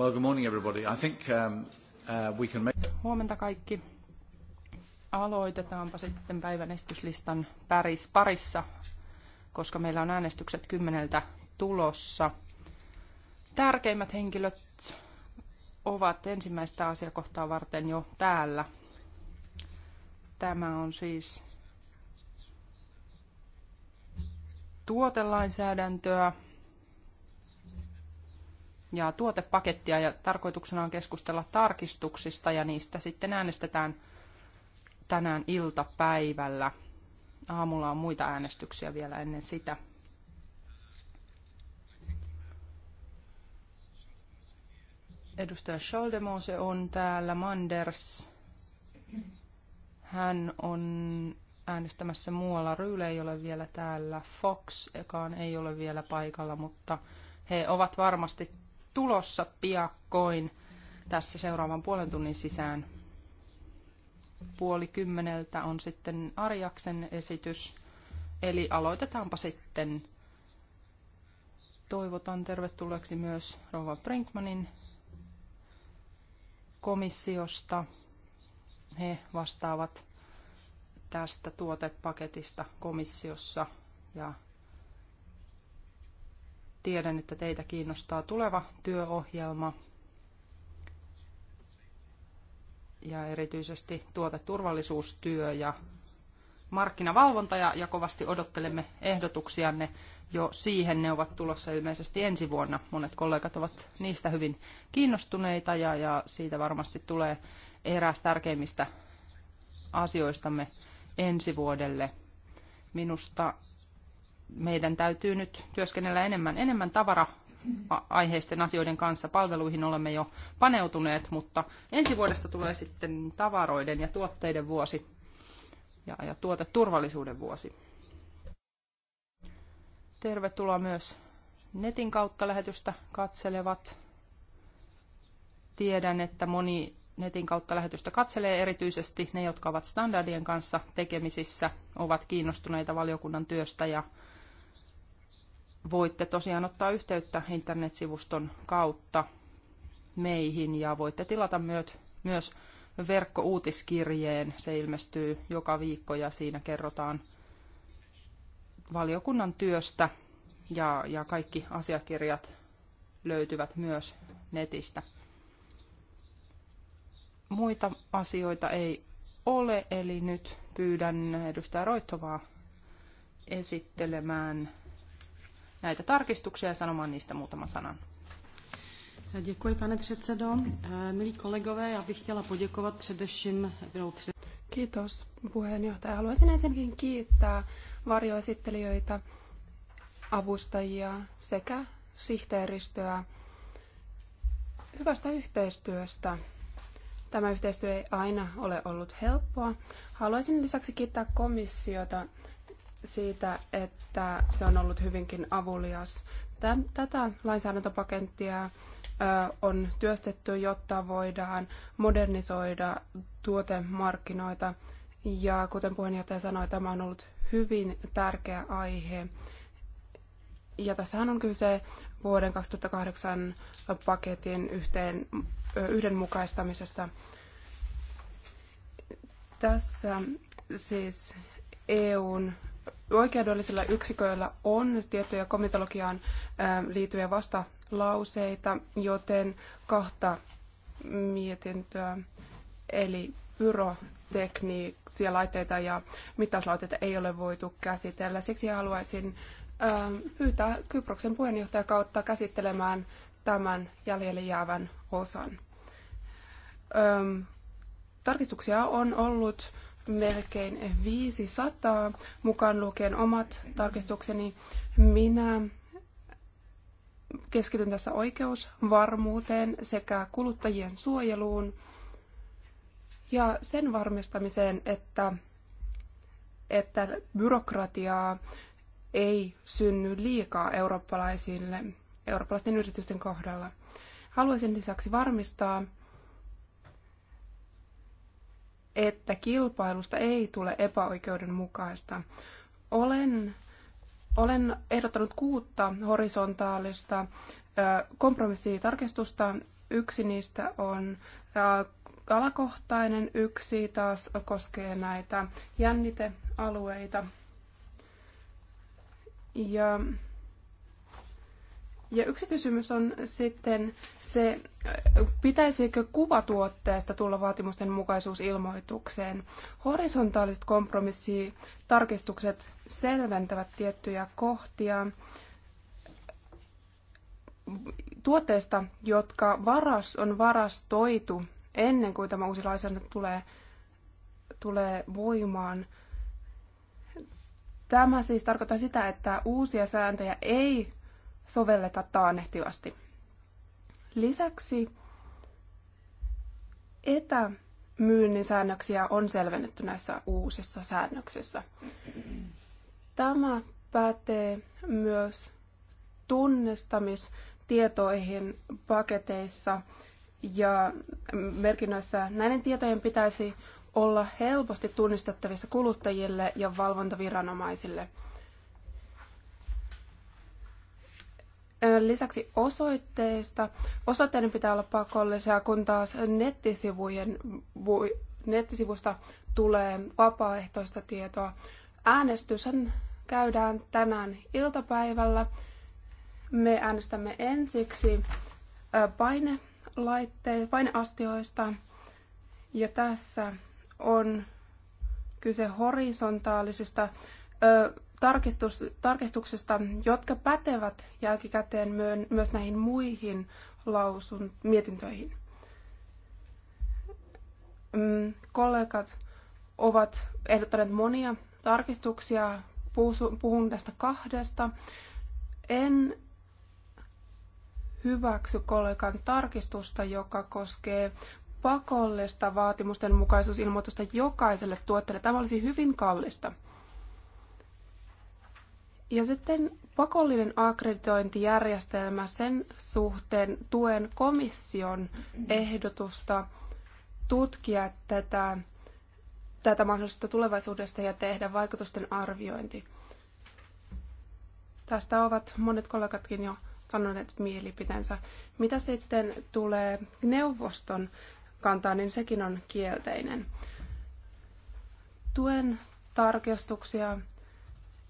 Well, good morning everybody. I think um, uh, we can make... Huomenta kaikki. Aloitetaanpa sitten päivän esityslistan parissa, koska meillä on äänestykset kymmeneltä tulossa. Tärkeimmät henkilöt ovat ensimmäistä asiakohtaa varten jo täällä. Tämä on siis tuotelainsäädäntöä ja tuotepakettia ja tarkoituksena on keskustella tarkistuksista ja niistä sitten äänestetään tänään iltapäivällä. Aamulla on muita äänestyksiä vielä ennen sitä. Edustaja Scholdemose on täällä, Manders. Hän on äänestämässä muualla. Ryyle ei ole vielä täällä, Fox ekaan ei ole vielä paikalla, mutta he ovat varmasti tulossa piakkoin tässä seuraavan puolen tunnin sisään. Puoli kymmeneltä on sitten Arjaksen esitys. Eli aloitetaanpa sitten. Toivotan tervetulleeksi myös Rova Brinkmanin komissiosta. He vastaavat tästä tuotepaketista komissiossa ja Tiedän, että teitä kiinnostaa tuleva työohjelma ja erityisesti tuoteturvallisuustyö ja markkinavalvonta ja, ja kovasti odottelemme ehdotuksianne jo siihen. Ne ovat tulossa ilmeisesti ensi vuonna. Monet kollegat ovat niistä hyvin kiinnostuneita ja, ja siitä varmasti tulee eräs tärkeimmistä asioistamme ensi vuodelle. Minusta meidän täytyy nyt työskennellä enemmän, enemmän tavara aiheisten asioiden kanssa. Palveluihin olemme jo paneutuneet, mutta ensi vuodesta tulee sitten tavaroiden ja tuotteiden vuosi ja, ja tuoteturvallisuuden vuosi. Tervetuloa myös netin kautta lähetystä katselevat. Tiedän, että moni netin kautta lähetystä katselee erityisesti ne, jotka ovat standardien kanssa tekemisissä, ovat kiinnostuneita valiokunnan työstä ja voitte tosiaan ottaa yhteyttä internetsivuston kautta meihin ja voitte tilata myöt, myös verkkouutiskirjeen. Se ilmestyy joka viikko ja siinä kerrotaan valiokunnan työstä ja, ja kaikki asiakirjat löytyvät myös netistä. Muita asioita ei ole, eli nyt pyydän edustaja Roittovaa esittelemään näitä tarkistuksia ja sanomaan niistä muutaman sanan. Děkuji, pane předsedo. Eh, milí kolegové, já bych chtěla poděkovat především Kiitos puheenjohtaja. Haluaisin ensinnäkin kiittää varjoesittelijöitä, avustajia sekä sihteeristöä hyvästä yhteistyöstä. Tämä yhteistyö ei aina ole ollut helppoa. Haluaisin lisäksi kiittää komissiota siitä, että se on ollut hyvinkin avulias. Tätä lainsäädäntöpakettia on työstetty, jotta voidaan modernisoida tuotemarkkinoita. Ja kuten puheenjohtaja sanoi, tämä on ollut hyvin tärkeä aihe. Ja tässähän on kyse vuoden 2008 paketin yhteen, yhdenmukaistamisesta. Tässä siis EUn oikeudellisilla yksiköillä on tiettyjä komitologiaan liittyviä vastalauseita, joten kahta mietintöä, eli pyrotekniikkia, laitteita ja mittauslaitteita ei ole voitu käsitellä. Siksi haluaisin pyytää Kyproksen kautta käsittelemään tämän jäljelle jäävän osan. Tarkistuksia on ollut melkein 500, mukaan lukien omat tarkistukseni. Minä keskityn tässä oikeusvarmuuteen sekä kuluttajien suojeluun ja sen varmistamiseen, että, että byrokratiaa ei synny liikaa eurooppalaisille, eurooppalaisten yritysten kohdalla. Haluaisin lisäksi varmistaa, että kilpailusta ei tule epäoikeudenmukaista. Olen, olen ehdottanut kuutta horisontaalista kompromissitarkistusta. Yksi niistä on alakohtainen, yksi taas koskee näitä jännitealueita. Ja ja yksi kysymys on sitten se, pitäisikö kuvatuotteesta tulla vaatimusten mukaisuusilmoitukseen. Horisontaaliset kompromissitarkistukset selventävät tiettyjä kohtia tuotteista, jotka varas, on varastoitu ennen kuin tämä uusi lainsäädäntö tulee, tulee voimaan. Tämä siis tarkoittaa sitä, että uusia sääntöjä ei sovelleta taannehtivasti. Lisäksi etämyynnin säännöksiä on selvennetty näissä uusissa säännöksissä. Tämä pätee myös tunnistamistietoihin paketeissa ja merkinnöissä. Näiden tietojen pitäisi olla helposti tunnistettavissa kuluttajille ja valvontaviranomaisille – Lisäksi osoitteista. Osoitteiden pitää olla pakollisia, kun taas nettisivujen, nettisivusta tulee vapaaehtoista tietoa. Äänestys käydään tänään iltapäivällä. Me äänestämme ensiksi painelaitteista, paineastioista. Ja tässä on kyse horisontaalisista ö, tarkistus, tarkistuksista, jotka pätevät jälkikäteen myös näihin muihin lausun mietintöihin. Mm, kollegat ovat ehdottaneet monia tarkistuksia. Puhun tästä kahdesta. En hyväksy kollegan tarkistusta, joka koskee pakollista vaatimusten mukaisuusilmoitusta jokaiselle tuotteelle. Tämä olisi hyvin kallista. Ja sitten pakollinen akkreditointijärjestelmä sen suhteen tuen komission ehdotusta tutkia tätä, tätä mahdollisuutta tulevaisuudesta ja tehdä vaikutusten arviointi. Tästä ovat monet kollegatkin jo sanoneet mielipiteensä. Mitä sitten tulee neuvoston kantaa, niin sekin on kielteinen. Tuen tarkistuksia,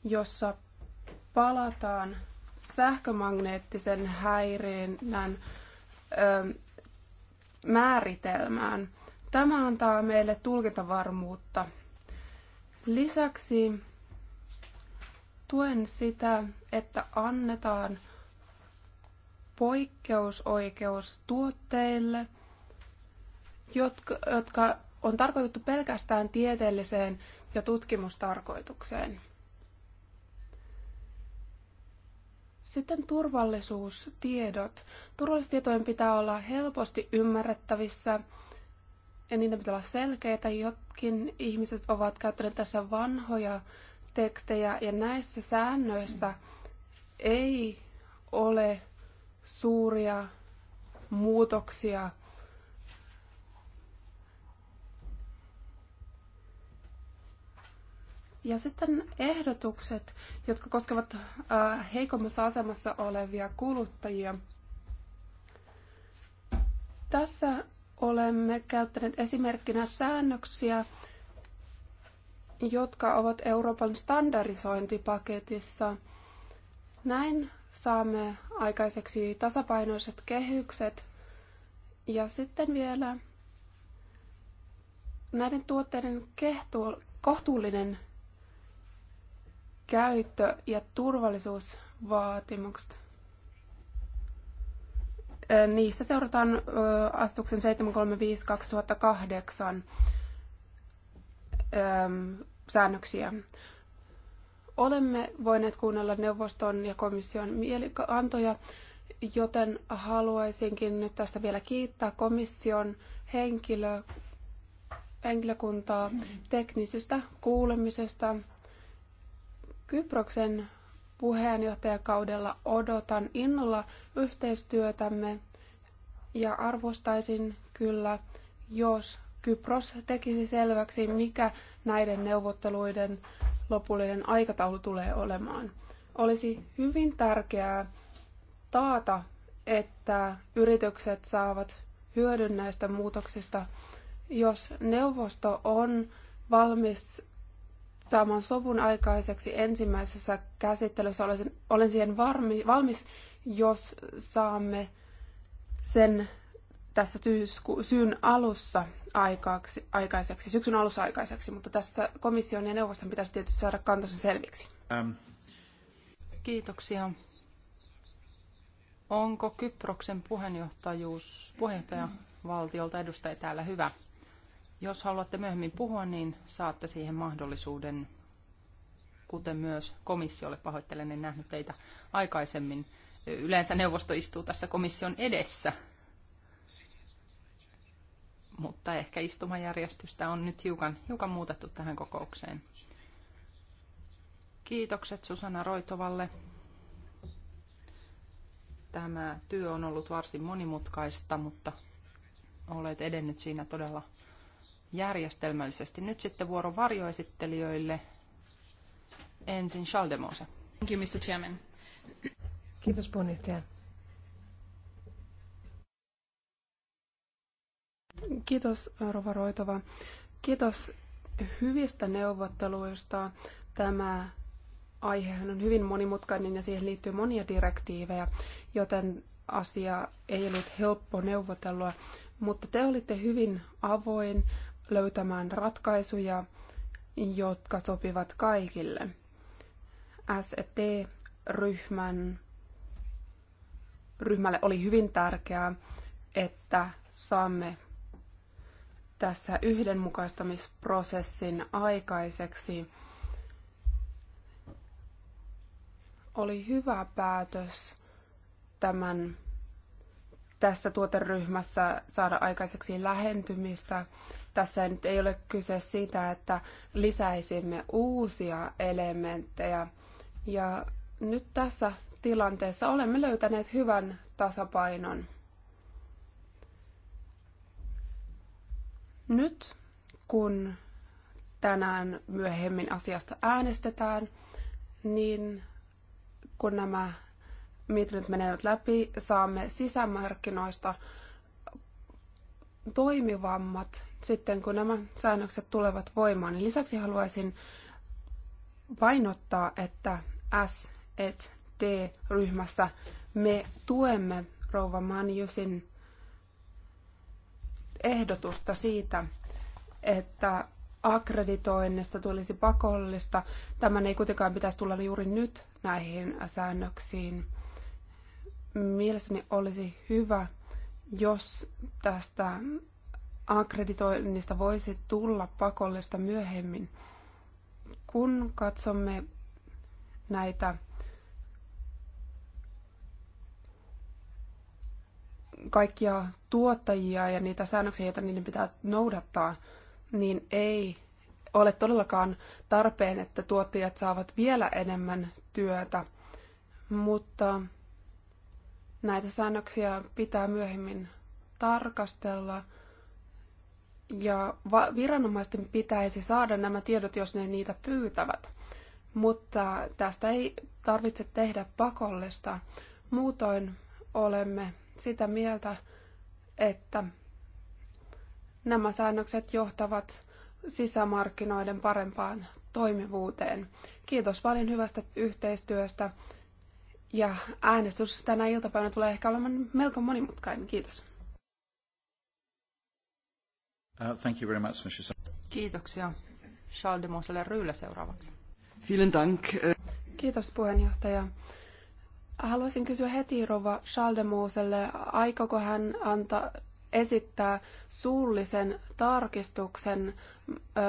jossa palataan sähkömagneettisen häirinnän ö, määritelmään. Tämä antaa meille tulkintavarmuutta. Lisäksi tuen sitä, että annetaan poikkeusoikeus tuotteille, jotka, jotka on tarkoitettu pelkästään tieteelliseen ja tutkimustarkoitukseen. Sitten turvallisuustiedot. Turvallisuustietojen pitää olla helposti ymmärrettävissä ja niiden pitää olla selkeitä. Jotkin ihmiset ovat käyttäneet tässä vanhoja tekstejä ja näissä säännöissä ei ole suuria muutoksia Ja sitten ehdotukset, jotka koskevat äh, heikommassa asemassa olevia kuluttajia. Tässä olemme käyttäneet esimerkkinä säännöksiä, jotka ovat Euroopan standardisointipaketissa. Näin saamme aikaiseksi tasapainoiset kehykset. Ja sitten vielä näiden tuotteiden kohtuullinen käyttö- ja turvallisuusvaatimukset. Niissä seurataan astuksen 735-2008 säännöksiä. Olemme voineet kuunnella neuvoston ja komission mielikantoja, joten haluaisinkin nyt tästä vielä kiittää komission henkilö, henkilökuntaa teknisestä kuulemisesta Kyproksen puheenjohtajakaudella odotan innolla yhteistyötämme ja arvostaisin kyllä, jos Kypros tekisi selväksi, mikä näiden neuvotteluiden lopullinen aikataulu tulee olemaan. Olisi hyvin tärkeää taata, että yritykset saavat hyödyn näistä muutoksista. Jos neuvosto on valmis saamaan sovun aikaiseksi ensimmäisessä käsittelyssä. Olen, olen siihen varmi, valmis, jos saamme sen tässä syysku, syyn alussa aikaaksi, aikaiseksi, syksyn alussa aikaiseksi, mutta tästä komission ja neuvoston pitäisi tietysti saada kantansa selviksi. Ähm. Kiitoksia. Onko Kyproksen puheenjohtajuus, puheenjohtajavaltiolta edustaja täällä hyvä? Jos haluatte myöhemmin puhua, niin saatte siihen mahdollisuuden, kuten myös komissiolle. Pahoittelen, en nähnyt teitä aikaisemmin. Yleensä neuvosto istuu tässä komission edessä, mutta ehkä istumajärjestystä on nyt hiukan, hiukan muutettu tähän kokoukseen. Kiitokset Susanna Roitovalle. Tämä työ on ollut varsin monimutkaista, mutta olet edennyt siinä todella järjestelmällisesti. Nyt sitten vuoro varjoesittelijöille. Ensin Schaldemose. Thank you, Mr. Chairman. Kiitos puheenjohtaja. Kiitos Rova Roitova. Kiitos hyvistä neuvotteluista. Tämä aihehan on hyvin monimutkainen ja siihen liittyy monia direktiivejä, joten asia ei ollut helppo neuvotella, mutta te olitte hyvin avoin löytämään ratkaisuja, jotka sopivat kaikille. SET-ryhmän ryhmälle oli hyvin tärkeää, että saamme tässä yhdenmukaistamisprosessin aikaiseksi. Oli hyvä päätös tämän tässä tuoteryhmässä saada aikaiseksi lähentymistä. Tässä nyt ei ole kyse siitä, että lisäisimme uusia elementtejä. Ja nyt tässä tilanteessa olemme löytäneet hyvän tasapainon. Nyt kun tänään myöhemmin asiasta äänestetään, niin kun nämä nyt menevät läpi, saamme sisämarkkinoista toimivammat sitten, kun nämä säännökset tulevat voimaan. Niin lisäksi haluaisin painottaa, että S et D-ryhmässä me tuemme rouva Manjusin ehdotusta siitä, että akkreditoinnista tulisi pakollista. Tämän ei kuitenkaan pitäisi tulla juuri nyt näihin säännöksiin mielestäni olisi hyvä, jos tästä akkreditoinnista voisi tulla pakollista myöhemmin. Kun katsomme näitä kaikkia tuottajia ja niitä säännöksiä, joita niiden pitää noudattaa, niin ei ole todellakaan tarpeen, että tuottajat saavat vielä enemmän työtä, mutta Näitä säännöksiä pitää myöhemmin tarkastella. Ja viranomaisten pitäisi saada nämä tiedot, jos ne niitä pyytävät. Mutta tästä ei tarvitse tehdä pakollista. Muutoin olemme sitä mieltä, että nämä säännökset johtavat sisämarkkinoiden parempaan toimivuuteen. Kiitos paljon hyvästä yhteistyöstä ja äänestys tänä iltapäivänä tulee ehkä olemaan melko monimutkainen. Kiitos. Uh, thank you very much, Mr. Kiitoksia. Charles de Moselle Ryylä seuraavaksi. Vielen Dank. Kiitos puheenjohtaja. Haluaisin kysyä heti Rova Charles de Moselle, aikoko hän antaa esittää suullisen tarkistuksen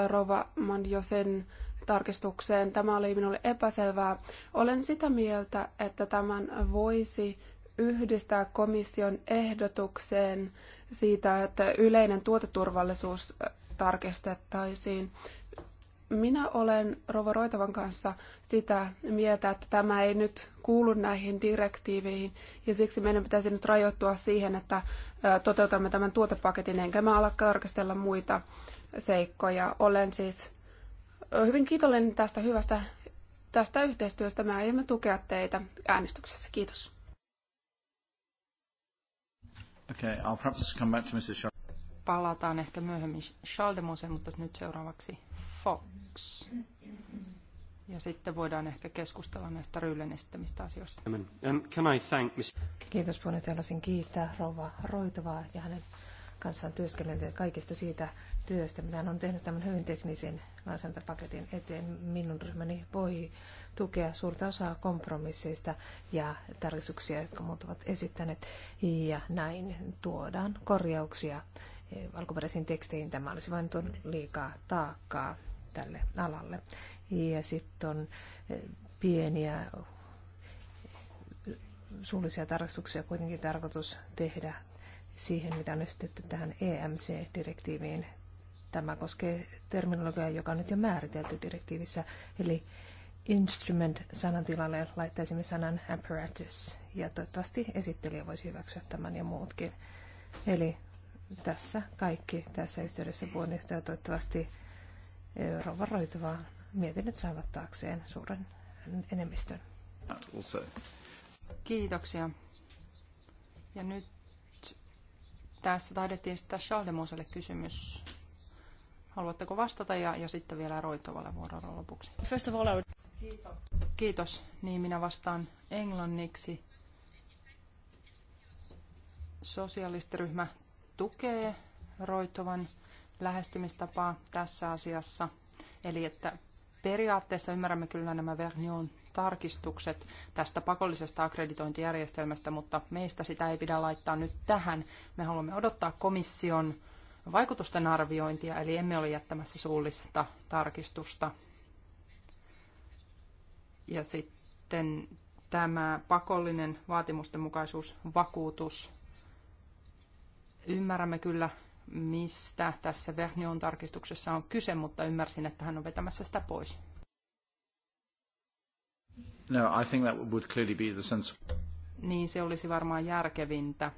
Rova Mandiosen tarkistukseen. Tämä oli minulle epäselvää. Olen sitä mieltä, että tämän voisi yhdistää komission ehdotukseen siitä, että yleinen tuoteturvallisuus tarkistettaisiin. Minä olen Rova Roitavan kanssa sitä mieltä, että tämä ei nyt kuulu näihin direktiiveihin ja siksi meidän pitäisi nyt rajoittua siihen, että toteutamme tämän tuotepaketin enkä mä ala tarkastella muita seikkoja. Olen siis hyvin kiitollinen tästä hyvästä tästä yhteistyöstä. Me aiomme tukea teitä äänestyksessä. Kiitos. Okay, I'll perhaps come back to Mrs. Schall. Palataan ehkä myöhemmin Schaldemoseen, mutta nyt seuraavaksi Fox. Ja sitten voidaan ehkä keskustella näistä Ryylen esittämistä asioista. Um, can I thank Kiitos paljon. Haluaisin kiittää Rova Roitovaa ja hänen kanssaan työskennellyt ja kaikesta siitä työstä, mitä hän on tehnyt tämän hyvin teknisen lainsäädäntöpaketin eteen. Minun ryhmäni voi tukea suurta osaa kompromisseista ja tarkistuksia, jotka muut ovat esittäneet, ja näin tuodaan korjauksia alkuperäisiin teksteihin. Tämä olisi vain tuon liikaa taakkaa tälle alalle. Ja sitten on eh, pieniä suullisia tarkastuksia kuitenkin tarkoitus tehdä siihen, mitä on esitetty tähän EMC-direktiiviin. Tämä koskee terminologiaa, joka on nyt jo määritelty direktiivissä, eli instrument-sanan tilalle laittaisimme sanan apparatus. Ja toivottavasti esittelijä voisi hyväksyä tämän ja muutkin. Eli tässä kaikki tässä yhteydessä puheenjohtaja toivottavasti e, rovaroituvaa mietinnöt saavat taakseen suuren enemmistön. Kiitoksia. Ja nyt tässä taidettiin sitä Charlemuselle kysymys. Haluatteko vastata ja, ja sitten vielä Roitovalle vuorolla lopuksi? First of all, I would... Kiitos. Kiitos. Niin minä vastaan englanniksi. Sosialistiryhmä tukee Roitovan lähestymistapaa tässä asiassa. Eli että periaatteessa ymmärrämme kyllä nämä Vernion tarkistukset tästä pakollisesta akkreditointijärjestelmästä, mutta meistä sitä ei pidä laittaa nyt tähän. Me haluamme odottaa komission vaikutusten arviointia, eli emme ole jättämässä suullista tarkistusta. Ja sitten tämä pakollinen vaatimustenmukaisuusvakuutus. Ymmärrämme kyllä, mistä tässä Vernion tarkistuksessa on kyse, mutta ymmärsin, että hän on vetämässä sitä pois. No, I think that would clearly be the sense. Niin se olisi varmaan järkevintä,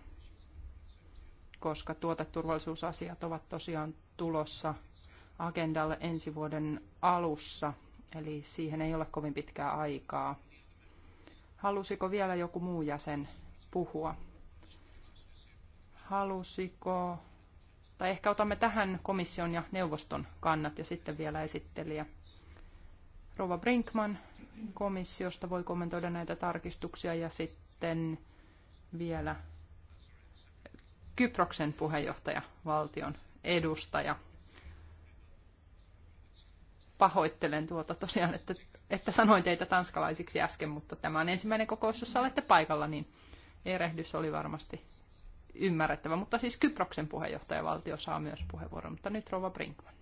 koska tuoteturvallisuusasiat ovat tosiaan tulossa agendalle ensi vuoden alussa, eli siihen ei ole kovin pitkää aikaa. Halusiko vielä joku muu jäsen puhua? Halusiko, tai ehkä otamme tähän komission ja neuvoston kannat ja sitten vielä esittelijä. Rova Brinkman, komissiosta voi kommentoida näitä tarkistuksia ja sitten vielä Kyproksen puheenjohtaja, valtion edustaja. Pahoittelen tuota tosiaan, että, että sanoin teitä tanskalaisiksi äsken, mutta tämä on ensimmäinen kokous, jossa olette paikalla, niin erehdys oli varmasti ymmärrettävä. Mutta siis Kyproksen valtio saa myös puheenvuoron, mutta nyt Rova Brinkman.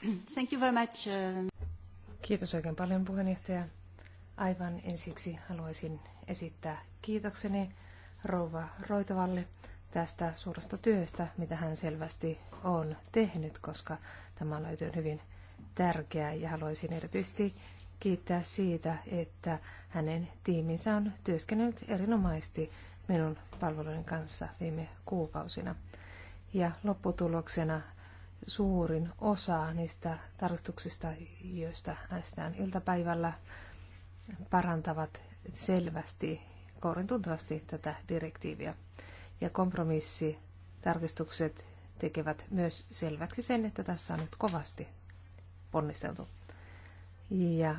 Thank you very much. Uh, Kiitos oikein paljon puheenjohtaja. Aivan ensiksi haluaisin esittää kiitokseni rouva Roitavalle tästä suuresta työstä, mitä hän selvästi on tehnyt, koska tämä on löytynyt hyvin tärkeää ja haluaisin erityisesti kiittää siitä, että hänen tiiminsä on työskennellyt erinomaisesti minun palveluiden kanssa viime kuukausina. Ja lopputuloksena suurin osa niistä tarkastuksista, joista äänestetään iltapäivällä, parantavat selvästi, kourin tuntuvasti tätä direktiiviä. Ja kompromissitarkistukset tekevät myös selväksi sen, että tässä on nyt kovasti ponnisteltu. Ja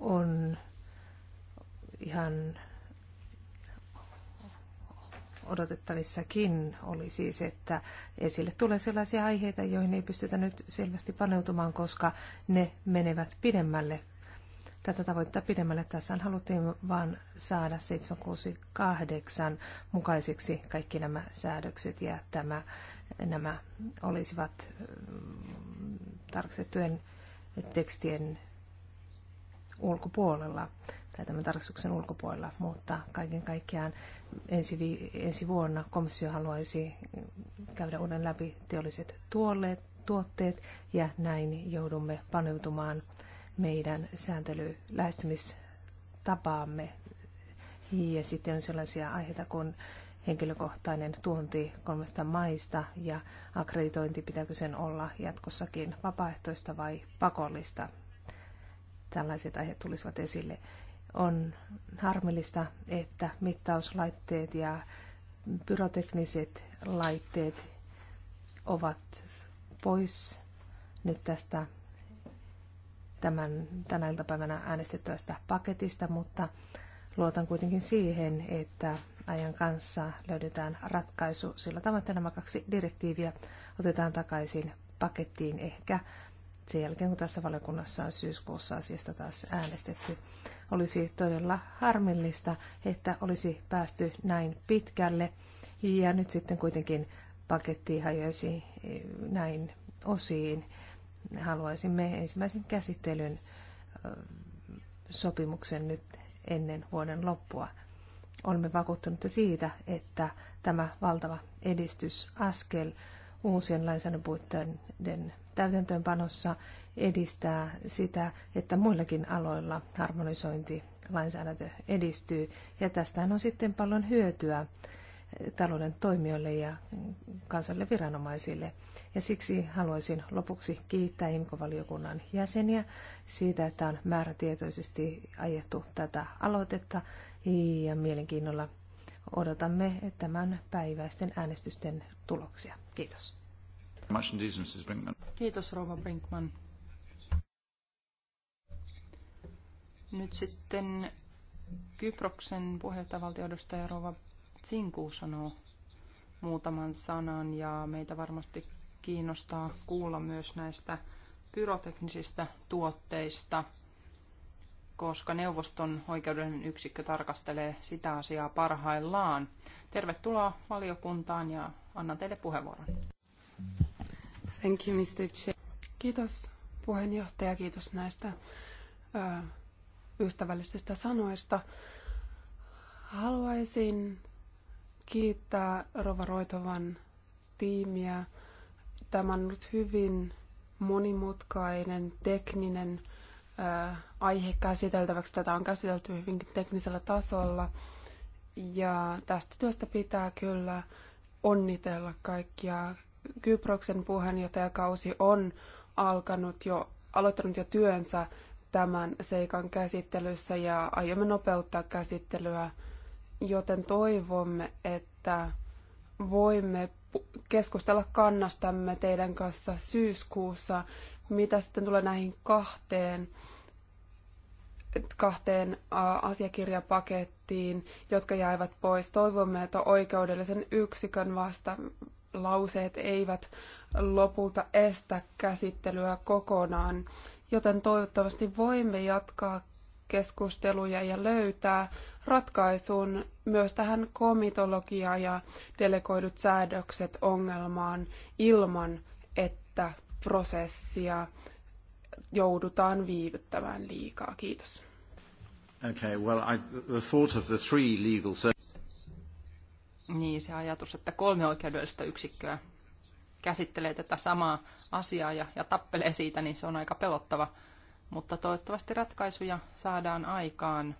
on ihan odotettavissakin oli siis, että esille tulee sellaisia aiheita, joihin ei pystytä nyt selvästi paneutumaan, koska ne menevät pidemmälle tätä tavoitetta pidemmälle. Tässä haluttiin vain saada 768 mukaisiksi kaikki nämä säädökset ja tämä, nämä olisivat mm, tarkistettujen tekstien ulkopuolella tai tämän tarkastuksen ulkopuolella, mutta kaiken kaikkiaan ensi, vi- ensi vuonna komissio haluaisi käydä uuden läpi teolliset tuolleet, tuotteet ja näin joudumme paneutumaan meidän sääntelylähestymistapaamme. Ja sitten on sellaisia aiheita kuin henkilökohtainen tuonti kolmesta maista ja akkreditointi, pitääkö sen olla jatkossakin vapaaehtoista vai pakollista. Tällaiset aiheet tulisivat esille. On harmillista, että mittauslaitteet ja pyrotekniset laitteet ovat pois nyt tästä tämän, tänä iltapäivänä äänestettävästä paketista, mutta luotan kuitenkin siihen, että ajan kanssa löydetään ratkaisu sillä tavalla, että nämä kaksi direktiiviä otetaan takaisin pakettiin ehkä sen jälkeen, kun tässä valiokunnassa on syyskuussa asiasta taas äänestetty. Olisi todella harmillista, että olisi päästy näin pitkälle ja nyt sitten kuitenkin paketti hajoisi eh, näin osiin. Haluaisimme ensimmäisen käsittelyn eh, sopimuksen nyt ennen vuoden loppua. Olemme vakuuttuneita siitä, että tämä valtava edistysaskel uusien lainsäädäntöpuitteiden täytäntöönpanossa edistää sitä, että muillakin aloilla harmonisointi lainsäädäntö edistyy. Ja tästähän on sitten paljon hyötyä talouden toimijoille ja kansalle viranomaisille. Ja siksi haluaisin lopuksi kiittää IMKO-valiokunnan jäseniä siitä, että on määrätietoisesti ajettu tätä aloitetta ja mielenkiinnolla odotamme tämän päiväisten äänestysten tuloksia. Kiitos. Kiitos Rova Brinkman. Nyt sitten Kyproksen puheenjohtajavaltioedustaja Rova Tsinku sanoo muutaman sanan ja meitä varmasti kiinnostaa kuulla myös näistä pyroteknisistä tuotteista, koska neuvoston oikeudellinen yksikkö tarkastelee sitä asiaa parhaillaan. Tervetuloa valiokuntaan ja annan teille puheenvuoron. Thank you, Mr. Chair. Kiitos puheenjohtaja, kiitos näistä ö, ystävällisistä sanoista. Haluaisin kiittää Rova Roitovan tiimiä. Tämä on ollut hyvin monimutkainen, tekninen ö, aihe käsiteltäväksi. Tätä on käsitelty hyvinkin teknisellä tasolla. Ja tästä työstä pitää kyllä onnitella kaikkia Kyproksen puheenjohtajakausi on alkanut jo, aloittanut jo työnsä tämän seikan käsittelyssä ja aiomme nopeuttaa käsittelyä, joten toivomme, että voimme keskustella kannastamme teidän kanssa syyskuussa, mitä sitten tulee näihin kahteen kahteen asiakirjapakettiin, jotka jäivät pois. Toivomme, että oikeudellisen yksikön vasta lauseet eivät lopulta estä käsittelyä kokonaan, joten toivottavasti voimme jatkaa keskusteluja ja löytää ratkaisun myös tähän komitologia ja delegoidut säädökset ongelmaan ilman, että prosessia joudutaan viivyttämään liikaa. Kiitos. Okay, well, I, the thought of the three legal niin, se ajatus, että kolme oikeudellista yksikköä käsittelee tätä samaa asiaa ja, ja tappelee siitä, niin se on aika pelottava. Mutta toivottavasti ratkaisuja saadaan aikaan.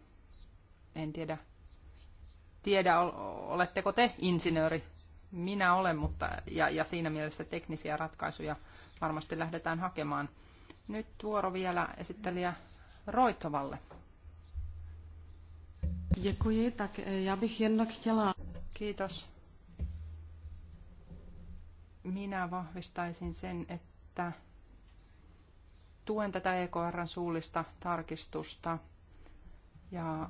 En tiedä, tiedä oletteko te insinööri. Minä olen, mutta ja, ja siinä mielessä teknisiä ratkaisuja varmasti lähdetään hakemaan. Nyt vuoro vielä esittelijä Roitovalle. Děkuji, tak já bych jen chtěla Kiitos. Minä vahvistaisin sen, että tuen tätä EKRn suullista tarkistusta ja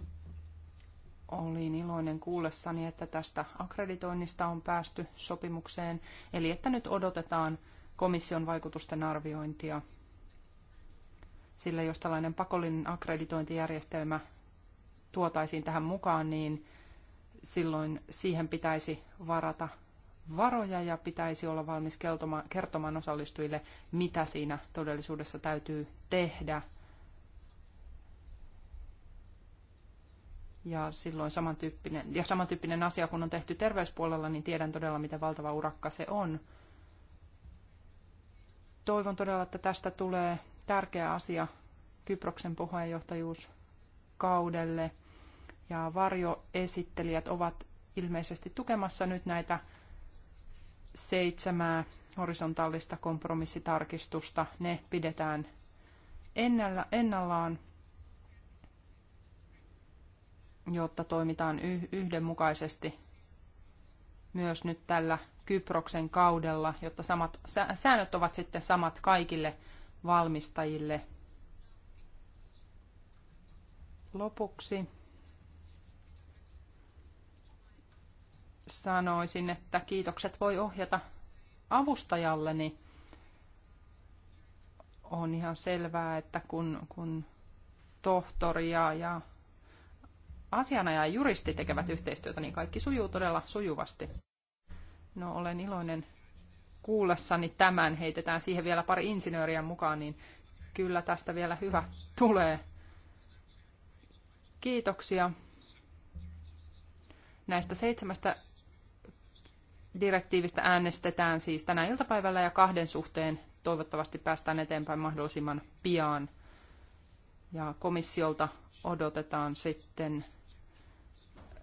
olin iloinen kuullessani, että tästä akkreditoinnista on päästy sopimukseen, eli että nyt odotetaan komission vaikutusten arviointia. Sillä jos tällainen pakollinen akkreditointijärjestelmä tuotaisiin tähän mukaan, niin silloin siihen pitäisi varata varoja ja pitäisi olla valmis kertomaan osallistujille, mitä siinä todellisuudessa täytyy tehdä. Ja silloin samantyyppinen, ja samantyyppinen asia, kun on tehty terveyspuolella, niin tiedän todella, miten valtava urakka se on. Toivon todella, että tästä tulee tärkeä asia Kyproksen puheenjohtajuuskaudelle – ja varjoesittelijät ovat ilmeisesti tukemassa nyt näitä seitsemää horisontaalista kompromissitarkistusta. Ne pidetään ennallaan, jotta toimitaan yhdenmukaisesti myös nyt tällä Kyproksen kaudella, jotta samat, säännöt ovat sitten samat kaikille valmistajille. Lopuksi sanoisin, että kiitokset voi ohjata avustajalleni. On ihan selvää, että kun, kun tohtori ja, ja asianaja ja juristi tekevät yhteistyötä, niin kaikki sujuu todella sujuvasti. No olen iloinen kuullessani tämän, heitetään siihen vielä pari insinööriä mukaan, niin kyllä tästä vielä hyvä tulee. Kiitoksia näistä seitsemästä direktiivistä äänestetään siis tänä iltapäivällä ja kahden suhteen toivottavasti päästään eteenpäin mahdollisimman pian. Ja komissiolta odotetaan sitten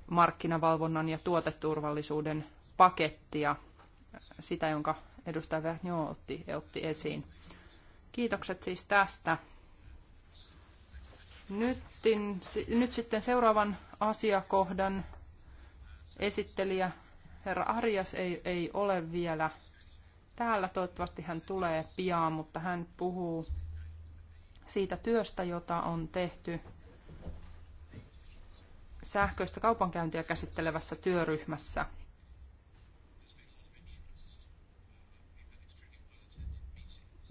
markkinavalvonnan ja tuoteturvallisuuden pakettia, sitä jonka edustaja Vergnon otti, otti esiin. Kiitokset siis tästä. Nyt, nyt sitten seuraavan asiakohdan esittelijä herra Arias ei, ei ole vielä täällä. Toivottavasti hän tulee pian, mutta hän puhuu siitä työstä, jota on tehty sähköistä kaupankäyntiä käsittelevässä työryhmässä.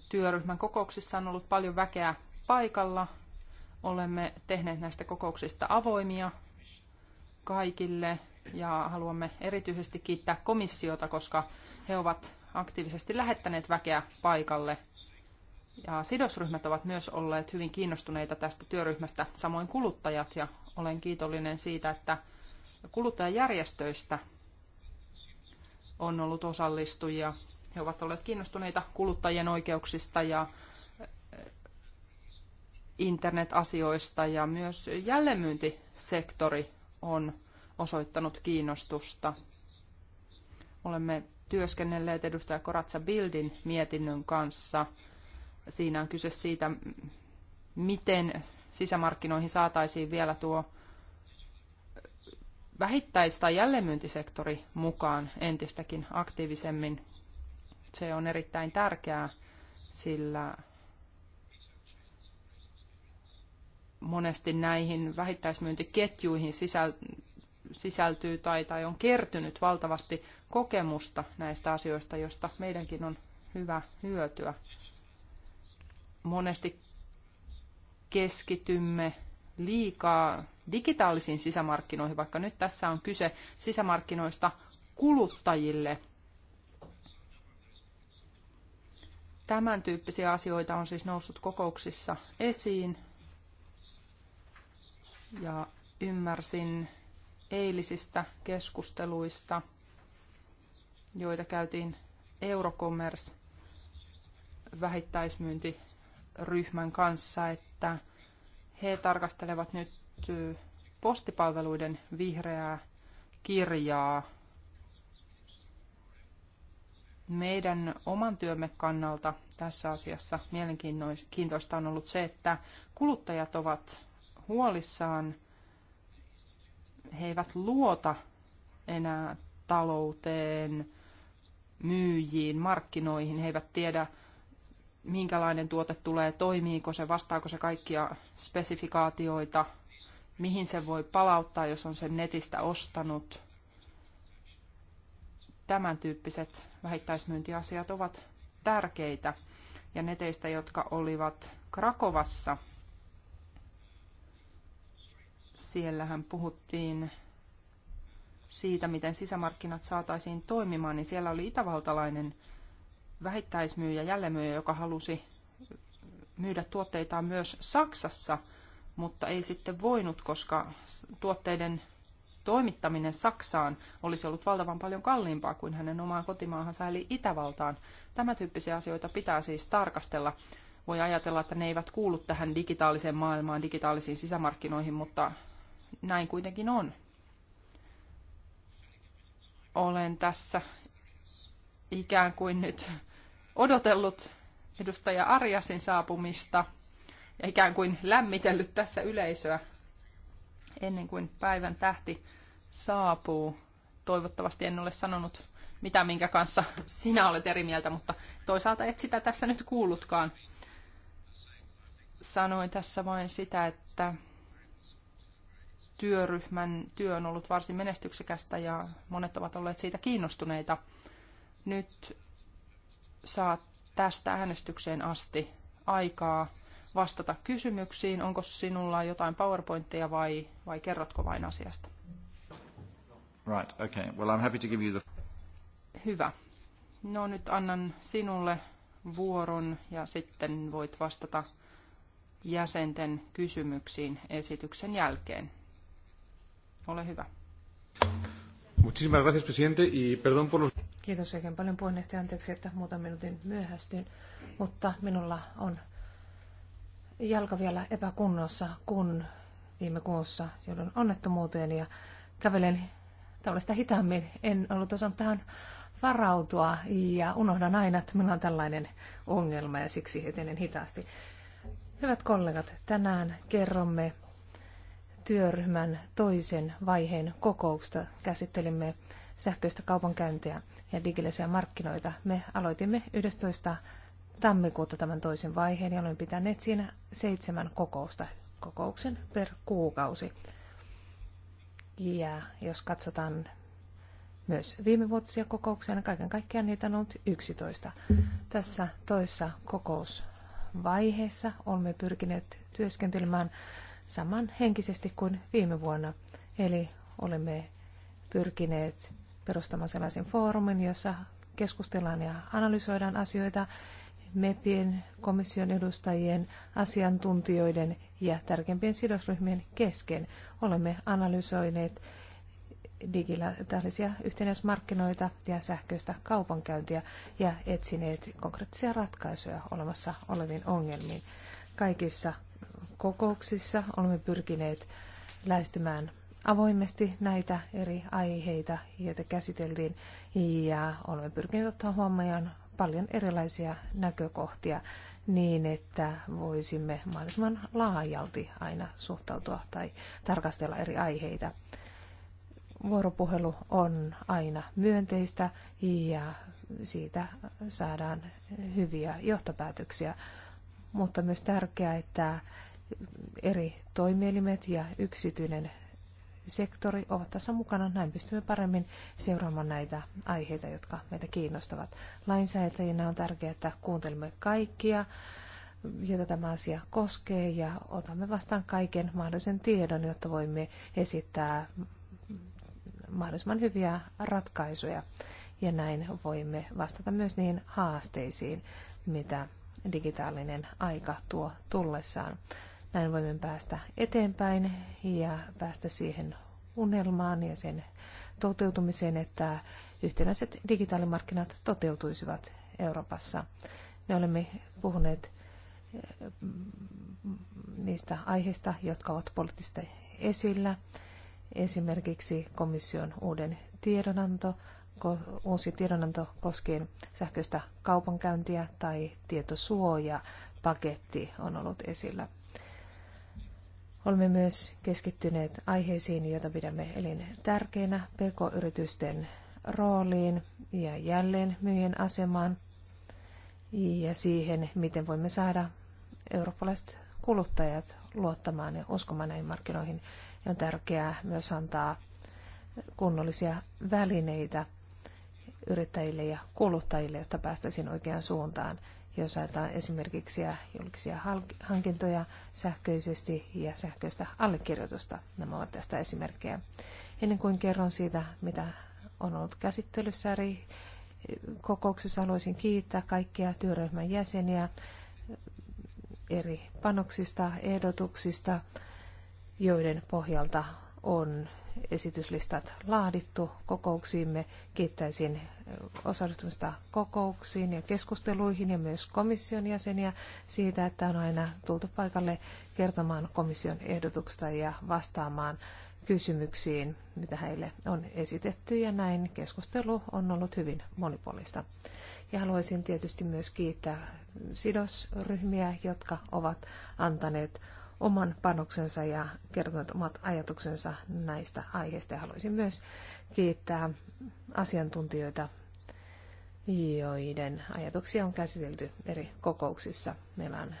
Työryhmän kokouksissa on ollut paljon väkeä paikalla. Olemme tehneet näistä kokouksista avoimia kaikille ja haluamme erityisesti kiittää komissiota, koska he ovat aktiivisesti lähettäneet väkeä paikalle. Ja sidosryhmät ovat myös olleet hyvin kiinnostuneita tästä työryhmästä, samoin kuluttajat, ja olen kiitollinen siitä, että kuluttajajärjestöistä on ollut osallistujia. He ovat olleet kiinnostuneita kuluttajien oikeuksista ja eh, internetasioista ja myös jälleenmyyntisektori on osoittanut kiinnostusta. Olemme työskennelleet edustaja Koratsa Bildin mietinnön kanssa. Siinä on kyse siitä, miten sisämarkkinoihin saataisiin vielä tuo vähittäis- tai jälleenmyyntisektori mukaan entistäkin aktiivisemmin. Se on erittäin tärkeää, sillä monesti näihin vähittäismyyntiketjuihin sisältyy sisältyy tai, tai on kertynyt valtavasti kokemusta näistä asioista, josta meidänkin on hyvä hyötyä. Monesti keskitymme liikaa digitaalisiin sisämarkkinoihin, vaikka nyt tässä on kyse sisämarkkinoista kuluttajille. Tämän tyyppisiä asioita on siis noussut kokouksissa esiin. Ja ymmärsin eilisistä keskusteluista, joita käytiin Eurocommerce vähittäismyyntiryhmän kanssa, että he tarkastelevat nyt postipalveluiden vihreää kirjaa. Meidän oman työmme kannalta tässä asiassa mielenkiintoista on ollut se, että kuluttajat ovat huolissaan – he eivät luota enää talouteen, myyjiin, markkinoihin. He eivät tiedä, minkälainen tuote tulee, toimiiko se, vastaako se kaikkia spesifikaatioita, mihin se voi palauttaa, jos on sen netistä ostanut. Tämän tyyppiset vähittäismyyntiasiat ovat tärkeitä. Ja neteistä, jotka olivat Krakovassa – siellähän puhuttiin siitä, miten sisämarkkinat saataisiin toimimaan, niin siellä oli itävaltalainen vähittäismyyjä, jälleenmyyjä, joka halusi myydä tuotteitaan myös Saksassa, mutta ei sitten voinut, koska tuotteiden toimittaminen Saksaan olisi ollut valtavan paljon kalliimpaa kuin hänen omaan kotimaahansa eli Itävaltaan. Tämä tyyppisiä asioita pitää siis tarkastella. Voi ajatella, että ne eivät kuulu tähän digitaaliseen maailmaan, digitaalisiin sisämarkkinoihin, mutta näin kuitenkin on. Olen tässä ikään kuin nyt odotellut edustaja Arjasin saapumista ja ikään kuin lämmitellyt tässä yleisöä ennen kuin päivän tähti saapuu. Toivottavasti en ole sanonut mitä minkä kanssa sinä olet eri mieltä, mutta toisaalta et sitä tässä nyt kuullutkaan. Sanoin tässä vain sitä, että työryhmän työ on ollut varsin menestyksekästä ja monet ovat olleet siitä kiinnostuneita. Nyt saa tästä äänestykseen asti aikaa vastata kysymyksiin. Onko sinulla jotain PowerPointteja vai, vai kerrotko vain asiasta? Right, okay. Well, I'm happy to give you the... Hyvä. No nyt annan sinulle vuoron ja sitten voit vastata jäsenten kysymyksiin esityksen jälkeen. Ole hyvä. Muchísimas gracias, presidente, y perdón por los... Kiitos oikein paljon puheenjohtaja. Anteeksi, että muutaman minuutin myöhästyn, mutta minulla on jalka vielä epäkunnossa, kun viime kuussa joudun onnettomuuteen ja kävelen tällaista hitaammin. En ollut osannut tähän varautua ja unohdan aina, että minulla on tällainen ongelma ja siksi etenen hitaasti. Hyvät kollegat, tänään kerromme työryhmän toisen vaiheen kokousta Käsittelimme sähköistä kaupankäyntiä ja digitaalisia markkinoita. Me aloitimme 11. tammikuuta tämän toisen vaiheen ja olemme pitäneet siinä seitsemän kokousta kokouksen per kuukausi. Ja jos katsotaan myös viime vuotisia kokouksia, niin kaiken kaikkiaan niitä on ollut 11. Tässä toissa kokousvaiheessa olemme pyrkineet työskentelemään saman henkisesti kuin viime vuonna. Eli olemme pyrkineet perustamaan sellaisen foorumin, jossa keskustellaan ja analysoidaan asioita MEPien, komission edustajien, asiantuntijoiden ja tärkeimpien sidosryhmien kesken. Olemme analysoineet digitaalisia yhtenäismarkkinoita ja sähköistä kaupankäyntiä ja etsineet konkreettisia ratkaisuja olemassa oleviin ongelmiin. Kaikissa kokouksissa olemme pyrkineet lähestymään avoimesti näitä eri aiheita, joita käsiteltiin, ja olemme pyrkineet ottamaan huomioon paljon erilaisia näkökohtia niin, että voisimme mahdollisimman laajalti aina suhtautua tai tarkastella eri aiheita. Vuoropuhelu on aina myönteistä ja siitä saadaan hyviä johtopäätöksiä, mutta myös tärkeää, että eri toimielimet ja yksityinen sektori ovat tässä mukana. Näin pystymme paremmin seuraamaan näitä aiheita, jotka meitä kiinnostavat. Lainsäätäjinä on tärkeää, että kuuntelemme kaikkia, joita tämä asia koskee, ja otamme vastaan kaiken mahdollisen tiedon, jotta voimme esittää mahdollisimman hyviä ratkaisuja. Ja näin voimme vastata myös niihin haasteisiin, mitä digitaalinen aika tuo tullessaan. Näin voimme päästä eteenpäin ja päästä siihen unelmaan ja sen toteutumiseen, että yhtenäiset digitaalimarkkinat toteutuisivat Euroopassa. Me olemme puhuneet mm, niistä aiheista, jotka ovat poliittisesti esillä. Esimerkiksi komission uuden tiedonanto, uusi tiedonanto koskien sähköistä kaupankäyntiä tai tietosuojapaketti on ollut esillä. Olemme myös keskittyneet aiheisiin, joita pidämme elin tärkeinä, pk-yritysten rooliin ja jälleen myyjien asemaan ja siihen, miten voimme saada eurooppalaiset kuluttajat luottamaan ja uskomaan näihin markkinoihin. Ja on tärkeää myös antaa kunnollisia välineitä yrittäjille ja kuluttajille, jotta päästäisiin oikeaan suuntaan jos ajatellaan esimerkiksi julkisia hankintoja sähköisesti ja sähköistä allekirjoitusta. Nämä ovat tästä esimerkkejä. Ennen kuin kerron siitä, mitä on ollut käsittelyssä eri eh, kokouksessa, haluaisin kiittää kaikkia työryhmän jäseniä eh, eri panoksista, ehdotuksista, joiden pohjalta on esityslistat laadittu kokouksiimme. Kiittäisin osallistumista kokouksiin ja keskusteluihin ja myös komission jäseniä siitä, että on aina tultu paikalle kertomaan komission ehdotuksesta ja vastaamaan kysymyksiin, mitä heille on esitetty ja näin keskustelu on ollut hyvin monipuolista. Ja haluaisin tietysti myös kiittää sidosryhmiä, jotka ovat antaneet oman panoksensa ja kertonut omat ajatuksensa näistä aiheista. Ja haluaisin myös kiittää asiantuntijoita, joiden ajatuksia on käsitelty eri kokouksissa. Meillä on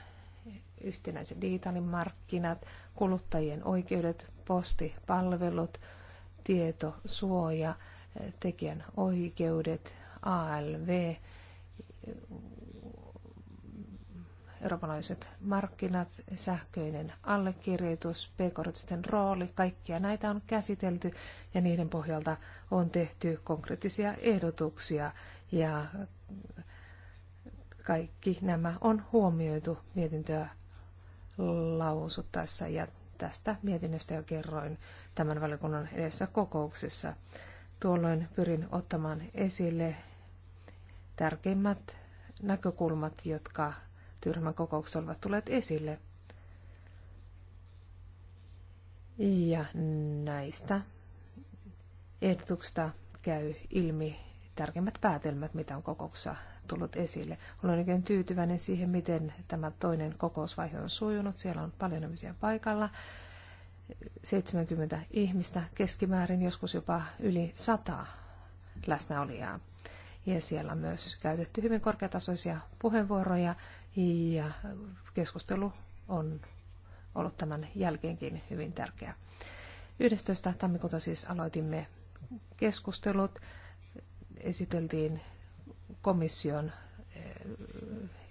yhtenäiset digitaalimarkkinat, kuluttajien oikeudet, postipalvelut, tietosuoja, tekijän oikeudet, ALV, eurooppalaiset markkinat, sähköinen allekirjoitus, pk rooli, kaikkia näitä on käsitelty ja niiden pohjalta on tehty konkreettisia ehdotuksia ja kaikki nämä on huomioitu mietintöä lausuttaessa ja tästä mietinnöstä jo kerroin tämän valiokunnan edessä kokouksessa. Tuolloin pyrin ottamaan esille tärkeimmät näkökulmat, jotka työryhmän kokouksessa olivat tulleet esille. Ja näistä ehdotuksista käy ilmi tärkeimmät päätelmät, mitä on kokouksessa tullut esille. Olen oikein tyytyväinen siihen, miten tämä toinen kokousvaihe on sujunut. Siellä on paljon ihmisiä paikalla. 70 ihmistä keskimäärin, joskus jopa yli 100 läsnäolijaa ja siellä on myös käytetty hyvin korkeatasoisia puheenvuoroja ja keskustelu on ollut tämän jälkeenkin hyvin tärkeä. 11. tammikuuta siis aloitimme keskustelut, esiteltiin komission eh,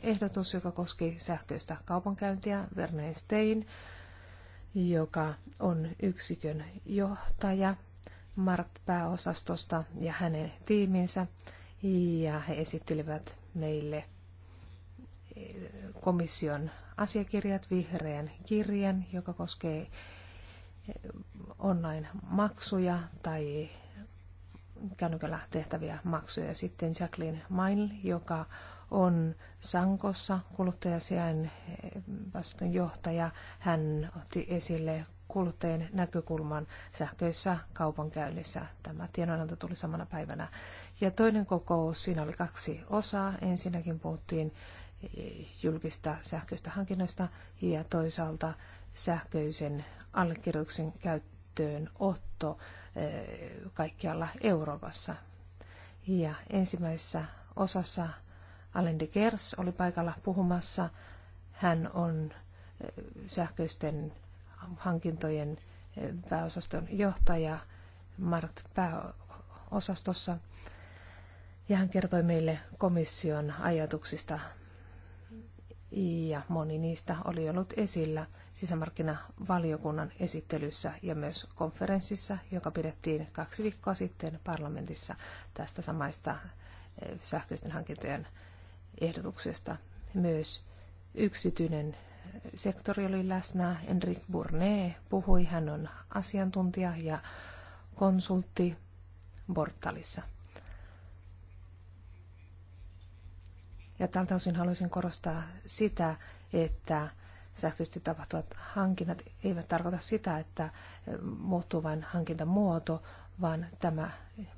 ehdotus, joka koski sähköistä kaupankäyntiä, Werner Stein, joka on yksikön johtaja Markt-pääosastosta ja hänen tiiminsä ja he esittelivät meille eh, komission asiakirjat, vihreän kirjan, joka koskee eh, online-maksuja tai kännykällä tehtäviä maksuja. Sitten Jacqueline Mail, joka on Sankossa kuluttajasijain eh, vastuunjohtaja. Hän otti esille kuluttajien näkökulman sähköisessä kaupankäynnissä. Tämä tiedonanto tuli samana päivänä. Ja toinen kokous, siinä oli kaksi osaa. Ensinnäkin puhuttiin julkista sähköistä hankinnoista ja toisaalta sähköisen allekirjoituksen käyttöön otto eh, kaikkialla Euroopassa. Ja ensimmäisessä osassa Allen de Kers oli paikalla puhumassa. Hän on eh, sähköisten hankintojen eh, pääosaston johtaja Mart pääosastossa. Ja hän kertoi meille komission ajatuksista ja moni niistä oli ollut esillä sisämarkkinavaliokunnan esittelyssä ja myös konferenssissa, joka pidettiin kaksi viikkoa sitten parlamentissa tästä samaista eh, sähköisten hankintojen ehdotuksesta. Myös yksityinen sektori oli läsnä. Enrik Burne puhui, hän on asiantuntija ja konsultti Bortalissa. Ja tältä osin haluaisin korostaa sitä, että sähköisesti tapahtuvat hankinnat eivät tarkoita sitä, että muuttuu vain hankintamuoto, vaan tämä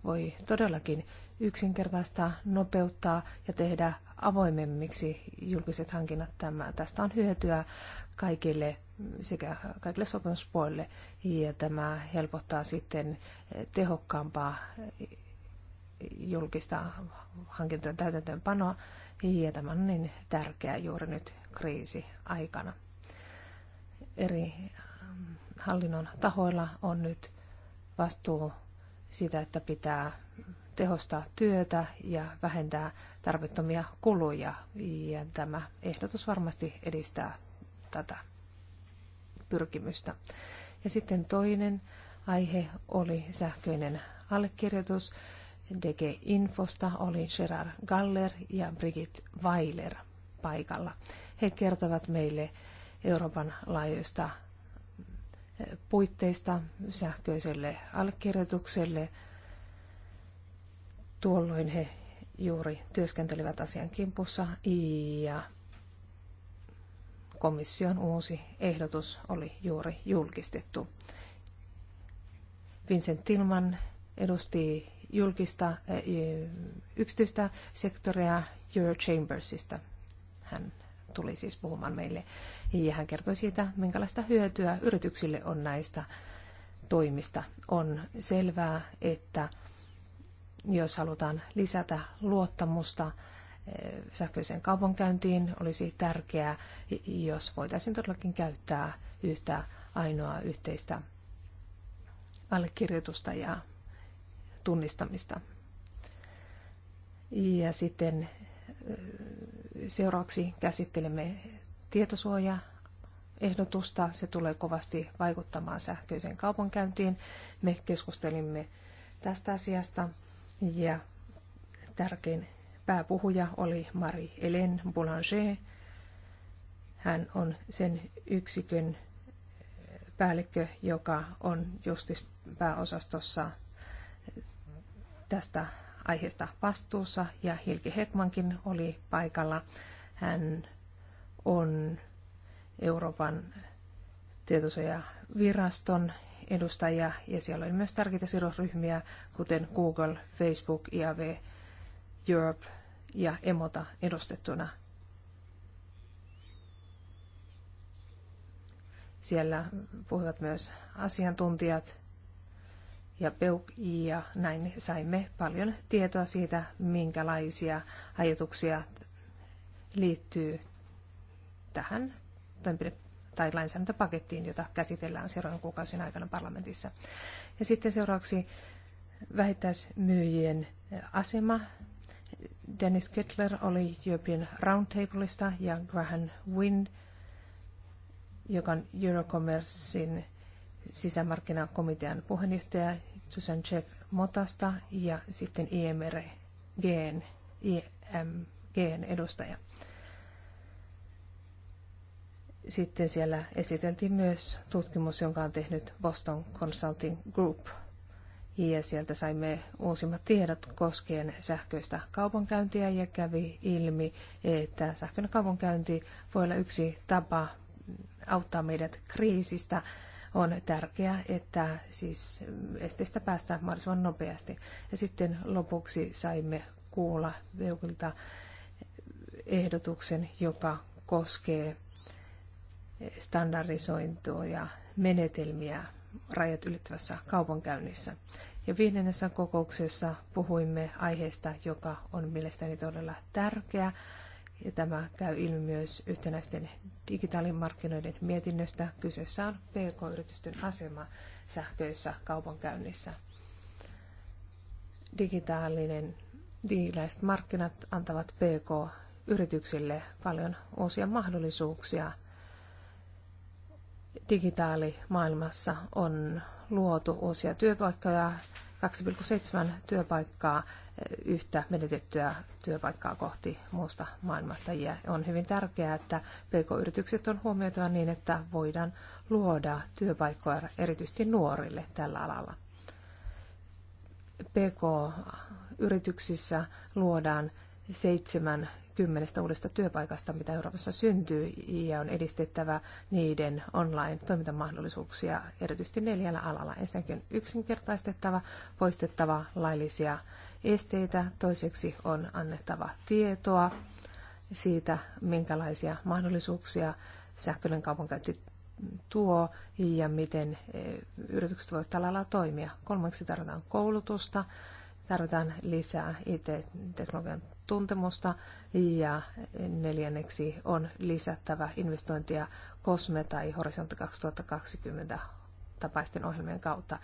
voi todellakin yksinkertaistaa, nopeuttaa ja tehdä avoimemmiksi julkiset hankinnat. Tämä, tästä on hyötyä kaikille sekä kaikille sopimuspuolille ja tämä helpottaa sitten tehokkaampaa julkista hankintojen täytäntöönpanoa ja tämä on niin tärkeää juuri nyt kriisiaikana. Eri mm, hallinnon tahoilla on nyt vastuu siitä, että pitää tehostaa työtä ja vähentää tarvittomia kuluja. Ja tämä ehdotus varmasti edistää tätä pyrkimystä. Ja sitten toinen aihe oli sähköinen allekirjoitus. DG Infosta oli Gerard Galler ja Brigitte Weiler paikalla. He kertovat meille Euroopan laajuista puitteista sähköiselle allekirjoitukselle – Tuolloin he juuri työskentelivät asian kimpussa ja komission uusi ehdotus oli juuri julkistettu. Vincent Tilman edusti julkista, eh, yksityistä sektoria Euro Chambersista. Hän tuli siis puhumaan meille ja hän kertoi siitä, minkälaista hyötyä yrityksille on näistä toimista. On selvää, että jos halutaan lisätä luottamusta eh, sähköiseen kaupankäyntiin, olisi tärkeää, jos voitaisiin todellakin käyttää yhtä ainoaa yhteistä allekirjoitusta ja tunnistamista. Ja sitten eh, seuraavaksi käsittelemme tietosuoja ehdotusta. Se tulee kovasti vaikuttamaan sähköiseen kaupankäyntiin. Me keskustelimme tästä asiasta ja tärkein pääpuhuja oli Marie Hélène Boulanger. Hän on sen yksikön eh, päällikkö, joka on justispääosastossa tästä aiheesta vastuussa. Ja Hilke Hekmankin oli paikalla. Hän on Euroopan tietosuojaviraston edustajia ja siellä oli myös tärkeitä sidosryhmiä, kuten Google, Facebook, IAV, Europe ja Emota edustettuna. Siellä puhuivat myös asiantuntijat ja PEUK ja näin saimme paljon tietoa siitä, minkälaisia ajatuksia liittyy tähän tai lainsäädäntöpakettiin, jota käsitellään seuraavan kuukausien aikana parlamentissa. Ja sitten seuraavaksi vähittäismyyjien asema. Dennis Kettler oli European Roundtableista ja Graham Wind, joka on Eurocommercein sisämarkkinakomitean puheenjohtaja Susan Jeff Motasta ja sitten IMRGn, e IMGn e edustaja. Sitten siellä esiteltiin myös tutkimus, jonka on tehnyt Boston Consulting Group. Ja sieltä saimme uusimmat tiedot koskien sähköistä kaupankäyntiä ja kävi ilmi, että sähköinen kaupankäynti voi olla yksi tapa auttaa meidät kriisistä. On tärkeää, että siis esteistä päästään mahdollisimman nopeasti. Ja sitten lopuksi saimme kuulla Veukilta ehdotuksen, joka koskee standardisointuja menetelmiä rajat ylittävässä kaupankäynnissä. Ja viidennessä kokouksessa puhuimme aiheesta, joka on mielestäni todella tärkeä. Ja tämä käy ilmi myös yhtenäisten digitaalimarkkinoiden mietinnöstä. Kyseessä on PK-yritysten asema sähköisessä kaupankäynnissä. Digitaalinen, digitaaliset markkinat antavat PK-yrityksille paljon uusia mahdollisuuksia – digitaalimaailmassa on luotu uusia työpaikkoja, 2,7 työpaikkaa yhtä menetettyä työpaikkaa kohti muusta maailmasta. Ja on hyvin tärkeää, että PK-yritykset on huomioitava niin, että voidaan luoda työpaikkoja erityisesti nuorille tällä alalla. PK-yrityksissä luodaan seitsemän kymmenestä uudesta työpaikasta, mitä Euroopassa syntyy, ja on edistettävä niiden online-toimintamahdollisuuksia erityisesti neljällä alalla. Ensinnäkin yksinkertaistettava, poistettava laillisia esteitä, toiseksi on annettava tietoa siitä, minkälaisia mahdollisuuksia sähköinen kaupankäynti tuo ja miten e, yritykset voivat tällä alalla toimia. Kolmanneksi tarvitaan koulutusta, tarvitaan lisää IT-teknologian tuntemusta ja neljänneksi on lisättävä investointia COSME tai Horisontti 2020 tapaisten ohjelmien kautta.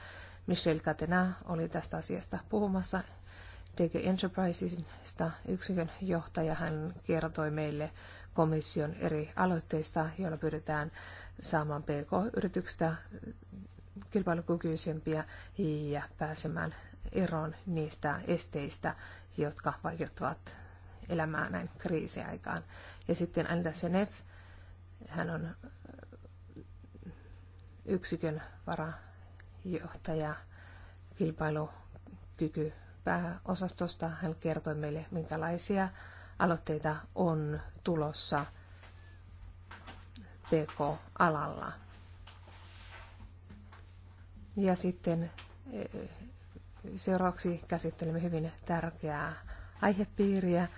Michel Katena oli tästä asiasta puhumassa DG Enterprisesista yksikön johtaja. Hän kertoi meille komission eri aloitteista, joilla pyritään saamaan PK-yrityksistä kilpailukykyisempiä ja pääsemään eroon niistä esteistä, jotka vaikuttavat elämää näin kriisiaikaan. Ja sitten Alda Senef, hän on äh, yksikön varajohtaja kilpailukyky pääosastosta. Hän kertoi meille, minkälaisia aloitteita on tulossa PK-alalla. Ja sitten äh, Seuraavaksi käsittelemme hyvin tärkeää aihepiiriä,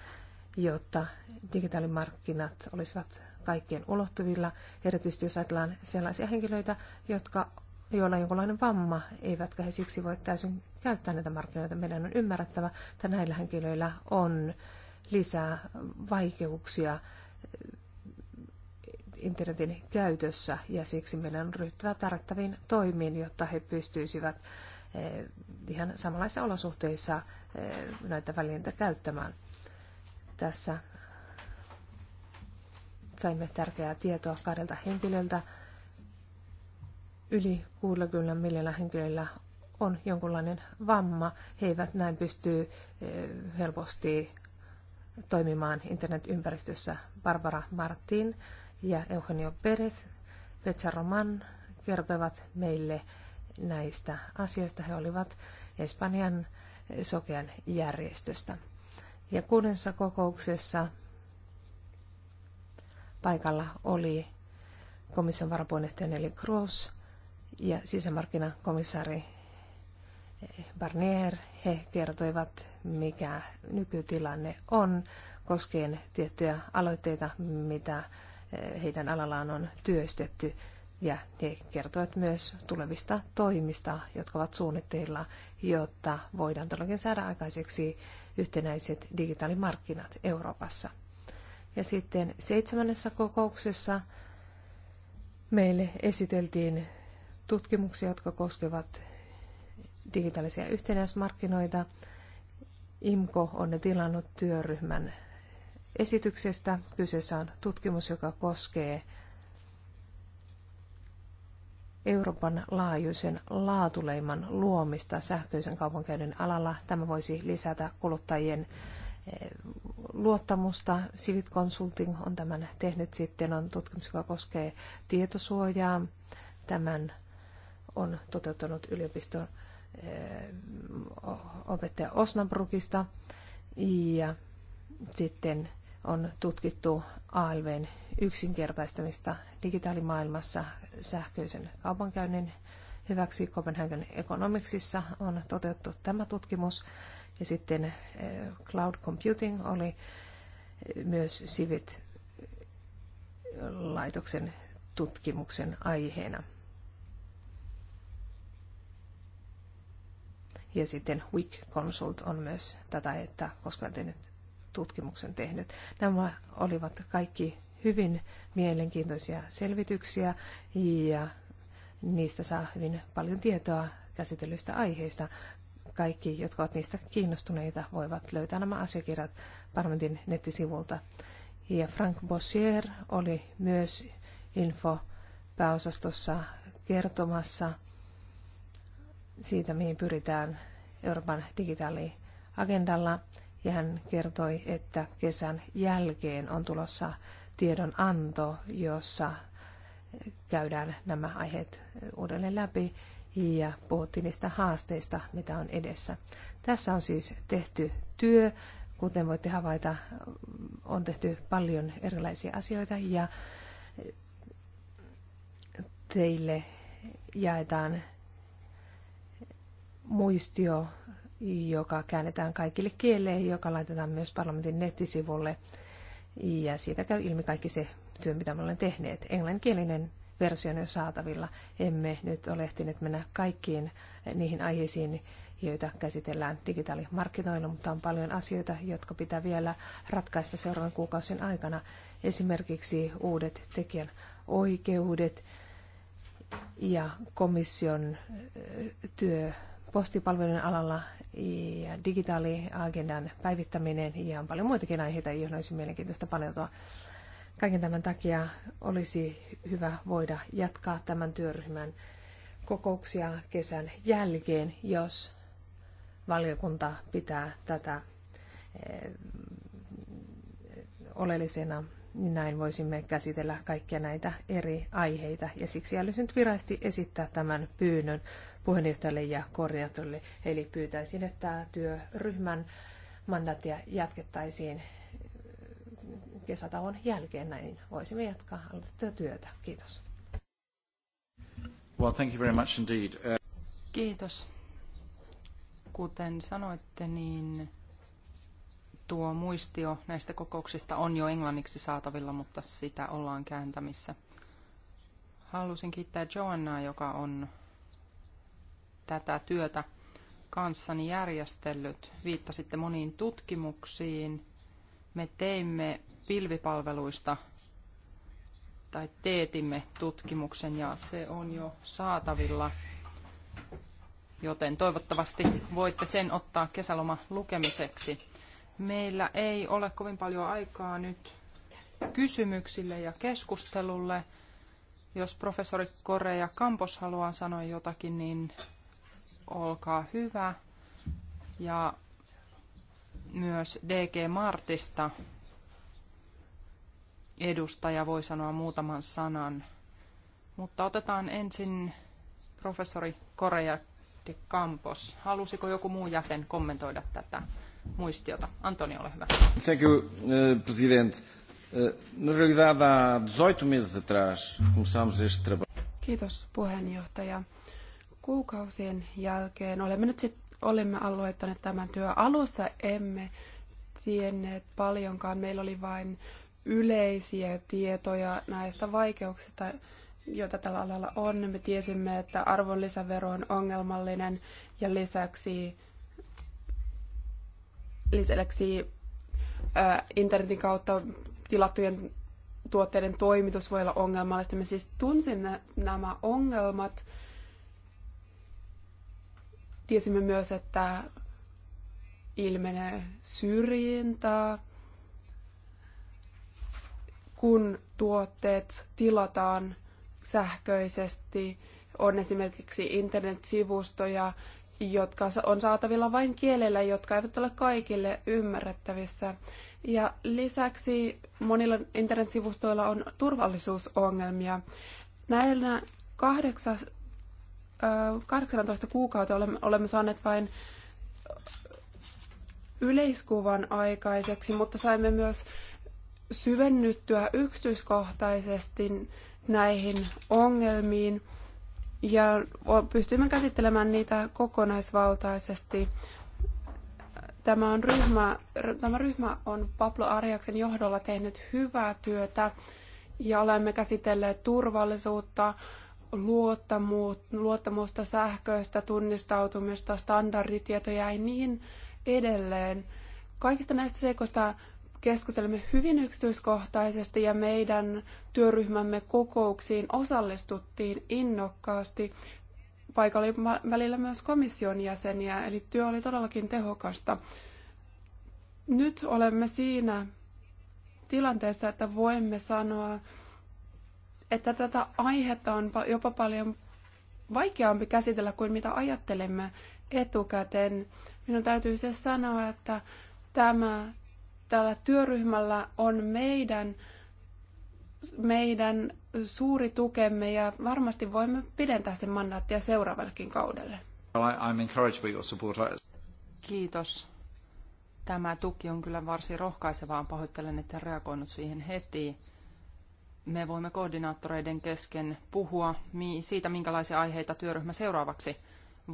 jotta digitaalimarkkinat olisivat kaikkien ulottuvilla, erityisesti jos ajatellaan sellaisia henkilöitä, jotka joilla on jonkinlainen vamma, eivätkä he siksi voi täysin käyttää näitä markkinoita. Meidän on ymmärrettävä, että näillä henkilöillä on lisää vaikeuksia eh, internetin käytössä ja siksi meidän on ryhtyvä tarvittaviin toimiin, jotta he pystyisivät Eh, ihan samanlaisissa olosuhteissa eh, näitä välineitä käyttämään. Tässä saimme tärkeää tietoa kahdelta henkilöltä. Yli 60 miljoonalla henkilöllä on jonkunlainen vamma. He eivät näin pysty eh, helposti toimimaan internetympäristössä. Barbara Martin ja Eugenio Perez, Pecha Roman kertoivat meille näistä asioista. He olivat Espanjan sokean järjestöstä. Ja kuudessa kokouksessa paikalla oli komission varapuheenjohtaja Nelly Cruz ja sisämarkkinakomissaari Barnier. He kertoivat, mikä nykytilanne on koskien tiettyjä aloitteita, mitä eh, heidän alallaan on työstetty ja he kertovat myös tulevista toimista, jotka ovat suunnitteilla, jotta voidaan todellakin saada aikaiseksi yhtenäiset digitaalimarkkinat Euroopassa. Ja sitten seitsemännessä kokouksessa meille esiteltiin tutkimuksia, jotka koskevat digitaalisia yhtenäismarkkinoita. IMKO on ne tilannut työryhmän esityksestä. Kyseessä on tutkimus, joka koskee Euroopan laajuisen laatuleiman luomista sähköisen kaupankäynnin alalla. Tämä voisi lisätä kuluttajien eh, luottamusta. Civic Consulting on tämän tehnyt sitten, on tutkimus, joka koskee tietosuojaa. Tämän on toteuttanut yliopiston eh, opettaja Osnabrukista. Ja sitten on tutkittu ALVn yksinkertaistamista digitaalimaailmassa sähköisen kaupankäynnin hyväksi. Copenhagen Economicsissa on toteutettu tämä tutkimus ja sitten eh, cloud computing oli eh, myös Civit eh, laitoksen tutkimuksen aiheena. Ja sitten WIC Consult on myös tätä, että koska tehnyt tutkimuksen tehnyt. Nämä olivat kaikki hyvin mielenkiintoisia selvityksiä ja niistä saa hyvin paljon tietoa käsitellyistä aiheista. Kaikki, jotka ovat niistä kiinnostuneita, voivat löytää nämä asiakirjat parlamentin nettisivulta. Ja Frank Bossier oli myös info-pääosastossa kertomassa siitä, mihin pyritään Euroopan digitaaliagendalla ja hän kertoi, että kesän jälkeen on tulossa tiedonanto, jossa käydään nämä aiheet uudelleen läpi ja puhuttiin niistä haasteista, mitä on edessä. Tässä on siis tehty työ, kuten voitte havaita, on tehty paljon erilaisia asioita ja teille jaetaan muistio joka käännetään kaikille kieleen, joka laitetaan myös parlamentin nettisivulle. Ja siitä käy ilmi kaikki se työ, mitä me olemme tehneet. Englanninkielinen versio on saatavilla. Emme nyt ole ehtineet mennä kaikkiin niihin aiheisiin, joita käsitellään digitaalimarkkinoilla, mutta on paljon asioita, jotka pitää vielä ratkaista seuraavan kuukausien aikana. Esimerkiksi uudet tekijän oikeudet ja komission työ postipalvelujen alalla ja digitaaliagendan päivittäminen ja on paljon muitakin aiheita, joihin olisi mielenkiintoista paneutua. Kaiken tämän takia olisi hyvä voida jatkaa tämän työryhmän kokouksia kesän jälkeen, jos valiokunta pitää tätä eh, oleellisena, niin näin voisimme käsitellä kaikkia näitä eri aiheita. Ja siksi haluaisin nyt virallisesti esittää tämän pyynnön puheenjohtajalle ja koordinaattorille. Eli pyytäisin, että työryhmän mandaattia jatkettaisiin äh, kesätauon jälkeen. Näin voisimme jatkaa aloitettua työtä. Kiitos. Well, thank you very much indeed. Uh... Kiitos. Kuten sanoitte, niin tuo muistio näistä kokouksista on jo englanniksi saatavilla, mutta sitä ollaan kääntämissä. Halusin kiittää Joannaa, joka on tätä työtä kanssani järjestellyt. Viittasitte moniin tutkimuksiin. Me teimme pilvipalveluista tai teetimme tutkimuksen ja se on jo saatavilla. Joten toivottavasti voitte sen ottaa kesäloma lukemiseksi. Meillä ei ole kovin paljon aikaa nyt kysymyksille ja keskustelulle. Jos professori Korea Kampos haluaa sanoa jotakin, niin olkaa hyvä. Ja myös DG Martista edustaja voi sanoa muutaman sanan. Mutta otetaan ensin professori Korea de Campos. Halusiko joku muu jäsen kommentoida tätä muistiota? Antoni, ole hyvä. Thank you, eh, president. Eh, na realidade, há 18 meses atrás começámos este trabalho. Kiitos, puheenjohtaja kuukausien jälkeen. Olemme nyt sit, olemme aloittaneet tämän työn alussa, emme tienneet paljonkaan. Meillä oli vain yleisiä tietoja näistä vaikeuksista, joita tällä alalla on. Me tiesimme, että arvonlisävero on ongelmallinen ja lisäksi, lisäksi ää, internetin kautta tilattujen tuotteiden toimitus voi olla ongelmallista. Me siis tunsin nämä ongelmat Tiesimme myös, että ilmenee syrjintää, kun tuotteet tilataan sähköisesti. On esimerkiksi internetsivustoja, jotka on saatavilla vain kielellä, jotka eivät ole kaikille ymmärrettävissä. Ja lisäksi monilla internetsivustoilla on turvallisuusongelmia. Näillä kahdeksas, 18 kuukautta olemme saaneet vain yleiskuvan aikaiseksi, mutta saimme myös syvennyttyä yksityiskohtaisesti näihin ongelmiin ja pystymme käsittelemään niitä kokonaisvaltaisesti. Tämä, on ryhmä, tämä ryhmä on Pablo Arjaksen johdolla tehnyt hyvää työtä ja olemme käsitelleet turvallisuutta, luottamusta, sähköistä tunnistautumista, standarditietoja ja niin edelleen. Kaikista näistä seikoista keskustelemme hyvin yksityiskohtaisesti ja meidän työryhmämme kokouksiin osallistuttiin innokkaasti. Paikalla oli välillä myös komission jäseniä, eli työ oli todellakin tehokasta. Nyt olemme siinä tilanteessa, että voimme sanoa, että tätä aihetta on jopa paljon vaikeampi käsitellä kuin mitä ajattelemme etukäteen. Minun täytyy se sanoa, että tämä, tällä työryhmällä on meidän, meidän suuri tukemme ja varmasti voimme pidentää sen mandaattia seuraavallekin kaudelle. Kiitos. Tämä tuki on kyllä varsin rohkaisevaa. Pahoittelen, että reagoinut siihen heti me voimme koordinaattoreiden kesken puhua siitä, minkälaisia aiheita työryhmä seuraavaksi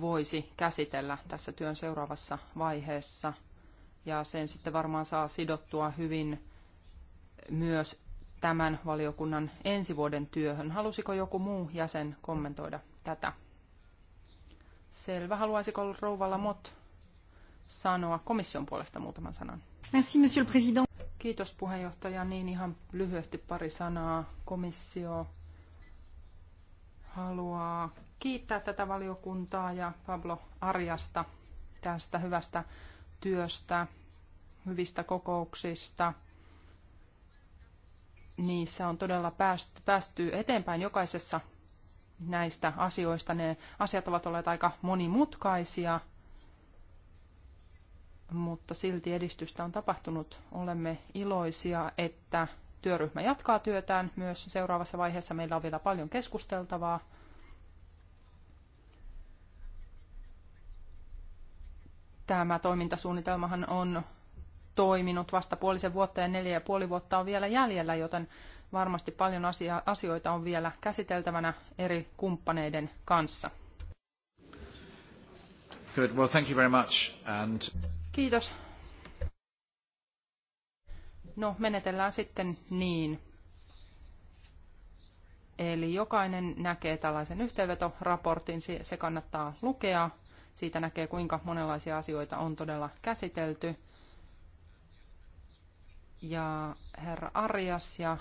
voisi käsitellä tässä työn seuraavassa vaiheessa. Ja sen sitten varmaan saa sidottua hyvin myös tämän valiokunnan ensi vuoden työhön. Halusiko joku muu jäsen kommentoida tätä? Selvä. Haluaisiko rouvalla Mot sanoa komission puolesta muutaman sanan? Merci, monsieur le président. Kiitos puheenjohtaja. Niin ihan lyhyesti pari sanaa. Komissio haluaa kiittää tätä valiokuntaa ja Pablo Arjasta tästä hyvästä työstä, hyvistä kokouksista. Niissä on todella päästy, päästy eteenpäin jokaisessa näistä asioista. Ne asiat ovat olleet aika monimutkaisia, mutta silti edistystä on tapahtunut. Olemme iloisia, että työryhmä jatkaa työtään myös seuraavassa vaiheessa. Meillä on vielä paljon keskusteltavaa. Tämä toimintasuunnitelmahan on toiminut vasta puolisen vuotta ja neljä ja puoli vuotta on vielä jäljellä, joten varmasti paljon asia, asioita on vielä käsiteltävänä eri kumppaneiden kanssa. Good. Well, thank you very much. And... Kiitos. No, menetellään sitten niin. Eli jokainen näkee tällaisen yhteenvetoraportin, se kannattaa lukea. Siitä näkee, kuinka monenlaisia asioita on todella käsitelty. Ja herra Arias ja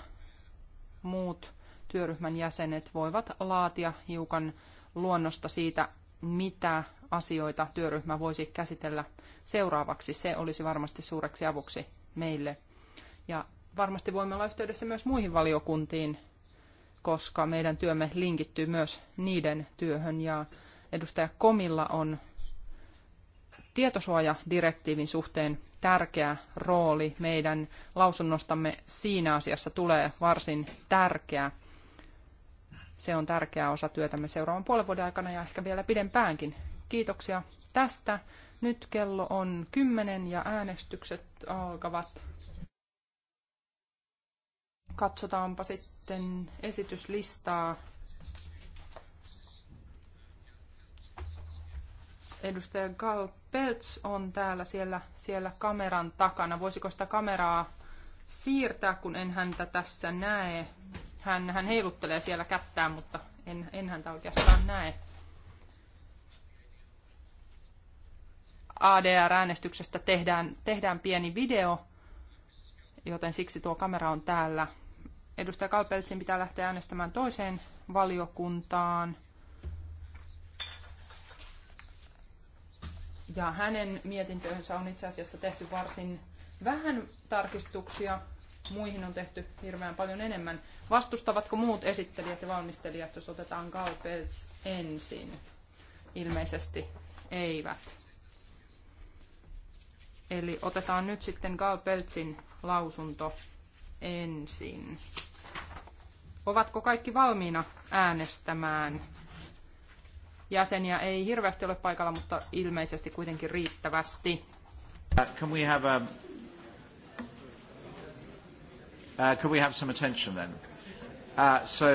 muut työryhmän jäsenet voivat laatia hiukan luonnosta siitä, mitä asioita työryhmä voisi käsitellä seuraavaksi. Se olisi varmasti suureksi avuksi meille. Ja varmasti voimme olla yhteydessä myös muihin valiokuntiin, koska meidän työmme linkittyy myös niiden työhön. Ja edustaja Komilla on tietosuojadirektiivin suhteen tärkeä rooli. Meidän lausunnostamme siinä asiassa tulee varsin tärkeä. Se on tärkeä osa työtämme seuraavan puolen vuoden aikana ja ehkä vielä pidempäänkin Kiitoksia tästä. Nyt kello on kymmenen ja äänestykset alkavat. Katsotaanpa sitten esityslistaa. Edustaja Gal Peltz on täällä siellä, siellä kameran takana. Voisiko sitä kameraa siirtää, kun en häntä tässä näe? Hän, hän heiluttelee siellä kättään, mutta en, en häntä oikeastaan näe. ADR-äänestyksestä tehdään, tehdään pieni video, joten siksi tuo kamera on täällä. Edustaja Kalpeltsin pitää lähteä äänestämään toiseen valiokuntaan. Ja hänen mietintöönsä on itse asiassa tehty varsin vähän tarkistuksia. Muihin on tehty hirveän paljon enemmän. Vastustavatko muut esittelijät ja valmistelijat, jos otetaan Kalpelts ensin? Ilmeisesti eivät. Eli otetaan nyt sitten Gal Peltsin lausunto ensin. Ovatko kaikki valmiina äänestämään? Jäseniä ei hirveästi ole paikalla, mutta ilmeisesti kuitenkin riittävästi. Uh, can we have a... Um, uh, could we have some attention then? Uh, so, uh,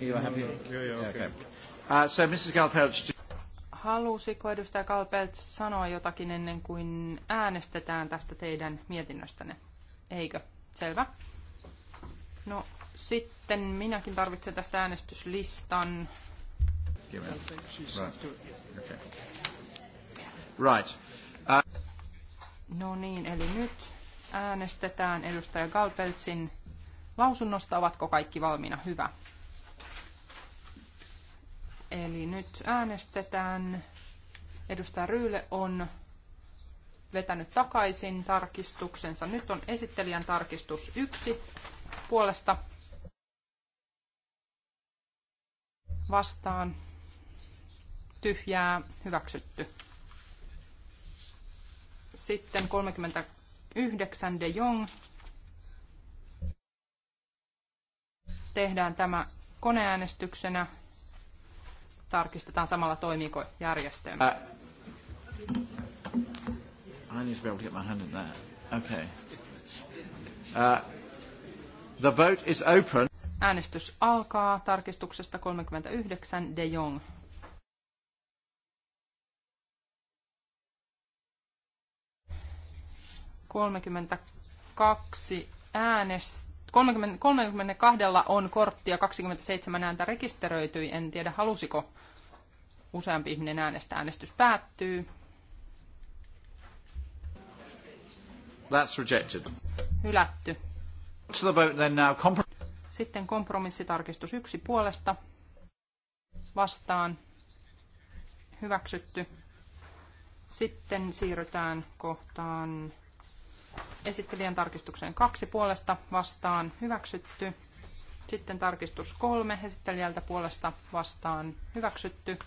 you are happy? Yeah, yeah, okay. Uh, so, Mrs. Galpelch, Halusiko edustaja Kalpelt sanoa jotakin ennen kuin äänestetään tästä teidän mietinnöstänne? Eikö? Selvä. No sitten minäkin tarvitsen tästä äänestyslistan. Right. Uh... No niin, eli nyt äänestetään edustaja Galpeltsin lausunnosta. Ovatko kaikki valmiina? Hyvä. Eli nyt äänestetään. Edustaja Ryyle on vetänyt takaisin tarkistuksensa. Nyt on esittelijän tarkistus yksi puolesta vastaan tyhjää hyväksytty. Sitten 39 de Jong. Tehdään tämä koneäänestyksenä tarkistetaan samalla toimiiko järjestelmä. Uh, I need to be able to get my hand in there. Okay. Uh, the vote is open. Äänestys alkaa tarkistuksesta 39 De Jong. Kolmekymmentä kaksi äänestä 32 on korttia, 27 ääntä rekisteröityi. En tiedä, halusiko useampi ihminen äänestää. Äänestys päättyy. That's rejected. Hylätty. To the vote then now. Komprom- Sitten kompromissitarkistus yksi puolesta. Vastaan. Hyväksytty. Sitten siirrytään kohtaan esittelijän tarkistukseen kaksi puolesta vastaan hyväksytty. Sitten tarkistus kolme esittelijältä puolesta vastaan hyväksytty.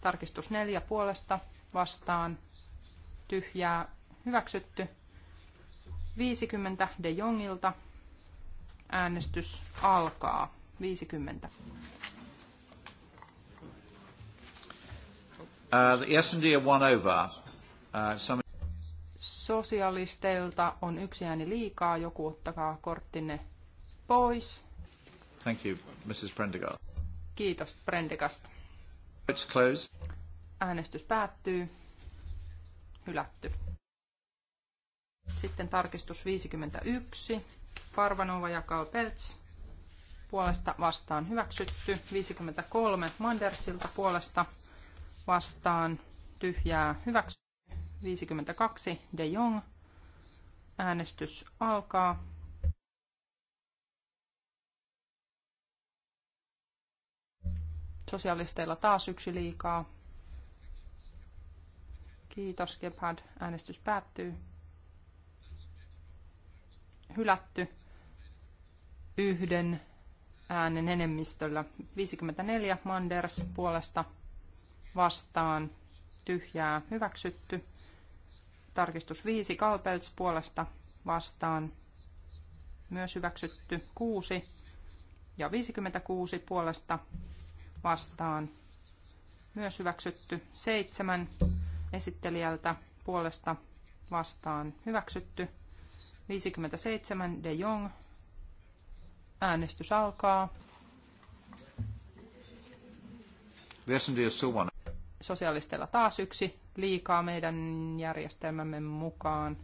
Tarkistus neljä puolesta vastaan tyhjää hyväksytty. 50 De Jongilta. Äänestys alkaa. 50. Uh, the S&D are one over. Uh, some... Sosialisteilta on yksi ääni liikaa. Joku ottakaa korttinne pois. Thank you, Mrs. Prendergast. Kiitos, Prendergast. It's closed. Äänestys päättyy. Hylätty. Sitten tarkistus 51. Parvanova ja Kalpelts puolesta vastaan hyväksytty. 53 Mandersilta puolesta vastaan tyhjää hyväksytty. 52 De Jong. Äänestys alkaa. Sosialisteilla taas yksi liikaa. Kiitos Gebhard. Äänestys päättyy. Hylätty yhden äänen enemmistöllä. 54 Manders puolesta vastaan tyhjää hyväksytty. Tarkistus 5 Kalpels puolesta vastaan myös hyväksytty 6 ja 56 puolesta vastaan myös hyväksytty 7 esittelijältä puolesta vastaan hyväksytty 57 De Jong äänestys alkaa. Sosialisteilla taas yksi liikaa meidän järjestelmämme mukaan.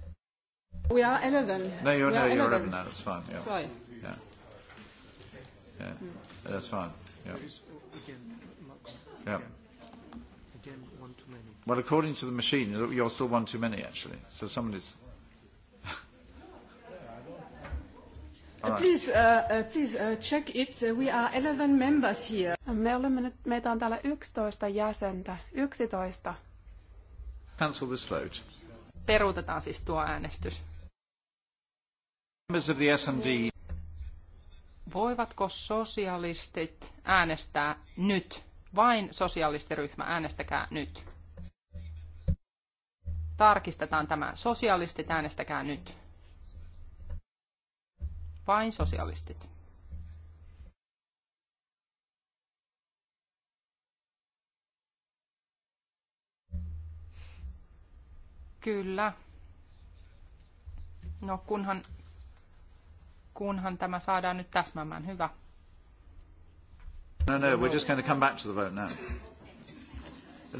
We are 11. No, you're, We no, you're 11 now. That's fine. Yeah. Sorry. Yeah. Yeah. Mm. That's fine. Yeah. Yeah. Again, one too many. Well, according to the machine, you're still one too many, actually. So somebody's... Right. Please, uh, uh, please uh, check it. Uh, we are 11 members here. Me olemme nyt, meitä on täällä 11 jäsentä. 11 Cancel this vote. Peruutetaan siis tuo äänestys. Members of the SMD. Voivatko sosialistit äänestää nyt? Vain sosialistiryhmä, äänestäkää nyt. Tarkistetaan tämä. Sosialistit, äänestäkää nyt. Vain sosialistit. Kyllä. No kunhan, kunhan tämä saadaan nyt täsmämään. Hyvä. No, no, we're just going to come back to the vote now.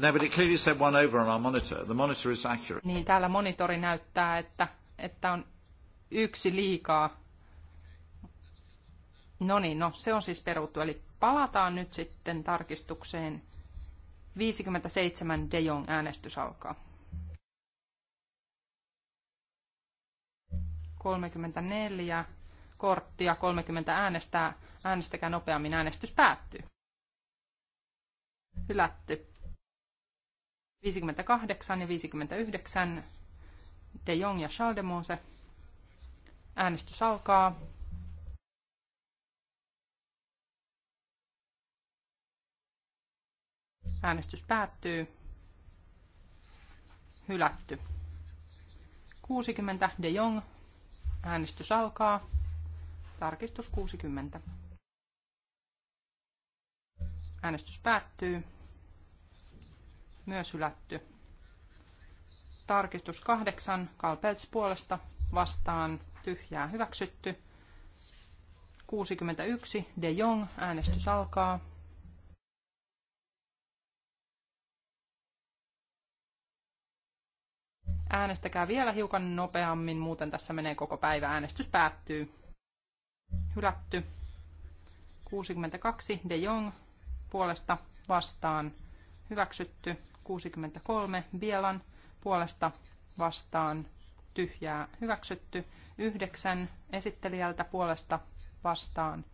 No, but it clearly said one over on our monitor. The monitor is accurate. Niin, täällä monitori näyttää, että, että on yksi liikaa. No niin, no se on siis peruttu. Eli palataan nyt sitten tarkistukseen. 57 De Jong äänestys alkaa. 34 korttia, 30 äänestää. Äänestäkää nopeammin, äänestys päättyy. Hylätty. 58 ja 59. De Jong ja Schaldemose. Äänestys alkaa. Äänestys päättyy. Hylätty. 60 De Jong Äänestys alkaa. Tarkistus 60. Äänestys päättyy. Myös hylätty. Tarkistus 8. Kalpelts puolesta vastaan tyhjää hyväksytty. 61. De Jong. Äänestys alkaa. Äänestäkää vielä hiukan nopeammin, muuten tässä menee koko päivä. Äänestys päättyy. Hylätty. 62 De Jong puolesta vastaan. Hyväksytty. 63 Bielan puolesta vastaan. Tyhjää hyväksytty. 9 esittelijältä puolesta vastaan.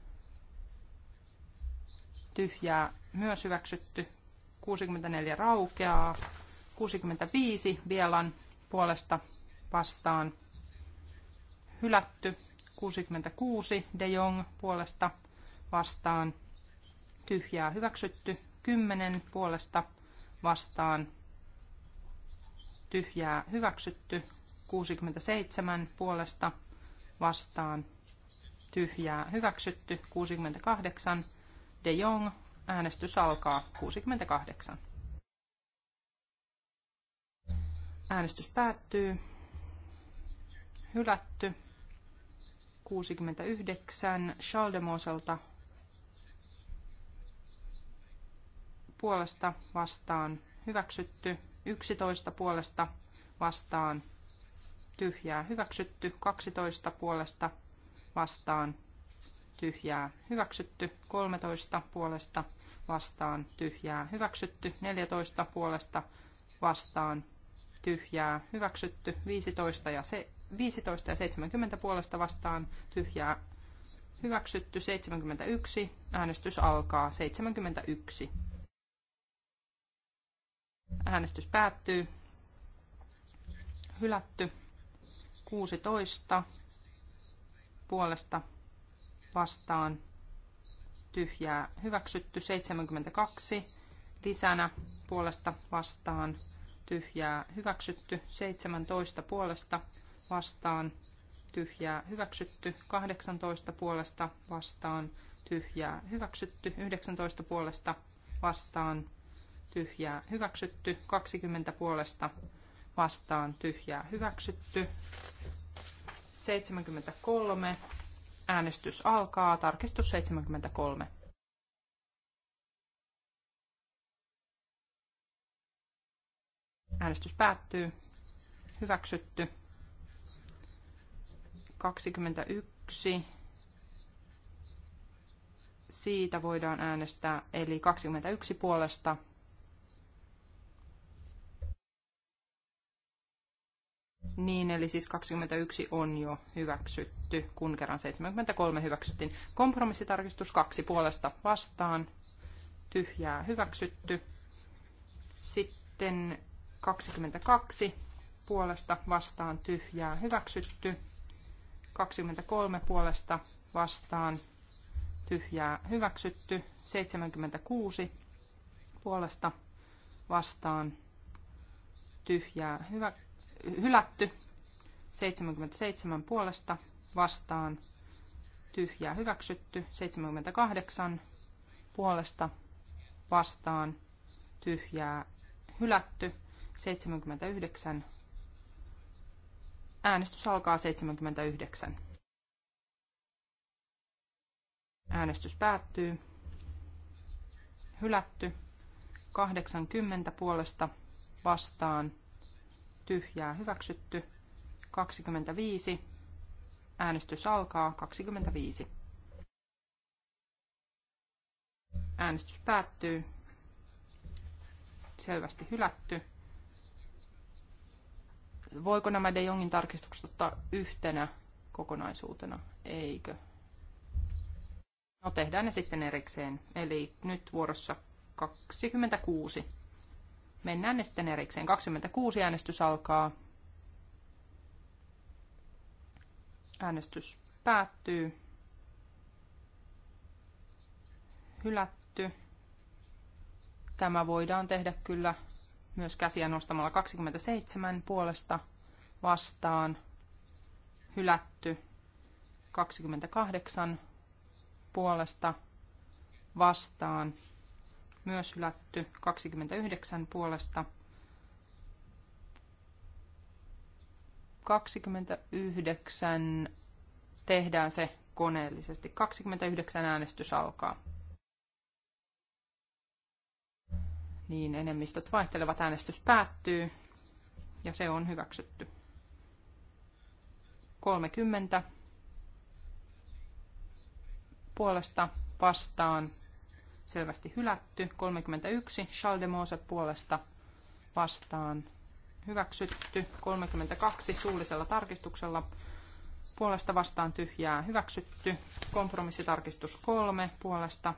Tyhjää myös hyväksytty. 64 raukeaa. 65 Bielan puolesta vastaan hylätty. 66 De Jong puolesta vastaan tyhjää hyväksytty. 10 puolesta vastaan tyhjää hyväksytty. 67 puolesta vastaan tyhjää hyväksytty. 68 De Jong äänestys alkaa 68. Äänestys päättyy. Hylätty. 69 Schaldemoselta puolesta vastaan hyväksytty, 11 puolesta vastaan tyhjää hyväksytty, 12 puolesta vastaan tyhjää hyväksytty, 13 puolesta vastaan tyhjää hyväksytty, 14 puolesta vastaan tyhjää hyväksytty, 15 ja, se, 15 ja 70 puolesta vastaan tyhjää hyväksytty, 71, äänestys alkaa, 71. Äänestys päättyy, hylätty, 16 puolesta vastaan tyhjää hyväksytty, 72 lisänä puolesta vastaan tyhjää hyväksytty, 17 puolesta vastaan tyhjää hyväksytty, 18 puolesta vastaan tyhjää hyväksytty, 19 puolesta vastaan tyhjää hyväksytty, 20 puolesta vastaan tyhjää hyväksytty, 73 äänestys alkaa, tarkistus 73. Äänestys päättyy. Hyväksytty. 21. Siitä voidaan äänestää, eli 21 puolesta. Niin, eli siis 21 on jo hyväksytty, kun kerran 73 hyväksyttiin. Kompromissitarkistus 2 puolesta vastaan. Tyhjää hyväksytty. Sitten 22 puolesta vastaan tyhjää hyväksytty. 23 puolesta vastaan tyhjää hyväksytty. 76 puolesta vastaan tyhjää hyvä, hylätty. 77 puolesta vastaan tyhjää hyväksytty. 78 puolesta vastaan tyhjää hylätty. 79. Äänestys alkaa 79. Äänestys päättyy. Hylätty. 80 puolesta vastaan. Tyhjää hyväksytty. 25. Äänestys alkaa 25. Äänestys päättyy. Selvästi hylätty. Voiko nämä De Jongin tarkistukset ottaa yhtenä kokonaisuutena, eikö? No tehdään ne sitten erikseen. Eli nyt vuorossa 26. Mennään ne sitten erikseen. 26 äänestys alkaa. Äänestys päättyy. Hylätty. Tämä voidaan tehdä kyllä myös käsiä nostamalla 27 puolesta vastaan, hylätty 28 puolesta vastaan, myös hylätty 29 puolesta 29 tehdään se koneellisesti. 29 äänestys alkaa. niin enemmistöt vaihtelevat. Äänestys päättyy ja se on hyväksytty. 30 puolesta vastaan selvästi hylätty. 31 Chaldemose puolesta vastaan hyväksytty. 32 suullisella tarkistuksella puolesta vastaan tyhjää hyväksytty. Kompromissitarkistus 3 puolesta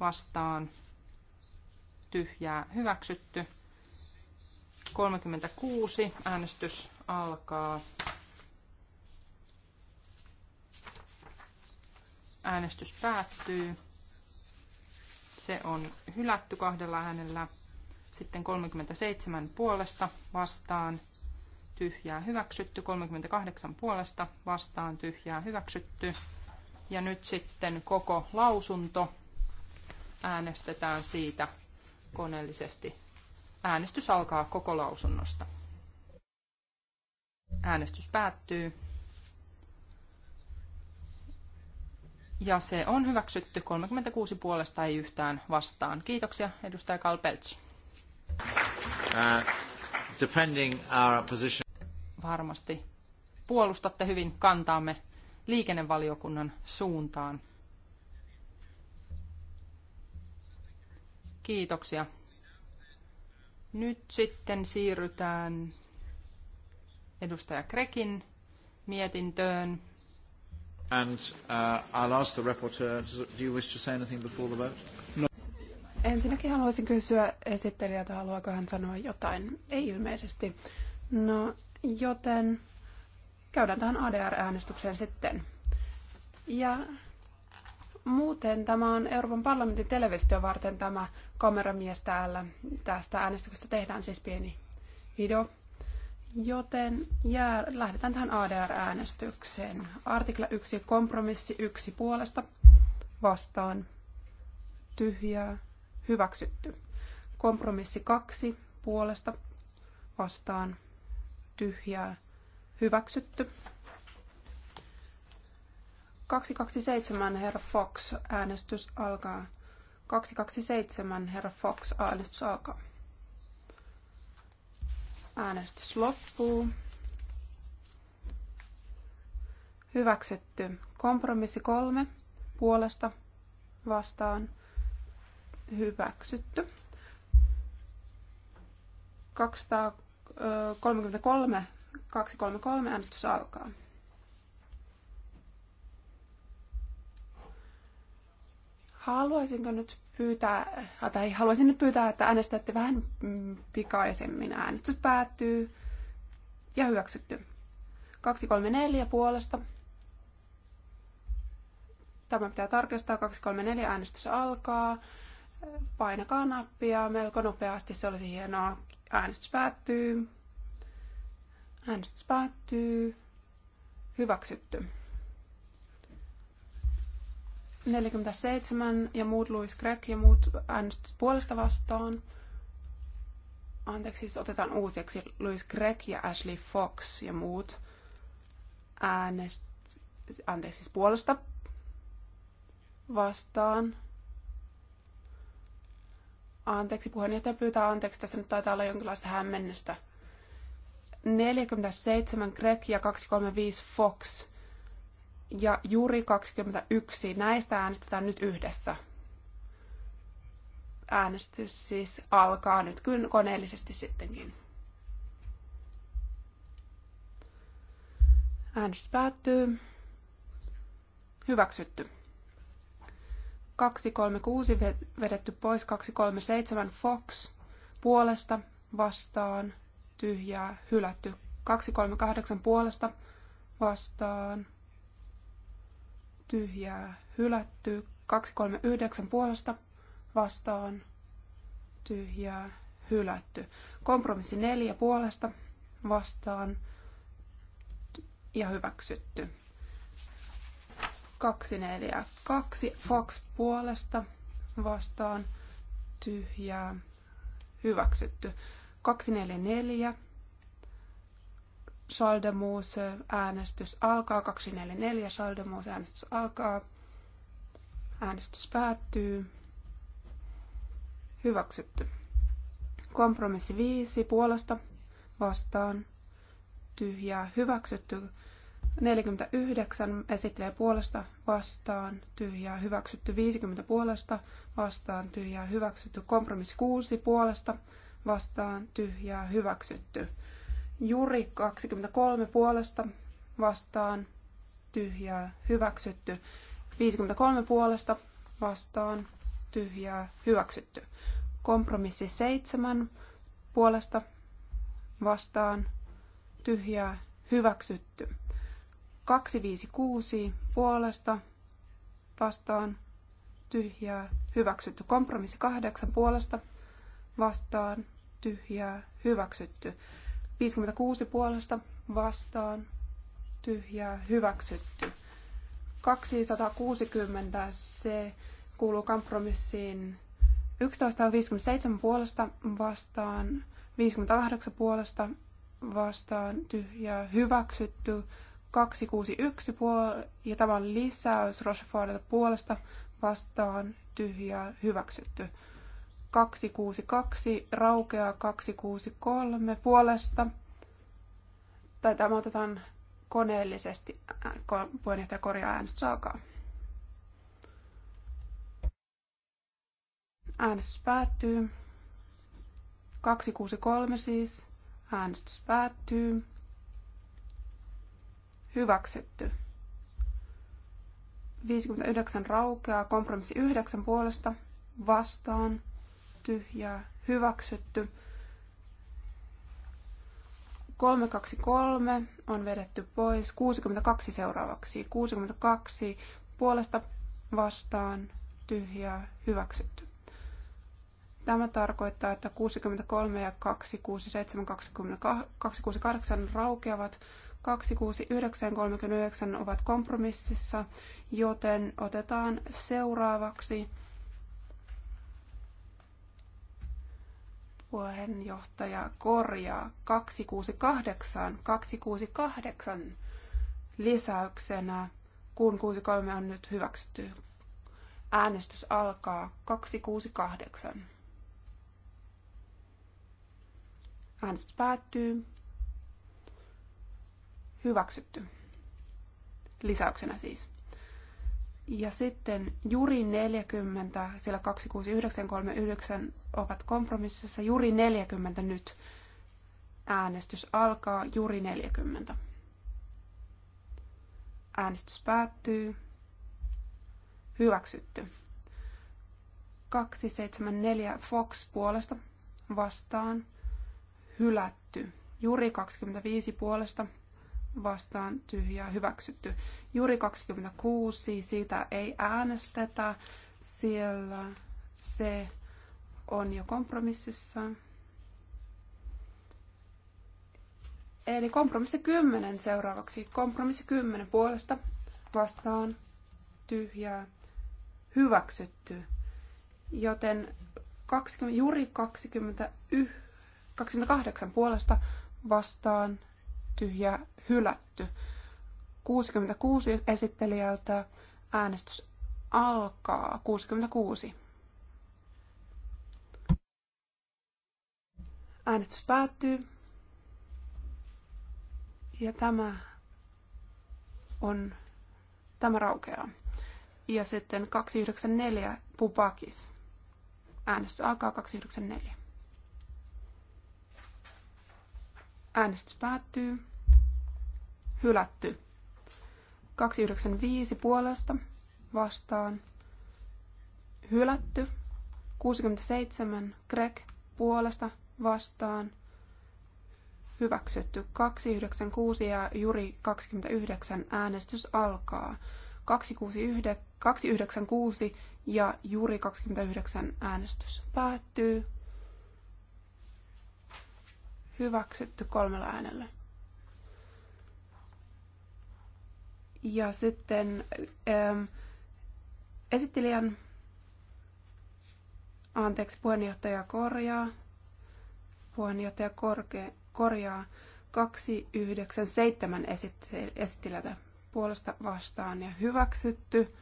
vastaan tyhjää hyväksytty. 36 äänestys alkaa. Äänestys päättyy. Se on hylätty kahdella äänellä. Sitten 37 puolesta vastaan tyhjää hyväksytty. 38 puolesta vastaan tyhjää hyväksytty. Ja nyt sitten koko lausunto äänestetään siitä koneellisesti. Äänestys alkaa koko lausunnosta. Äänestys päättyy. Ja se on hyväksytty 36 puolesta ei yhtään vastaan. Kiitoksia, edustaja Kalpelts. Uh, Varmasti puolustatte hyvin kantaamme liikennevaliokunnan suuntaan. Kiitoksia. Nyt sitten siirrytään edustaja Krekin mietintöön. And uh, I'll ask the rapporteur, do you wish to say anything before the vote? No. Ensinnäkin haluaisin kysyä esittelijältä, haluaako hän sanoa jotain. Ei ilmeisesti. No, joten käydään tähän ADR-äänestykseen sitten. Ja Muuten tämä on Euroopan parlamentin televisio varten tämä kameramies täällä. Tästä äänestyksestä tehdään siis pieni video. Joten jää, lähdetään tähän ADR-äänestykseen. Artikla 1, kompromissi 1 puolesta, vastaan, tyhjää, hyväksytty. Kompromissi 2 puolesta, vastaan, tyhjää, hyväksytty. 227 herra Fox äänestys alkaa. 227 herra Fox äänestys alkaa. Äänestys loppuu. Hyväksytty. Kompromissi kolme. Puolesta vastaan. Hyväksytty. 233. 233 äänestys alkaa. Haluaisinko nyt pyytää, tai haluaisin nyt pyytää, että äänestätte vähän pikaisemmin. Äänestys päättyy ja hyväksytty. 234 puolesta. Tämä pitää tarkistaa. 234 äänestys alkaa. Painakaa nappia melko nopeasti, se olisi hienoa. Äänestys päättyy. Äänestys päättyy. Hyväksytty. 47 ja muut Louis Gregg ja muut äänestys puolesta vastaan. Anteeksi, siis otetaan uusiksi Louis Gregg ja Ashley Fox ja muut äänest... Anteeksi, siis puolesta vastaan. Anteeksi, puheenjohtaja pyytää anteeksi. Tässä nyt taitaa olla jonkinlaista hämmennystä. 47 Greg ja 235 Fox ja juuri 21. Näistä äänestetään nyt yhdessä. Äänestys siis alkaa nyt kyllä koneellisesti sittenkin. Äänestys päättyy. Hyväksytty. 236 vedetty pois, 237 Fox puolesta vastaan, tyhjää, hylätty. 238 puolesta vastaan, tyhjää hylätty. 239 puolesta vastaan tyhjää hylätty. Kompromissi 4 puolesta vastaan ja hyväksytty. 242 Fox puolesta vastaan tyhjää hyväksytty. 244 Saldemuse äänestys alkaa. 244 Saldemuse äänestys alkaa. Äänestys päättyy. Hyväksytty. Kompromissi 5 puolesta vastaan. Tyhjää hyväksytty. 49 esittelee puolesta vastaan, tyhjää hyväksytty 50 puolesta vastaan, tyhjää hyväksytty kompromissi 6 puolesta vastaan, tyhjää hyväksytty Juri 23 puolesta vastaan tyhjää hyväksytty. 53 puolesta vastaan tyhjää hyväksytty. Kompromissi 7 puolesta vastaan tyhjää hyväksytty. 256 puolesta vastaan tyhjää hyväksytty. Kompromissi 8 puolesta vastaan tyhjää hyväksytty. 56 puolesta vastaan tyhjää hyväksytty. 260 se kuuluu kompromissiin 1157 puolesta vastaan, 58 puolesta vastaan tyhjää hyväksytty, 261 puol- ja tämä on lisäys Rochefortilta puolesta vastaan tyhjää hyväksytty. 262 raukeaa 263 puolesta. Tai tämä otetaan koneellisesti. Puheenjohtaja korjaa äänestys alkaa. Äänestys päättyy. 263 siis. Äänestys päättyy. Hyväksytty. 59 raukeaa, kompromissi 9 puolesta, vastaan, ja hyväksytty. 323 on vedetty pois. 62 seuraavaksi. 62 puolesta vastaan tyhjää hyväksytty. Tämä tarkoittaa, että 63 ja 267, 268 raukeavat. 269 39 ovat kompromississa, joten otetaan seuraavaksi Puheenjohtaja korjaa 268, 268 lisäyksenä, kun 63 on nyt hyväksytty. Äänestys alkaa 268. Äänestys päättyy. Hyväksytty. Lisäyksenä siis. Ja sitten Juri 40, sillä 26939 ovat kompromississa. Juri 40 nyt. Äänestys alkaa. Juri 40. Äänestys päättyy. Hyväksytty. 274 Fox puolesta vastaan. Hylätty. Juri 25 puolesta vastaan tyhjää hyväksytty. Juuri 26, siitä ei äänestetä, siellä se on jo kompromississa. Eli kompromissi 10 seuraavaksi. Kompromissi 10 puolesta vastaan tyhjää hyväksytty. Joten 20, juuri 20, 28 puolesta vastaan ja hylätty. 66 esittelijältä äänestys alkaa. 66. Äänestys päättyy. Ja tämä on, tämä raukeaa. Ja sitten 294 Pupakis. Äänestys alkaa 294. Äänestys päättyy hylätty. 295 puolesta vastaan hylätty. 67 Greg puolesta vastaan hyväksytty. 296 ja Juri 29 äänestys alkaa. 269, 296 ja Juri 29 äänestys päättyy. Hyväksytty kolmella äänellä. Ja sitten ähm, esittelijän, anteeksi, puheenjohtaja korjaa, puheenjohtaja korke, korjaa 297 esittelijätä puolesta vastaan ja hyväksytty.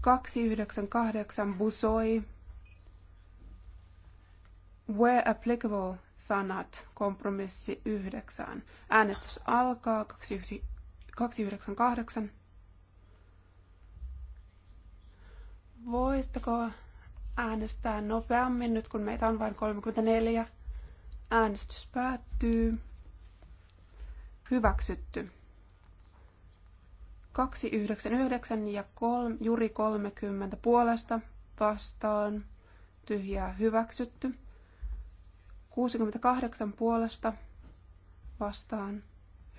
298 busoi. Where applicable sanat kompromissi 9. Äänestys alkaa 29 298. Voisitko äänestää nopeammin nyt, kun meitä on vain 34? Äänestys päättyy. Hyväksytty. 299 ja kolm, juuri 30 puolesta vastaan. Tyhjää hyväksytty. 68 puolesta vastaan.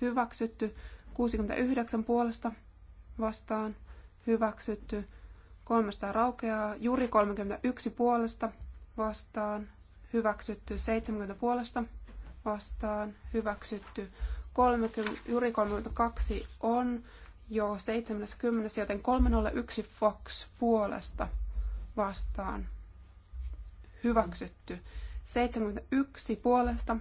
Hyväksytty. 69 puolesta vastaan hyväksytty. 300 raukeaa. juuri 31 puolesta vastaan hyväksytty. 70 puolesta vastaan hyväksytty. 30, juri 32 on jo 70, joten 301 Fox puolesta vastaan hyväksytty. 71 puolesta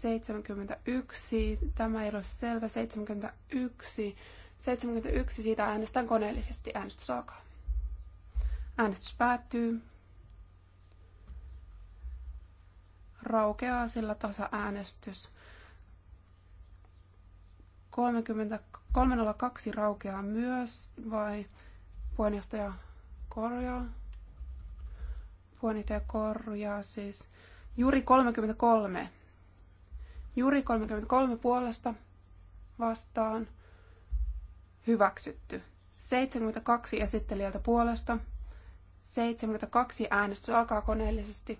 71, tämä ei ole selvä, 71, 71, siitä äänestän koneellisesti, äänestys alkaa. Äänestys päättyy. Raukeaa sillä tasa-äänestys. 30, 302 raukeaa myös, vai puheenjohtaja korjaa? Puheenjohtaja korjaa siis. Juuri 33 Juri 33 puolesta vastaan hyväksytty. 72 esittelijältä puolesta. 72 äänestys alkaa koneellisesti.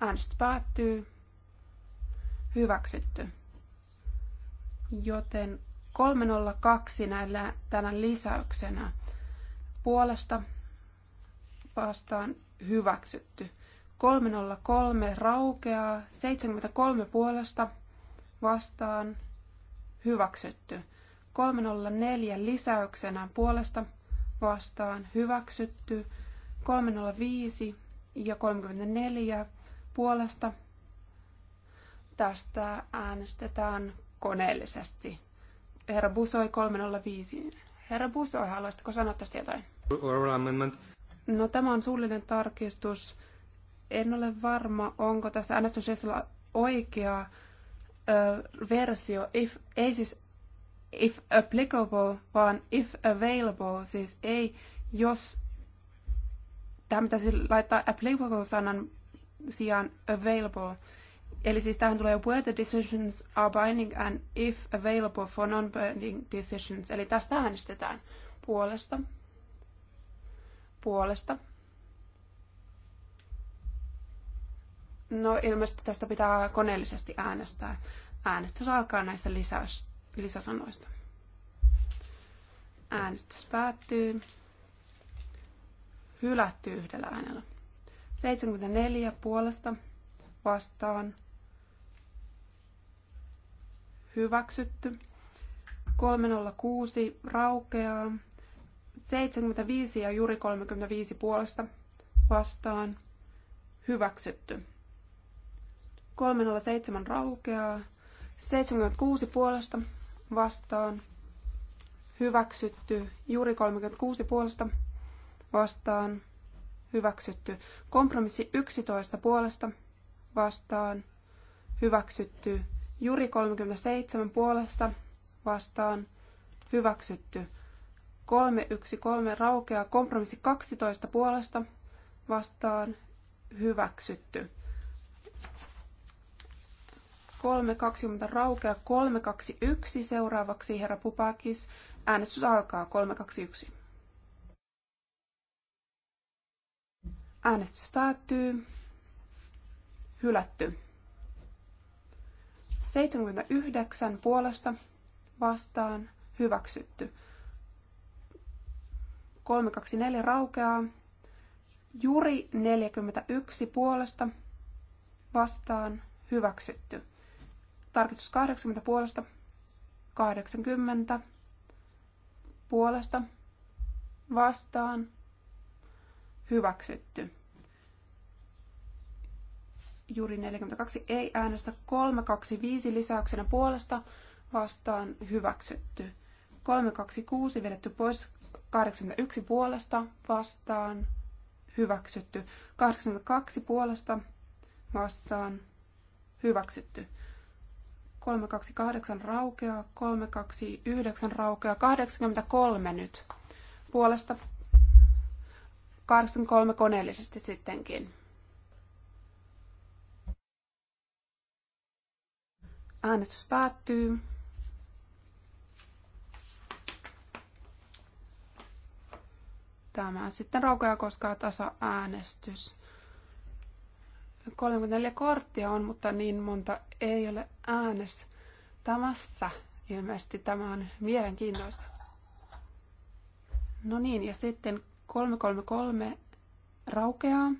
Äänestys päättyy. Hyväksytty. Joten 302 näillä tänä lisäyksenä puolesta vastaan hyväksytty. 303 raukeaa, 73 puolesta vastaan hyväksytty. 304 lisäyksenä puolesta vastaan hyväksytty. 305 ja 34 puolesta. Tästä äänestetään koneellisesti. Herra Busoi 305. Herra Busoi, haluaisitko sanoa tästä jotain? No tämä on suullinen tarkistus en ole varma, onko tässä äänestyslistalla oikea ö, versio, if, ei siis if applicable, vaan if available, siis ei jos, tämä pitäisi laittaa applicable-sanan sijaan available. Eli siis tähän tulee where the decisions are binding and if available for non-binding decisions. Eli tästä äänestetään puolesta. Puolesta. No ilmeisesti tästä pitää koneellisesti äänestää. Äänestys alkaa näistä lisäys, lisäsanoista. Äänestys päättyy. Hylätty yhdellä äänellä. 74 puolesta vastaan. Hyväksytty. 306 raukeaa. 75 ja juuri 35 puolesta vastaan. Hyväksytty. 307 raukeaa. 76 puolesta vastaan. Hyväksytty. Juuri 36 puolesta vastaan. Hyväksytty. Kompromissi 11 puolesta vastaan. Hyväksytty. Juuri 37 puolesta vastaan. Hyväksytty. 313 raukeaa. Kompromissi 12 puolesta vastaan. Hyväksytty. 320 raukea 321. Seuraavaksi herra Pupakis. Äänestys alkaa 321. Äänestys päättyy. Hylätty. 79 puolesta vastaan hyväksytty. 324 raukeaa. Juri 41 puolesta vastaan hyväksytty. Tarkistus 80 puolesta. 80 puolesta vastaan hyväksytty. Juuri 42 ei äänestä 325 lisäyksenä puolesta vastaan hyväksytty. 326 vedetty pois 81 puolesta vastaan hyväksytty. 82 puolesta vastaan hyväksytty. 328 raukeaa, 329 raukeaa, 83 nyt puolesta, 83 koneellisesti sittenkin. Äänestys päättyy. Tämä sitten raukeaa, koska tasa-äänestys. 34 korttia on, mutta niin monta ei ole äänestämässä. Ilmeisesti tämä on mielenkiintoista. No niin, ja sitten 333 raukeaa.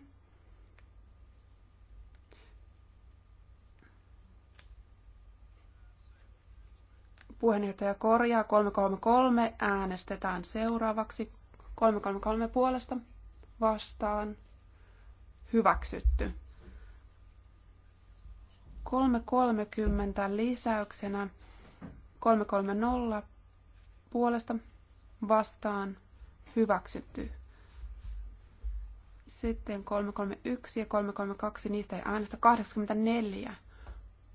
Puheenjohtaja korjaa 333. Äänestetään seuraavaksi 333 puolesta vastaan. Hyväksytty. 3.30 lisäyksenä 3.30 puolesta vastaan hyväksytty. Sitten 331 ja 332, niistä ei äänestä 84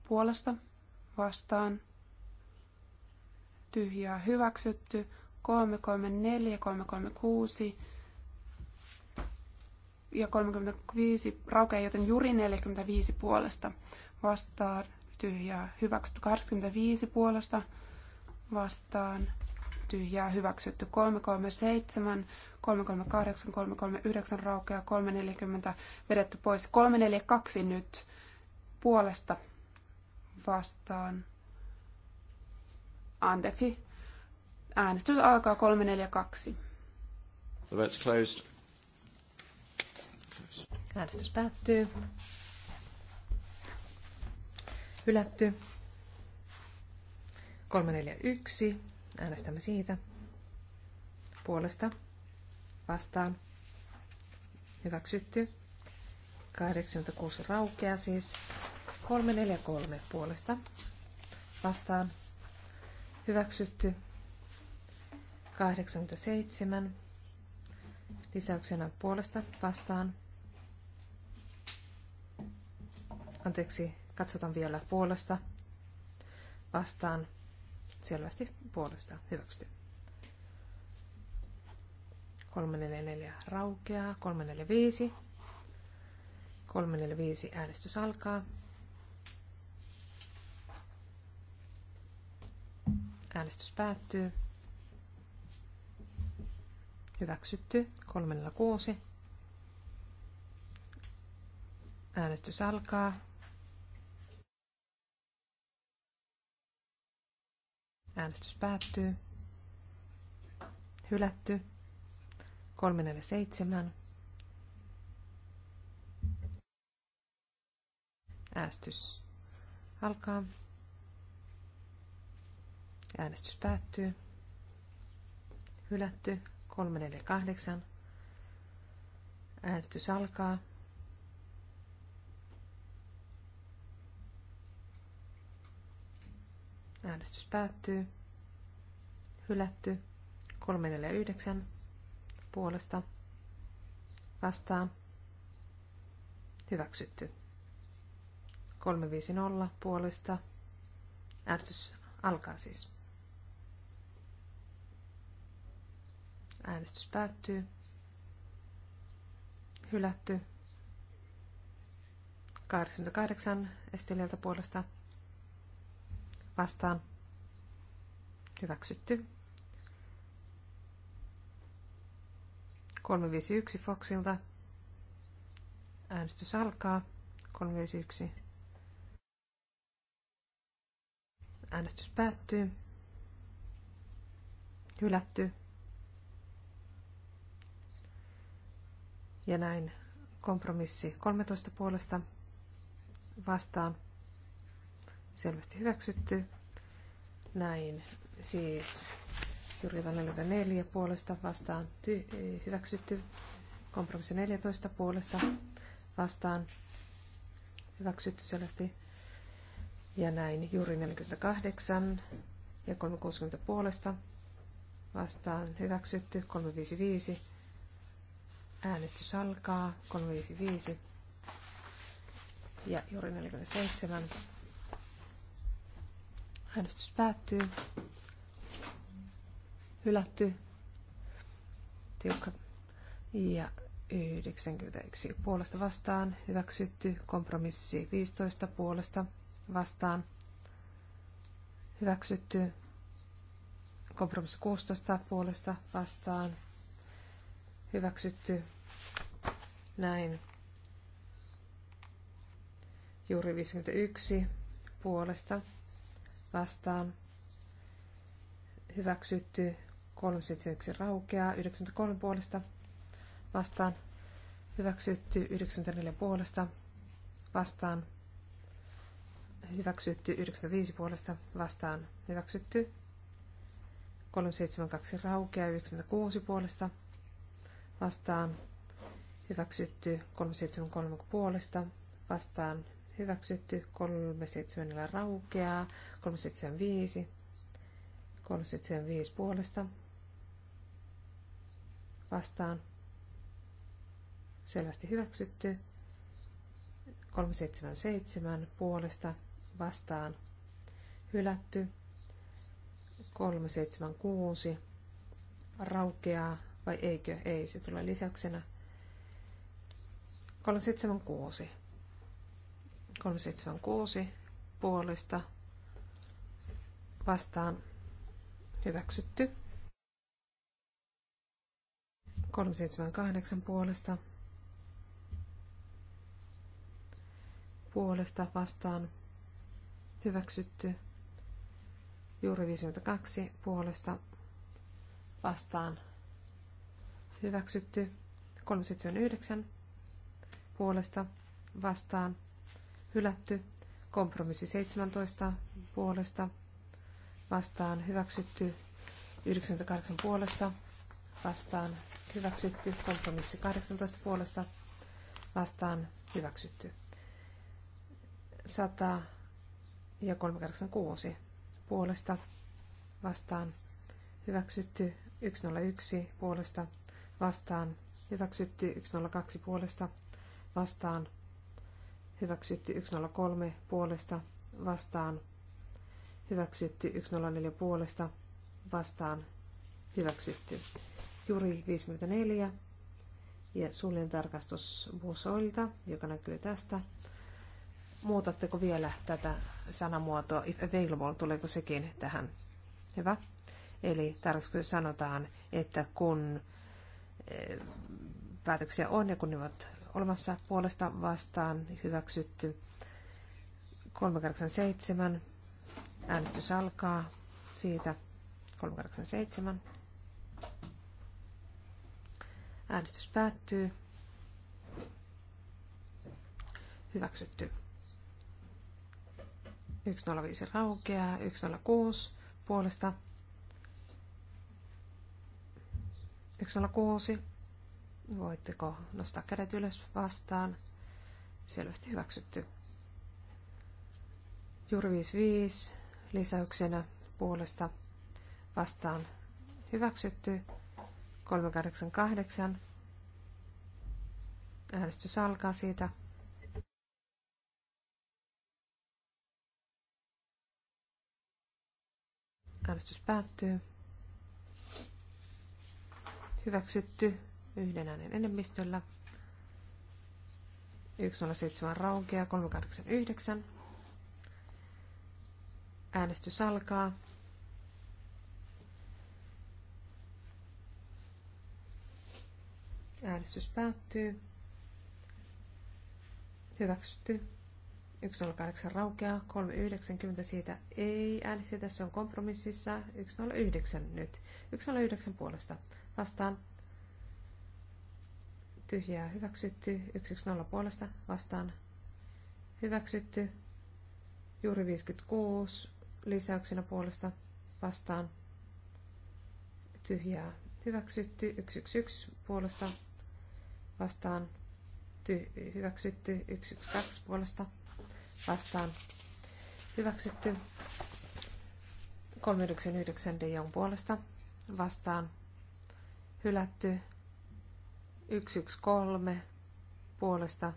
puolesta vastaan tyhjää hyväksytty. 334, ja 336 ja 35 raukeaa, joten juuri 45 puolesta vastaan tyhjää hyväksytty 85 puolesta vastaan tyhjää hyväksytty 337, 338, 339 raukea 340 vedetty pois 342 nyt puolesta vastaan. Anteeksi. Äänestys alkaa 342. The vote's closed. Äänestys päättyy. Hylätty. 341. Äänestämme siitä. Puolesta. Vastaan. Hyväksytty. 86 raukea siis. 343 puolesta. Vastaan. Hyväksytty. 87. Lisäyksenä puolesta vastaan. Anteeksi, Katsotaan vielä puolesta. Vastaan. Selvästi puolesta. Hyväksytty. 344 raukeaa. 345. 345 äänestys alkaa. Äänestys päättyy. Hyväksytty. 346. Äänestys alkaa. Äänestys päättyy. Hylätty. 347. Äänestys alkaa. Äänestys päättyy. Hylätty. 348. Äänestys alkaa. Äänestys päättyy. Hylätty. 349 puolesta vastaan. Hyväksytty. 350 puolesta. Äänestys alkaa siis. Äänestys päättyy. Hylätty. 88 estelijältä puolesta vastaan hyväksytty. 351 Foxilta. Äänestys alkaa. 351. Äänestys päättyy. Hylätty. Ja näin kompromissi 13 puolesta vastaan selvästi hyväksytty. Näin siis Jyrki 44 puolesta vastaan ty- hyväksytty. Kompromissi 14 puolesta vastaan hyväksytty selvästi. Ja näin juuri 48 ja 360 puolesta vastaan hyväksytty 355. Äänestys alkaa 355 ja juuri 47 Äänestys päättyy. Hylätty. Tiukka. Ja 91 puolesta vastaan. Hyväksytty. Kompromissi 15 puolesta vastaan. Hyväksytty. Kompromissi 16 puolesta vastaan. Hyväksytty. Näin. Juuri 51 puolesta vastaan hyväksytty 371 raukeaa 93 puolesta vastaan hyväksytty 94 puolesta vastaan hyväksytty 95 puolesta vastaan hyväksytty 372 raukeaa 96 puolesta vastaan hyväksytty 373 puolesta vastaan hyväksytty, 374 raukeaa, 375, 375 puolesta vastaan selvästi hyväksytty, 377 puolesta vastaan hylätty, 376 raukeaa vai eikö? Ei, se tulee lisäyksenä. 376 376 puolesta vastaan hyväksytty. 378 puolesta puolesta vastaan hyväksytty. Juuri 52 puolesta vastaan hyväksytty. 379 puolesta vastaan hylätty. Kompromissi 17 puolesta vastaan hyväksytty. 98 puolesta vastaan hyväksytty. Kompromissi 18 puolesta vastaan hyväksytty. 100 ja 386 puolesta vastaan hyväksytty 101 puolesta vastaan hyväksytty 102 puolesta vastaan hyväksytty 103 puolesta vastaan, hyväksytty 104 puolesta vastaan, hyväksytty. Juri 54 ja suljen tarkastus Busoilta, joka näkyy tästä. Muutatteko vielä tätä sanamuotoa if available, tuleeko sekin tähän? Hyvä. Eli tarkoitus sanotaan, että kun eh, päätöksiä on ja kun ne ovat olemassa puolesta vastaan hyväksytty. 387. Äänestys alkaa siitä. 387. Äänestys päättyy. Hyväksytty. 105 raukeaa. 106 puolesta. 106 Voitteko nostaa kädet ylös vastaan? Selvästi hyväksytty. Juuri 55 lisäyksenä puolesta vastaan hyväksytty. 388. Äänestys alkaa siitä. Äänestys päättyy. Hyväksytty yhden äänen enemmistöllä. 107 raukea, 389. Äänestys alkaa. Äänestys päättyy. Hyväksytty. 108 raukeaa, 390 siitä ei äänestetä, se on kompromississa, 109 nyt, 109 puolesta. Vastaan tyhjää hyväksytty, 110 puolesta vastaan hyväksytty, juuri 56 lisäyksenä puolesta vastaan tyhjää hyväksytty, 111 puolesta vastaan ty- hyväksytty, 112 puolesta vastaan hyväksytty, 399 De Jong puolesta vastaan hylätty, 113 puolesta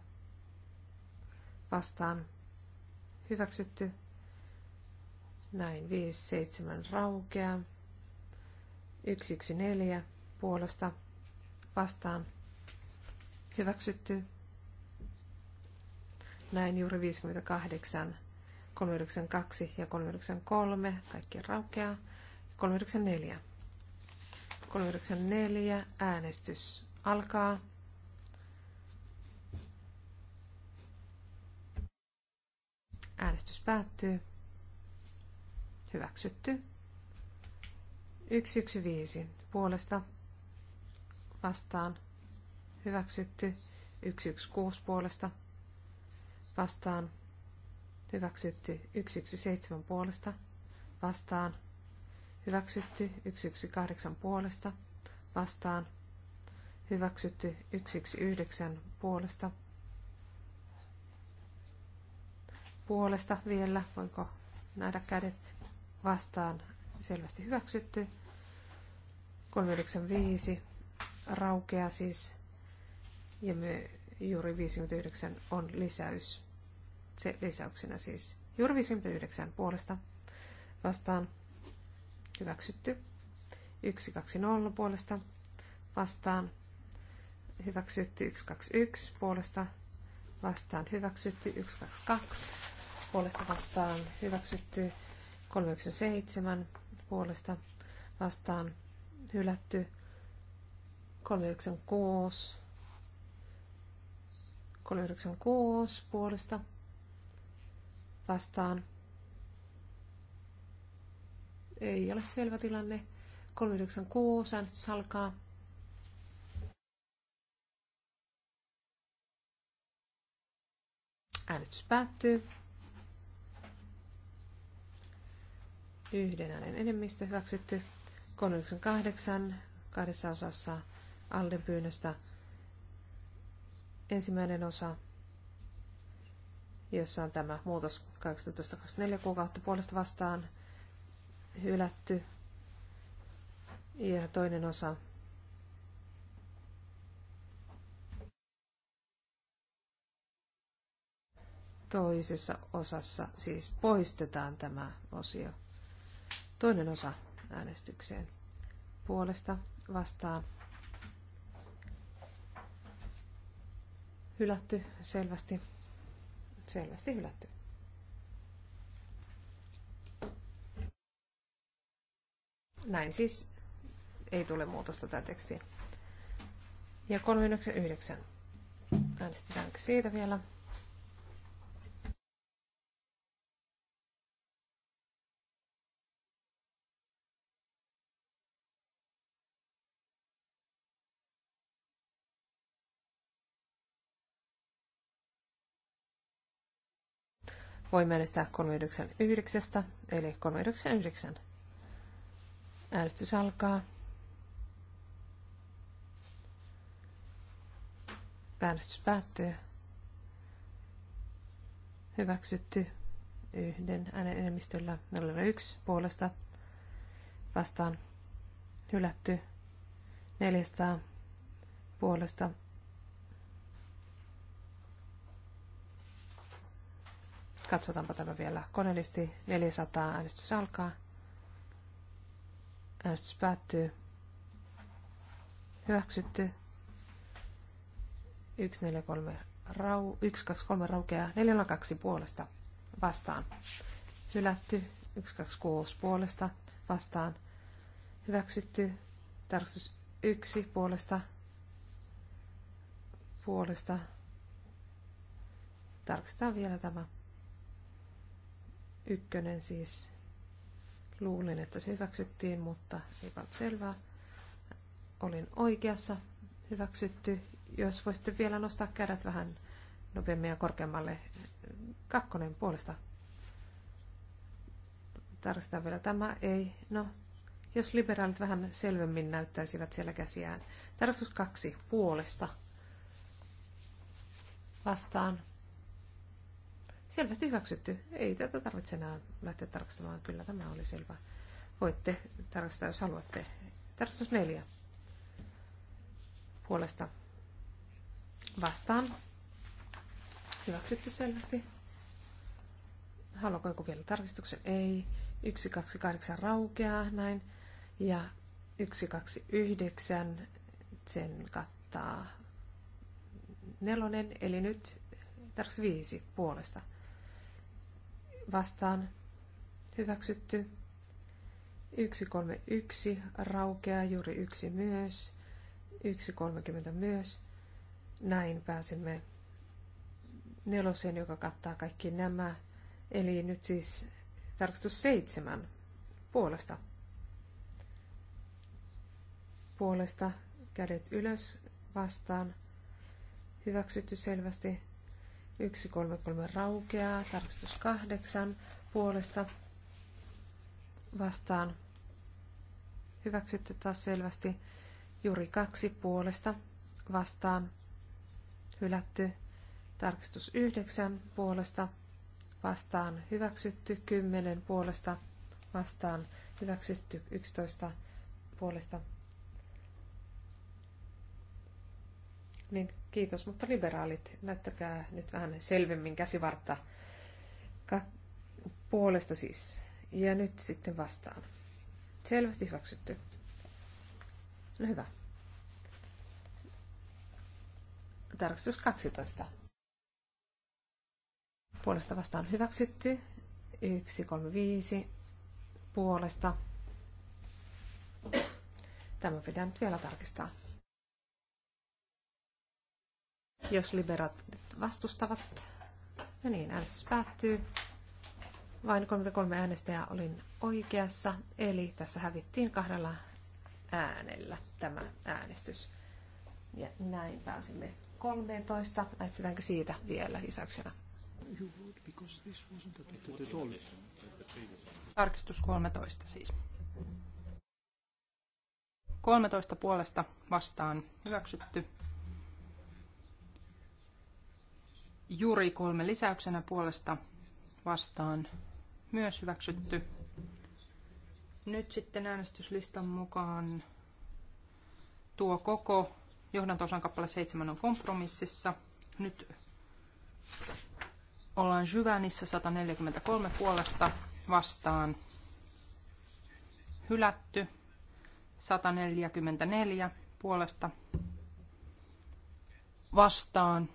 vastaan hyväksytty. Näin 57 raukeaa. 114 puolesta vastaan hyväksytty. Näin juuri 58, 392 ja 393, kaikki raukeaa. 394. 394 äänestys alkaa. Äänestys päättyy. Hyväksytty. 115 puolesta vastaan. Hyväksytty. 116 puolesta vastaan. Hyväksytty. 117 puolesta vastaan. Hyväksytty. 118 puolesta vastaan hyväksytty 119 puolesta. Puolesta vielä, voiko nähdä kädet vastaan, selvästi hyväksytty. 395 raukea siis ja me juuri 59 on lisäys. Se lisäyksenä siis juuri 59 puolesta vastaan hyväksytty. 120 puolesta vastaan hyväksytty 121 puolesta vastaan hyväksytty 122 puolesta vastaan hyväksytty 317 puolesta vastaan hylätty 396 396 puolesta vastaan ei ole selvä tilanne 396 äänestys alkaa Äänestys päättyy. Yhden äänen enemmistö hyväksytty. 38 kahdessa osassa Alden pyynnöstä. Ensimmäinen osa, jossa on tämä muutos 18 kuukautta puolesta vastaan hylätty. Ja toinen osa toisessa osassa siis poistetaan tämä osio. Toinen osa äänestykseen. Puolesta vastaan. Hylätty selvästi. Selvästi hylätty. Näin siis ei tule muutosta tämä tekstiin. Ja 399. Äänestetäänkö siitä vielä? Voimme äänestää 399, eli 399. Äänestys alkaa. Äänestys päättyy. Hyväksytty yhden äänen enemmistöllä 01 puolesta vastaan hylätty 400 puolesta Katsotaanpa tämä vielä koneellisesti. 400 äänestys alkaa. Äänestys päättyy. Hyväksytty. 143 rau, 123 raukeaa 402 puolesta vastaan. Hylätty 126 puolesta vastaan. Hyväksytty tarkastus 1 puolesta puolesta. Tarkistetaan vielä tämä Ykkönen siis. Luulin, että se hyväksyttiin, mutta ei ollut selvää. Olin oikeassa. Hyväksytty. Jos voisitte vielä nostaa kädet vähän nopeammin ja korkeammalle. Kakkonen puolesta. Tarkistetaan vielä tämä. Ei. No, jos liberaalit vähän selvemmin näyttäisivät siellä käsiään. Tarkastus kaksi. Puolesta. Vastaan Selvästi hyväksytty. Ei tätä tarvitse enää lähteä tarkastamaan. Kyllä tämä oli selvä. Voitte tarkastaa, jos haluatte. Tarkastus neljä. Puolesta vastaan. Hyväksytty selvästi. Haluatko joku vielä tarkistuksen? Ei. 128 raukeaa näin. Ja 129 sen kattaa nelonen, eli nyt tarvitsisi viisi puolesta vastaan hyväksytty. 131 raukeaa juuri yksi myös. 130 myös. Näin pääsemme neloseen, joka kattaa kaikki nämä. Eli nyt siis tarkastus seitsemän puolesta. Puolesta kädet ylös vastaan. Hyväksytty selvästi 133 raukeaa, tarkistus 8 puolesta vastaan hyväksytty taas selvästi, juuri 2 puolesta vastaan hylätty, tarkistus 9 puolesta vastaan hyväksytty, 10 puolesta vastaan hyväksytty, 11 puolesta niin kiitos, mutta liberaalit, näyttäkää nyt vähän selvemmin käsivartta puolesta siis. Ja nyt sitten vastaan. Selvästi hyväksytty. No hyvä. Tarkastus 12. Puolesta vastaan hyväksytty. 1, 3, 5. Puolesta. Tämä pitää nyt vielä tarkistaa. Jos liberat vastustavat, no niin, äänestys päättyy. Vain 33 äänestäjää olin oikeassa, eli tässä hävittiin kahdella äänellä tämä äänestys. Ja näin pääsimme 13. Äänestetäänkö siitä vielä lisäyksenä? Tarkistus 13 siis. 13 puolesta vastaan hyväksytty, Juri kolme lisäyksenä puolesta vastaan myös hyväksytty. Nyt sitten äänestyslistan mukaan tuo koko johdantosan kappale 7 on kompromississa. Nyt ollaan Jyvänissä 143 puolesta vastaan hylätty 144 puolesta vastaan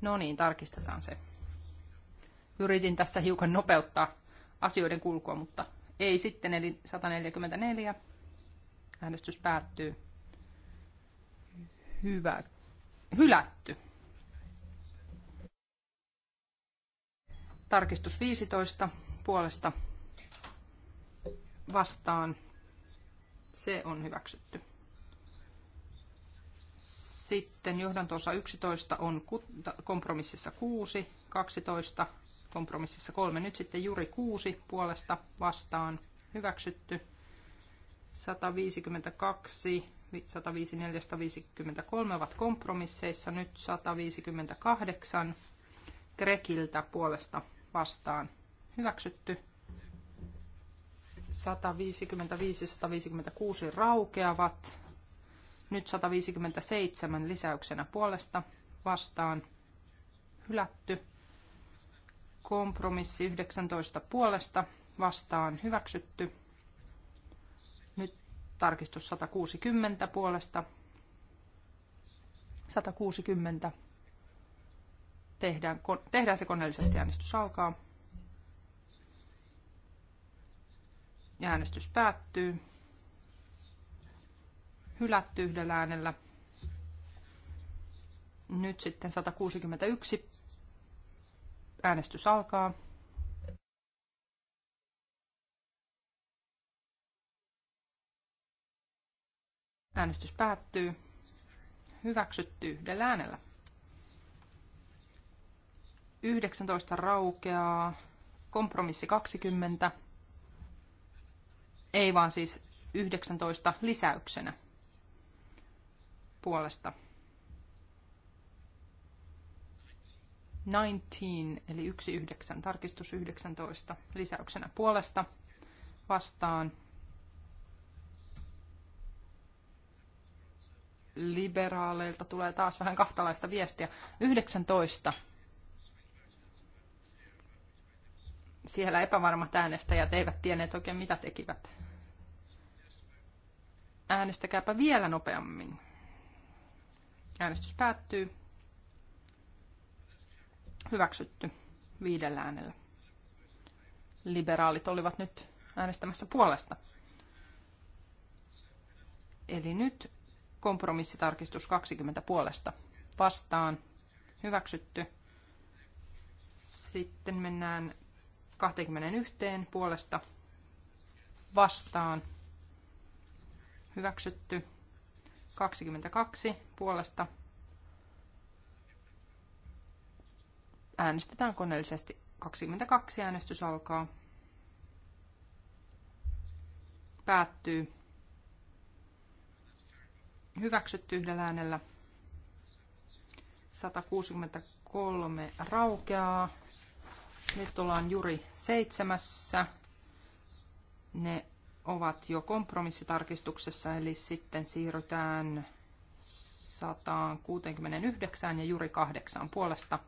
No niin, tarkistetaan se. Yritin tässä hiukan nopeuttaa asioiden kulkua, mutta ei sitten, eli 144. Äänestys päättyy. Hyvä. Hylätty. Tarkistus 15 puolesta vastaan. Se on hyväksytty. Sitten johdantoosa 11 on kompromississa 6, 12 kompromississa 3. Nyt sitten juuri 6 puolesta vastaan hyväksytty. 152, 154, 153 ovat kompromisseissa. Nyt 158 Grekiltä puolesta vastaan hyväksytty. 155-156 raukeavat. Nyt 157 lisäyksenä puolesta vastaan hylätty. Kompromissi 19 puolesta vastaan hyväksytty. Nyt tarkistus 160 puolesta. 160. Tehdään, tehdään se koneellisesti. Äänestys alkaa. Ja äänestys päättyy hylätty yhdellä äänellä. Nyt sitten 161. Äänestys alkaa. Äänestys päättyy. Hyväksytty yhdellä äänellä. 19 raukeaa. Kompromissi 20. Ei vaan siis 19 lisäyksenä puolesta. 19 eli 19 tarkistus 19 lisäyksenä puolesta vastaan liberaaleilta tulee taas vähän kahtalaista viestiä. 19. Siellä epävarmat äänestäjät eivät tienneet oikein mitä tekivät. Äänestäkääpä vielä nopeammin. Äänestys päättyy. Hyväksytty viidellä äänellä. Liberaalit olivat nyt äänestämässä puolesta. Eli nyt kompromissitarkistus 20 puolesta vastaan. Hyväksytty. Sitten mennään 21 puolesta vastaan. Hyväksytty. 22 puolesta. Äänestetään koneellisesti. 22 äänestys alkaa. Päättyy. Hyväksytty yhdellä äänellä. 163 raukeaa. Nyt ollaan juri seitsemässä. Ne ovat jo kompromissitarkistuksessa, eli sitten siirrytään 169 ja juuri 8 puolesta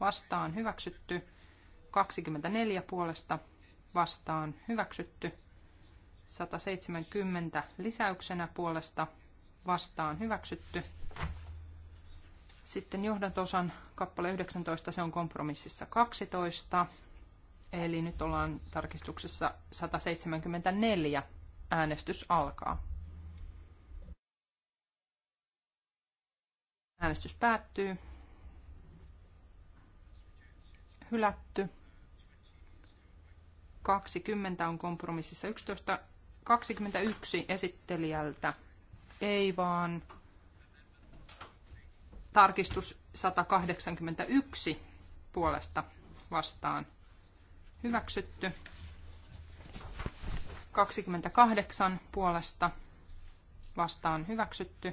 vastaan hyväksytty, 24 puolesta vastaan hyväksytty, 170 lisäyksenä puolesta vastaan hyväksytty. Sitten johdantosan kappale 19, se on kompromississa 12 Eli nyt ollaan tarkistuksessa 174. Äänestys alkaa. Äänestys päättyy. Hylätty. 20 on kompromississa 11. 21 esittelijältä. Ei vaan. Tarkistus 181 puolesta vastaan Hyväksytty. 28 puolesta vastaan hyväksytty.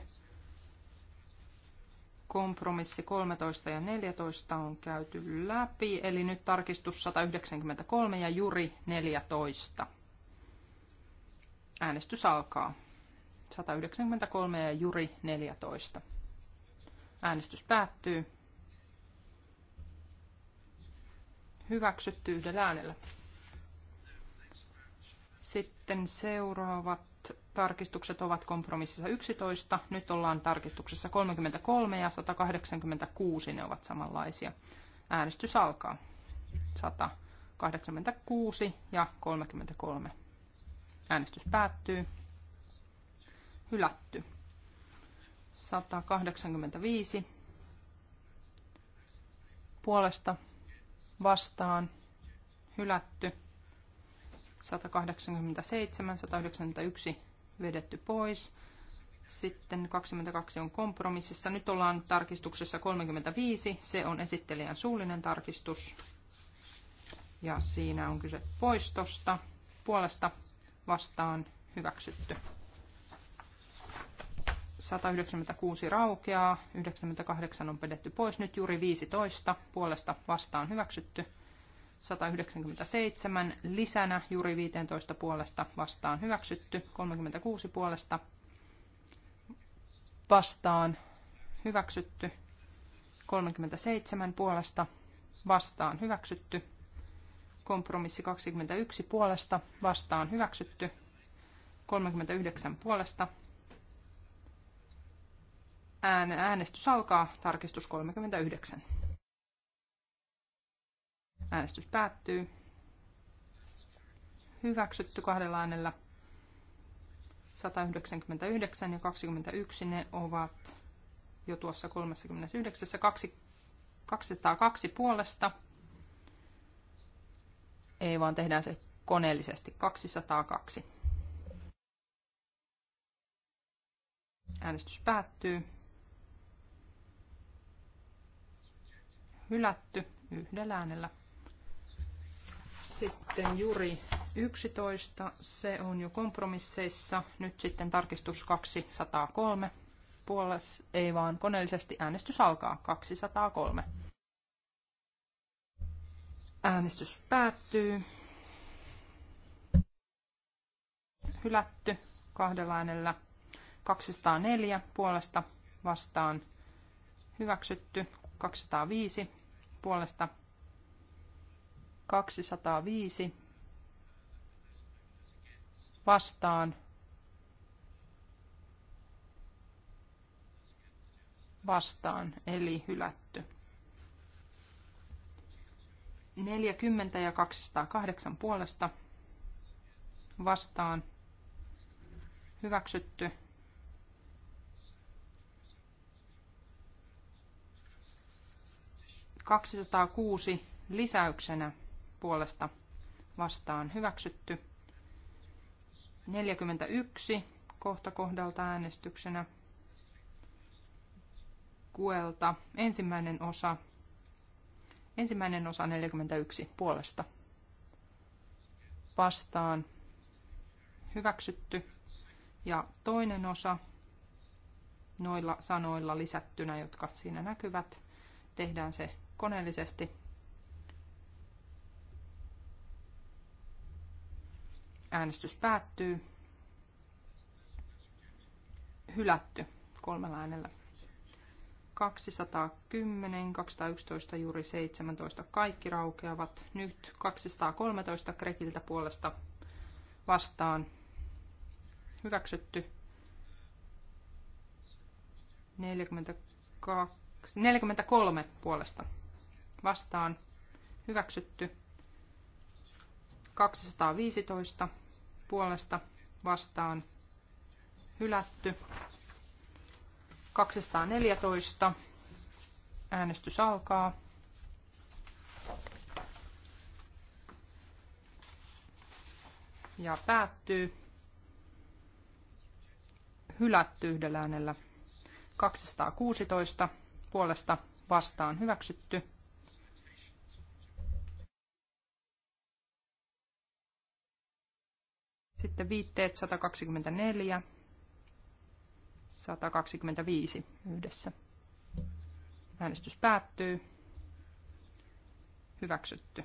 Kompromissi 13 ja 14 on käyty läpi, eli nyt tarkistus 193 ja juri 14. Äänestys alkaa. 193 ja juri 14. Äänestys päättyy. Hyväksytty yhdellä äänellä. Sitten seuraavat tarkistukset ovat kompromississa 11. Nyt ollaan tarkistuksessa 33 ja 186. Ne ovat samanlaisia. Äänestys alkaa. 186 ja 33. Äänestys päättyy. Hylätty. 185 puolesta vastaan hylätty. 187, 191 vedetty pois. Sitten 22 on kompromississa. Nyt ollaan tarkistuksessa 35. Se on esittelijän suullinen tarkistus. Ja siinä on kyse poistosta. Puolesta vastaan hyväksytty. 196 raukeaa, 98 on pedetty pois, nyt juuri 15 puolesta vastaan hyväksytty, 197 lisänä juuri 15 puolesta vastaan hyväksytty, 36 puolesta vastaan hyväksytty, 37 puolesta vastaan hyväksytty, kompromissi 21 puolesta vastaan hyväksytty, 39 puolesta Äänestys alkaa. Tarkistus 39. Äänestys päättyy. Hyväksytty kahdella äänellä. 199 ja 21 ne ovat jo tuossa 39. 202 puolesta. Ei vaan tehdään se koneellisesti. 202. Äänestys päättyy. hylätty yhdellä äänellä. Sitten Juri 11, se on jo kompromisseissa. Nyt sitten tarkistus 203. Puoles, ei vaan koneellisesti äänestys alkaa 203. Äänestys päättyy. Hylätty kahdella äänellä 204 puolesta vastaan hyväksytty 205 puolesta 205 vastaan vastaan, eli hylätty. 40 ja 208 puolesta vastaan hyväksytty. 206 lisäyksenä puolesta vastaan hyväksytty. 41 kohta kohdalta äänestyksenä Kuelta ensimmäinen osa. Ensimmäinen osa 41 puolesta vastaan hyväksytty ja toinen osa noilla sanoilla lisättynä, jotka siinä näkyvät, tehdään se koneellisesti. Äänestys päättyy. Hylätty kolmella äänellä. 210, 211, juuri 17, kaikki raukeavat. Nyt 213 Krekiltä puolesta vastaan. Hyväksytty. 42, 43 puolesta vastaan hyväksytty. 215 puolesta vastaan hylätty. 214 äänestys alkaa. Ja päättyy. Hylätty yhdellä äänellä. 216 puolesta vastaan hyväksytty. Sitten viitteet 124, 125 yhdessä. Äänestys päättyy. Hyväksytty.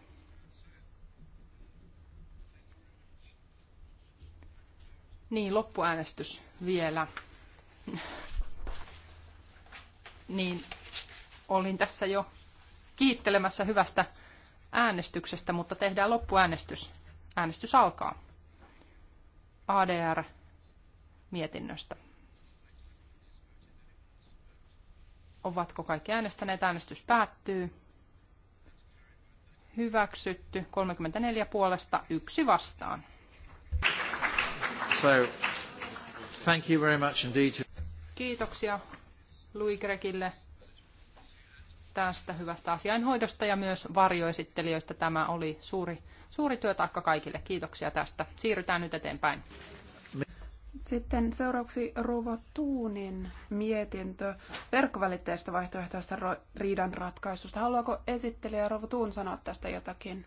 Niin, loppuäänestys vielä. niin, olin tässä jo kiittelemässä hyvästä äänestyksestä, mutta tehdään loppuäänestys. Äänestys alkaa. ADR-mietinnöstä. Ovatko kaikki äänestäneet? Äänestys päättyy. Hyväksytty 34 puolesta yksi vastaan. So, thank you very much indeed. Kiitoksia Louis Gregille tästä hyvästä asiainhoidosta ja myös varjoesittelijöistä. Tämä oli suuri, suuri työtaakka kaikille. Kiitoksia tästä. Siirrytään nyt eteenpäin. Sitten seuraavaksi Rova Tuunin mietintö verkkovälitteistä vaihtoehtoista riidan ratkaisusta. Haluaako esittelijä Rova Tuun sanoa tästä jotakin?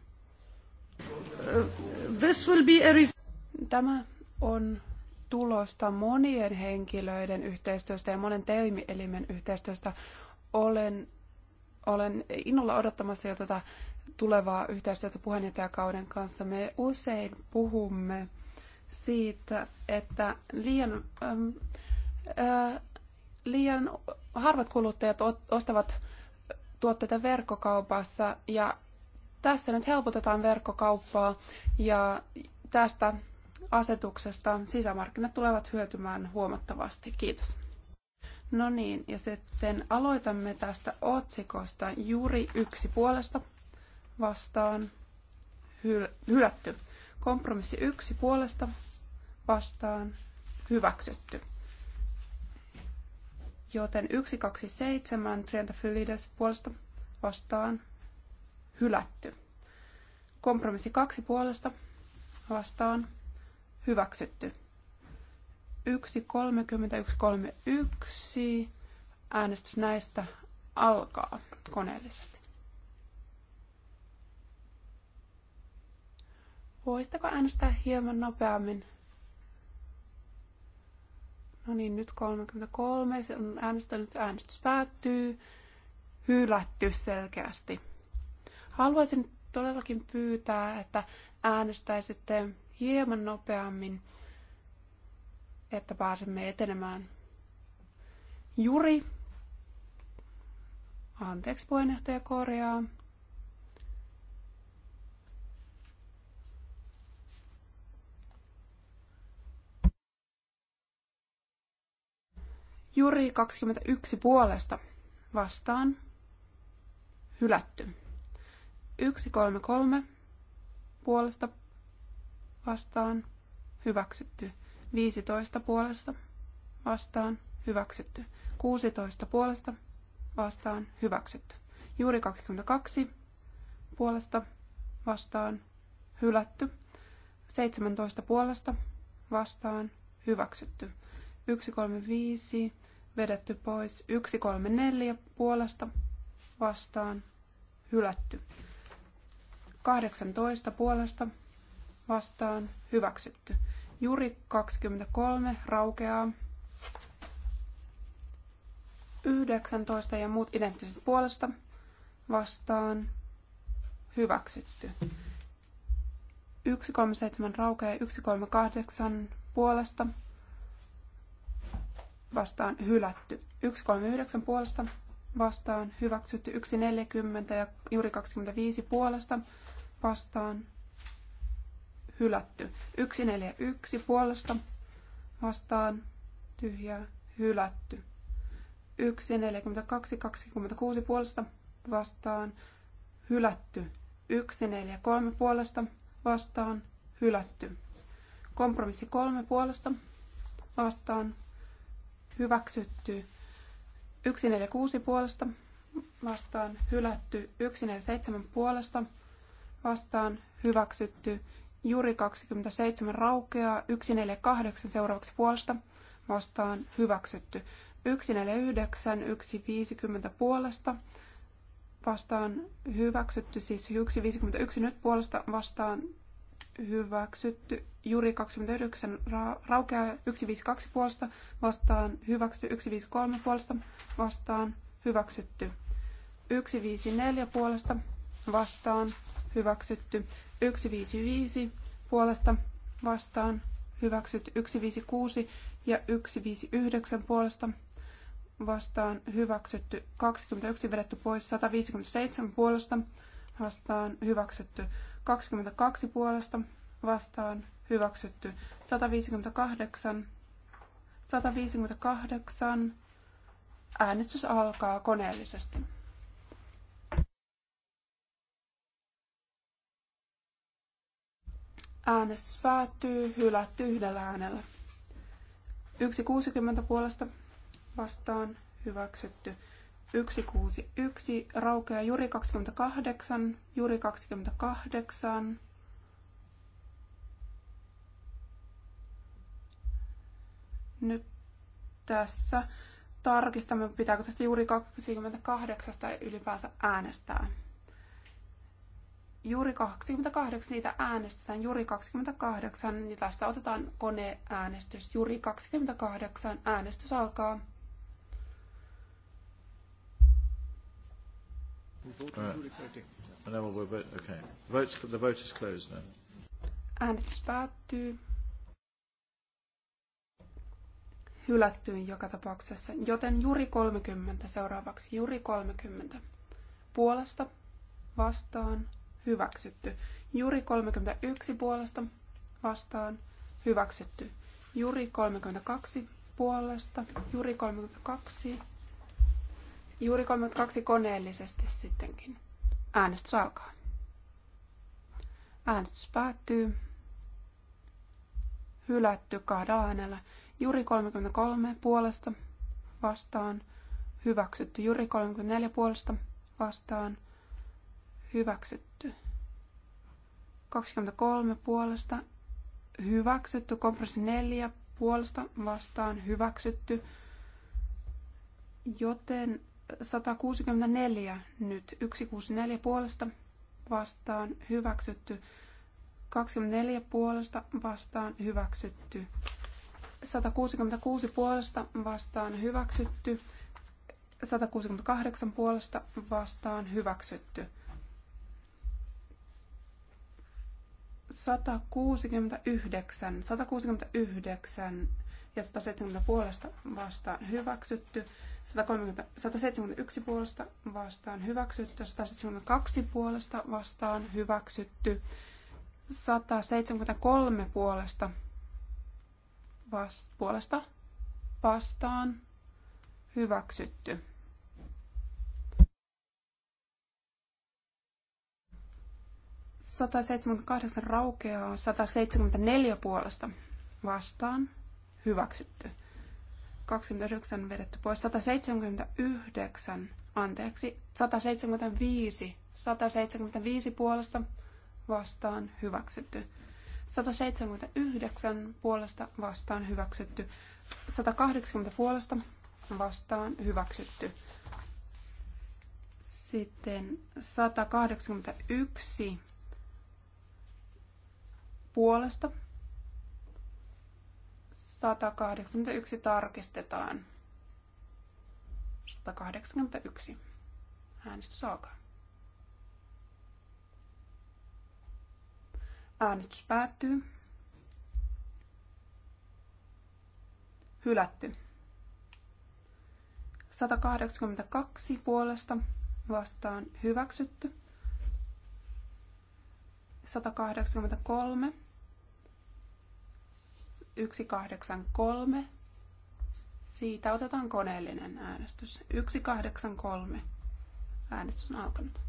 Uh, this will be a... Tämä on tulosta monien henkilöiden yhteistyöstä ja monen teimielimen yhteistyöstä. Olen olen innolla odottamassa jo tätä tulevaa yhteistyötä puheenjohtajakauden kanssa. Me usein puhumme siitä, että liian, ähm, äh, liian harvat kuluttajat ostavat tuotteita verkkokaupassa ja tässä nyt helpotetaan verkkokauppaa ja tästä asetuksesta sisämarkkinat tulevat hyötymään huomattavasti. Kiitos. No niin, ja sitten aloitamme tästä otsikosta juuri yksi puolesta vastaan hyl- hylätty. Kompromissi yksi puolesta vastaan hyväksytty. Joten 127 Fylides puolesta vastaan hylätty. Kompromissi kaksi puolesta vastaan hyväksytty. 1.30.1.31. Äänestys näistä alkaa koneellisesti. Voisitko äänestää hieman nopeammin? No niin, nyt 33. Se on äänestänyt, äänestys päättyy. Hylätty selkeästi. Haluaisin todellakin pyytää, että äänestäisitte hieman nopeammin että pääsemme etenemään. Juri, anteeksi puheenjohtaja korjaa. Juri 21 puolesta vastaan. Hylätty. 133 puolesta vastaan. Hyväksytty. 15 puolesta vastaan hyväksytty. 16 puolesta vastaan hyväksytty. Juuri 22 puolesta vastaan hylätty. 17 puolesta vastaan hyväksytty. 135 vedetty pois. 134 puolesta vastaan hylätty. 18 puolesta vastaan hyväksytty. Juri 23 raukeaa. 19 ja muut identtiset puolesta vastaan hyväksytty. 137 raukeaa ja 138 puolesta vastaan hylätty. 139 puolesta vastaan hyväksytty. 140 ja juuri 25 puolesta vastaan hylätty. 141 puolesta vastaan tyhjä hylätty. 142 26 puolesta vastaan hylätty. 143 puolesta vastaan hylätty. Kompromissi 3 puolesta vastaan hyväksytty. 146 puolesta vastaan hylätty. 147 puolesta vastaan hyväksytty Juuri 27 raukeaa, 148 seuraavaksi puolesta vastaan hyväksytty. 149, 150 puolesta vastaan hyväksytty, siis 151 nyt puolesta vastaan hyväksytty. Juuri 29 ra- raukeaa 152 puolesta vastaan hyväksytty, 153 puolesta vastaan hyväksytty. 154 puolesta vastaan hyväksytty 155 puolesta vastaan hyväksytty 156 ja 159 puolesta vastaan hyväksytty 21 vedetty pois 157 puolesta vastaan hyväksytty 22 puolesta vastaan hyväksytty 158 158 äänestys alkaa koneellisesti Äänestys päättyy, hylätty yhdellä äänellä. 1,60 puolesta vastaan hyväksytty. 161, raukea juuri 28, juuri 28. Nyt tässä tarkistamme, pitääkö tästä juuri 28 ylipäänsä äänestää. Juuri 28 niitä äänestetään, juuri 28, ja niin tästä otetaan koneäänestys. Juuri 28, äänestys alkaa. Äänestys päättyy. Hylättyin joka tapauksessa, joten juuri 30 seuraavaksi, juuri 30. Puolesta, vastaan, hyväksytty. Juri 31 puolesta vastaan, hyväksytty. Juri 32 puolesta, Juri 32, Juri 32 koneellisesti sittenkin. Äänestys alkaa. Äänestys päättyy. Hylätty kahdella äänellä. Juri 33 puolesta vastaan. Hyväksytty Juri 34 puolesta vastaan hyväksytty. 23 puolesta hyväksytty, kompressi 4 puolesta vastaan hyväksytty, joten 164 nyt, 164 puolesta vastaan hyväksytty, 24 puolesta vastaan hyväksytty, 166 puolesta vastaan hyväksytty, 168 puolesta vastaan hyväksytty. 169, 169 ja 170 puolesta vastaan hyväksytty, 130, 171 puolesta vastaan hyväksytty, 172 puolesta vastaan hyväksytty, 173 puolesta, vas, puolesta vastaan hyväksytty. 178 raukeaa 174 puolesta vastaan hyväksytty. 29 vedetty pois. 179, anteeksi, 175. 175 puolesta vastaan hyväksytty. 179 puolesta vastaan hyväksytty. 180 puolesta vastaan hyväksytty. Sitten 181 puolesta. 181 tarkistetaan. 181. Äänestys alkaa. Äänestys päättyy. Hylätty. 182 puolesta vastaan hyväksytty. 183 183. Siitä otetaan koneellinen äänestys. 183. Äänestys on alkanut.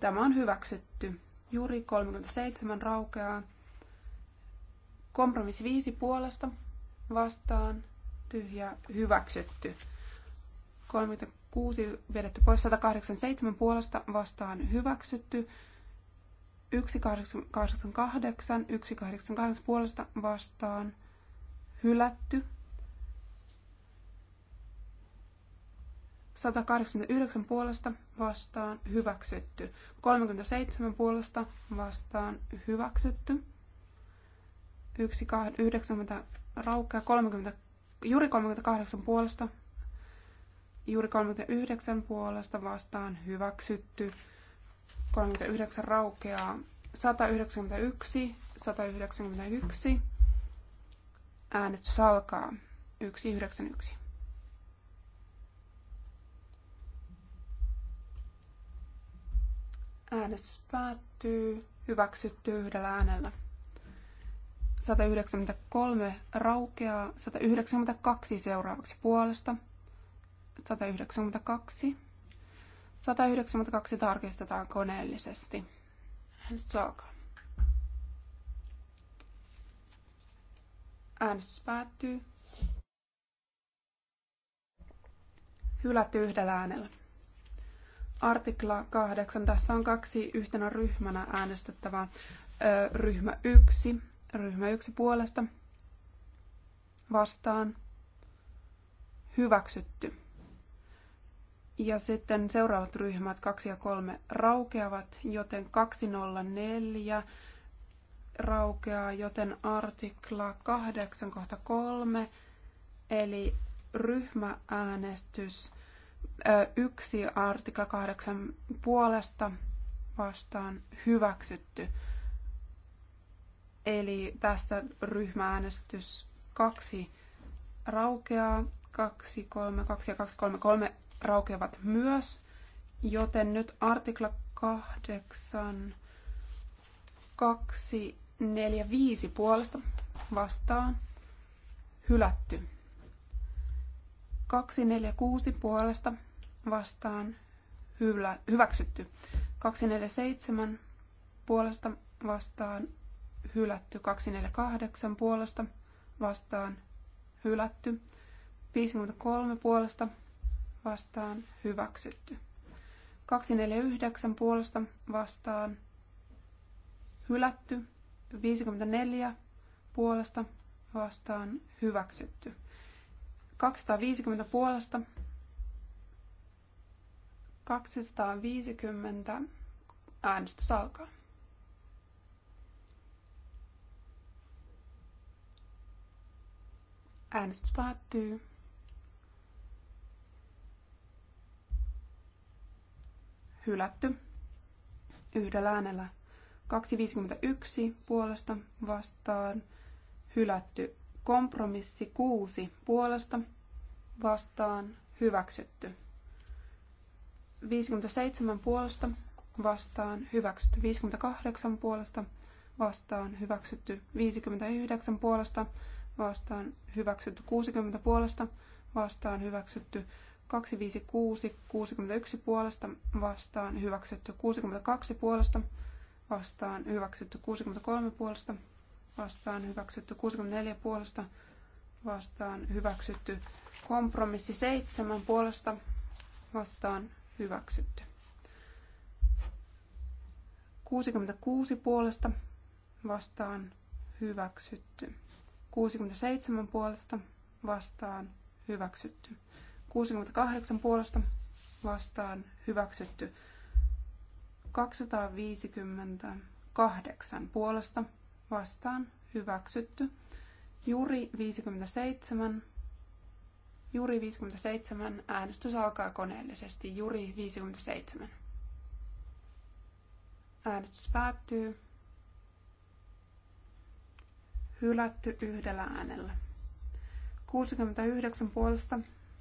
Tämä on hyväksytty. Juuri 37 raukeaa. Kompromissi 5 puolesta vastaan. Tyhjä hyväksytty. 30, kuusi vedetty pois, 187 puolesta vastaan hyväksytty, 188, 188 puolesta vastaan hylätty, 189 puolesta vastaan hyväksytty, 37 puolesta vastaan hyväksytty, 190 raukkaa 30, juuri 38 puolesta Juuri 39 puolesta vastaan hyväksytty. 39 raukeaa. 191, 191. Äänestys alkaa. 191. Äänestys päättyy. Hyväksytty yhdellä äänellä. 193 raukeaa, 192 seuraavaksi puolesta – 192. 192 tarkistetaan koneellisesti. Äänestys alkaa. Äänestys päättyy. Hylätty yhdellä äänellä. Artikla 8. Tässä on kaksi yhtenä ryhmänä äänestettävää. ryhmä 1. Ryhmä 1 puolesta. Vastaan. Hyväksytty. Ja sitten seuraavat ryhmät 2 ja 3 raukeavat, joten 204 raukeaa, joten artikla 8 kohta 3, eli ryhmääänestys yksi artikla 8 puolesta vastaan hyväksytty. Eli tästä ryhmääänestys 2 raukeaa, 2, 3, 2 ja 2, 3, 3 raukeavat myös, joten nyt artikla 8, 2, 4, 5 puolesta vastaan hylätty. 2, 4, 6 puolesta vastaan hylä, hyväksytty. 2, 4, 7 puolesta vastaan hylätty. 2, 4, 8 puolesta vastaan hylätty. 53 puolesta vastaan hyväksytty. 249 puolesta vastaan hylätty. 54 puolesta vastaan hyväksytty. 250 puolesta 250 äänestys alkaa. Äänestys päättyy. hylätty yhdellä äänellä. 251 puolesta vastaan hylätty. Kompromissi 6 puolesta vastaan hyväksytty. 57 puolesta vastaan hyväksytty. 58 puolesta vastaan hyväksytty. 59 puolesta vastaan hyväksytty. 60 puolesta vastaan hyväksytty. 256, 61 puolesta vastaan hyväksytty, 62 puolesta vastaan hyväksytty, 63 puolesta vastaan hyväksytty, 64 puolesta vastaan hyväksytty, kompromissi 7 puolesta vastaan hyväksytty. 66 puolesta vastaan hyväksytty. 67 puolesta vastaan hyväksytty. 68 puolesta vastaan hyväksytty. 258 puolesta vastaan hyväksytty. Juri 57. Juri 57. Äänestys alkaa koneellisesti. Juri 57. Äänestys päättyy. Hylätty yhdellä äänellä. 69 puolesta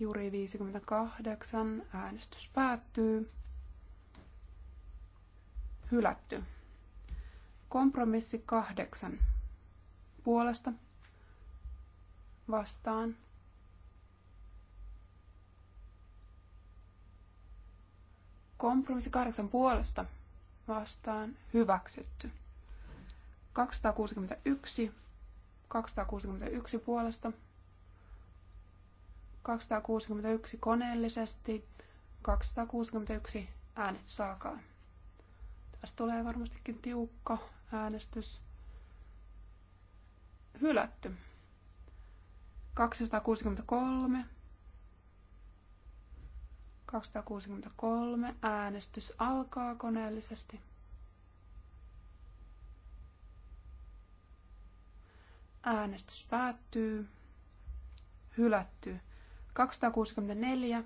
Juuri 58. Äänestys päättyy. Hylätty. Kompromissi 8. Puolesta. Vastaan. Kompromissi 8 puolesta. Vastaan. Hyväksytty. 261. 261 puolesta 261 koneellisesti. 261 äänestys alkaa. Tästä tulee varmastikin tiukka äänestys. Hylätty. 263. 263. Äänestys alkaa koneellisesti. Äänestys päättyy. Hylätty. 264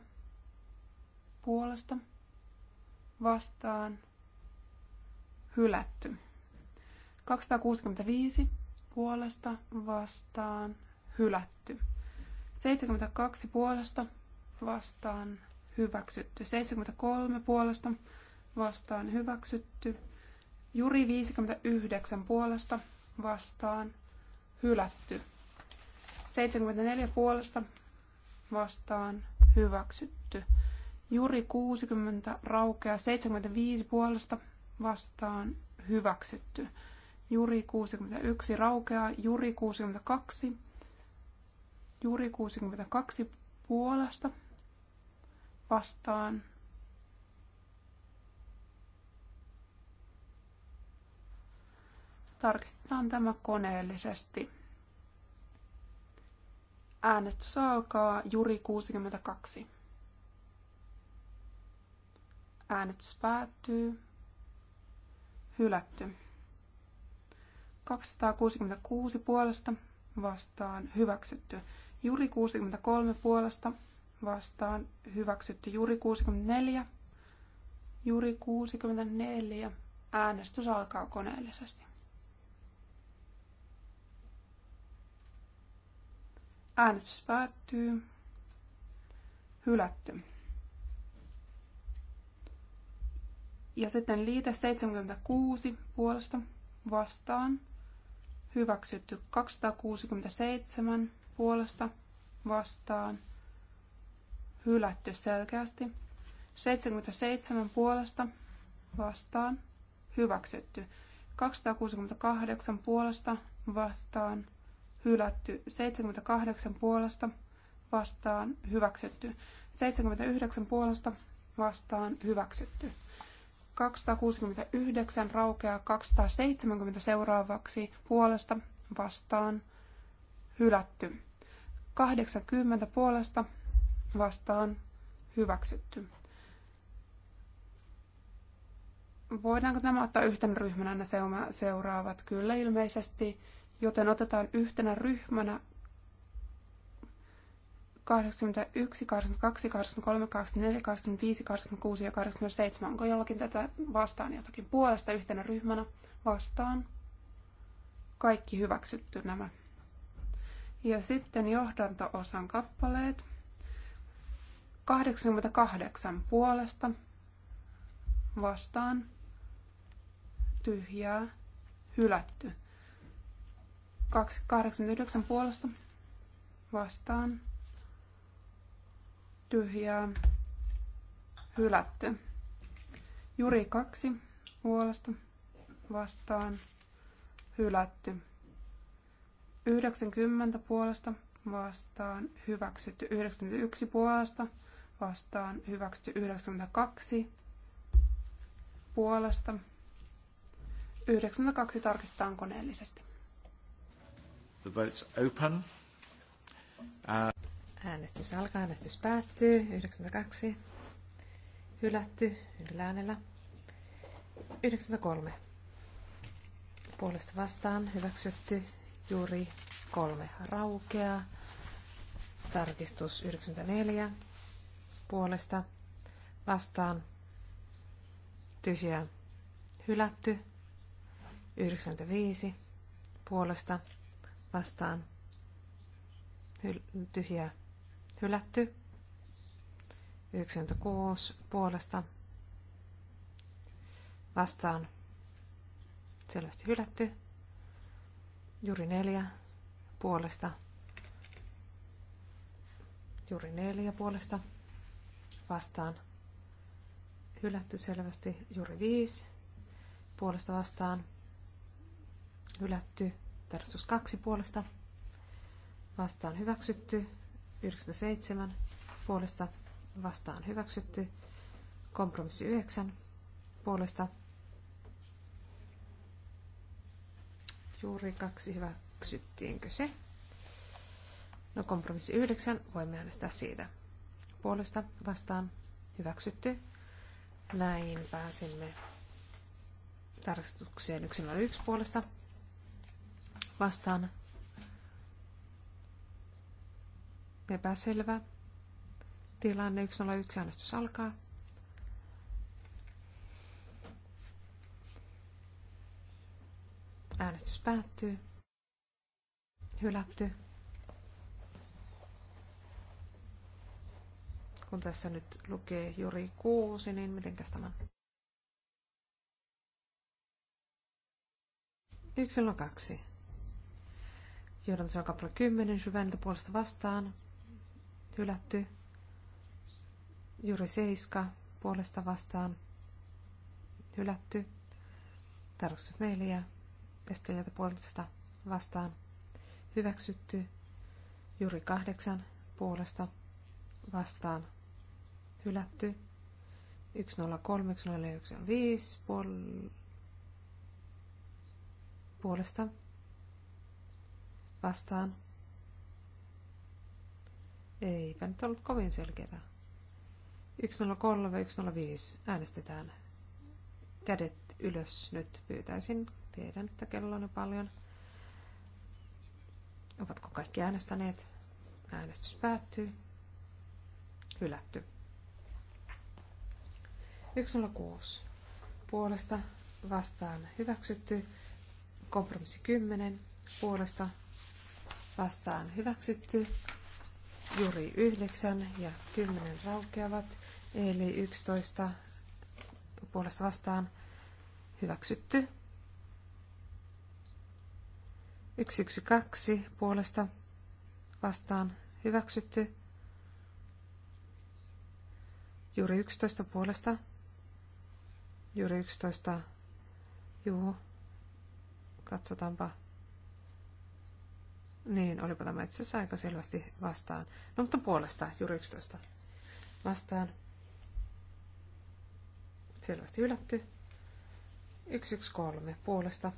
puolesta vastaan hylätty. 265 puolesta vastaan hylätty. 72 puolesta vastaan hyväksytty. 73 puolesta vastaan hyväksytty. Juri 59 puolesta vastaan hylätty. 74 puolesta vastaan hyväksytty. Juri 60 raukea 75 puolesta vastaan hyväksytty. Juri 61 raukeaa, Juri 62, Juri 62 puolesta vastaan tarkistetaan tämä koneellisesti. Äänestys alkaa Juri 62. Äänestys päättyy. Hylätty. 266 puolesta vastaan hyväksytty. Juri 63 puolesta vastaan hyväksytty. Juri 64. Juri 64. Äänestys alkaa koneellisesti. Äänestys päättyy. Hylätty. Ja sitten liite 76 puolesta vastaan. Hyväksytty 267 puolesta vastaan. Hylätty selkeästi. 77 puolesta vastaan. Hyväksytty. 268 puolesta vastaan hylätty, 78 puolesta vastaan hyväksytty, 79 puolesta vastaan hyväksytty. 269 raukeaa 270 seuraavaksi puolesta vastaan hylätty. 80 puolesta vastaan hyväksytty. Voidaanko nämä ottaa yhtenä ryhmänä nämä seuraavat? Kyllä ilmeisesti joten otetaan yhtenä ryhmänä 81, 82, 83, 84, 85, 86 ja 87. Onko jollakin tätä vastaan jotakin puolesta yhtenä ryhmänä vastaan? Kaikki hyväksytty nämä. Ja sitten johdanto-osan kappaleet. 88 puolesta vastaan tyhjää hylätty. 289 puolesta vastaan tyhjää hylätty. Juri 2 puolesta vastaan hylätty. 90 puolesta vastaan hyväksytty 91 puolesta vastaan hyväksytty 92 puolesta. 92 tarkistetaan koneellisesti. The vote's open. Uh... Äänestys alkaa, äänestys päättyy. 92. Hylätty yhdellä äänellä. 93. Puolesta vastaan hyväksytty juuri kolme raukea. Tarkistus 94. Puolesta vastaan tyhjä, hylätty. 95. Puolesta vastaan hyl- tyhjä hylätty. 96 puolesta vastaan selvästi hylätty. Juuri neljä puolesta. Juuri neljä puolesta vastaan hylätty selvästi. Juuri viisi puolesta vastaan hylätty versus 2 puolesta vastaan hyväksytty. 97 puolesta vastaan hyväksytty. Kompromissi 9 puolesta juuri kaksi hyväksyttiinkö se. No kompromissi 9, voimme äänestää siitä. Puolesta vastaan hyväksytty. Näin pääsimme tarkastukseen 101 puolesta vastaan epäselvä. Tilanne 101 äänestys alkaa. Äänestys päättyy. Hylätty. Kun tässä nyt lukee juuri kuusi, niin mitenkäs tämä? on kaksi. Johdantason kappale 10, syvältä puolesta vastaan, hylätty. Juuri 7, puolesta vastaan, hylätty. Tarkoitus 4, estelijältä puolesta vastaan, hyväksytty. Juuri 8, puolesta vastaan, hylätty. 103, 104, 105, puol- puolesta vastaan. Eipä nyt ollut kovin selkeää. 103, 105 äänestetään. Kädet ylös nyt pyytäisin. Tiedän, että kello on paljon. Ovatko kaikki äänestäneet? Äänestys päättyy. Hylätty. 106. Puolesta vastaan hyväksytty. Kompromissi 10. Puolesta vastaan hyväksytty. Juri 9 ja 10 raukeavat, eli 11 puolesta vastaan hyväksytty. 112 puolesta vastaan hyväksytty. Juuri 11 puolesta. Juuri 11. Juu. Katsotaanpa. Niin, olipa tämä itse asiassa aika selvästi vastaan. No, mutta puolesta, juuri 11. Vastaan. Selvästi ylätty. 113 puolesta.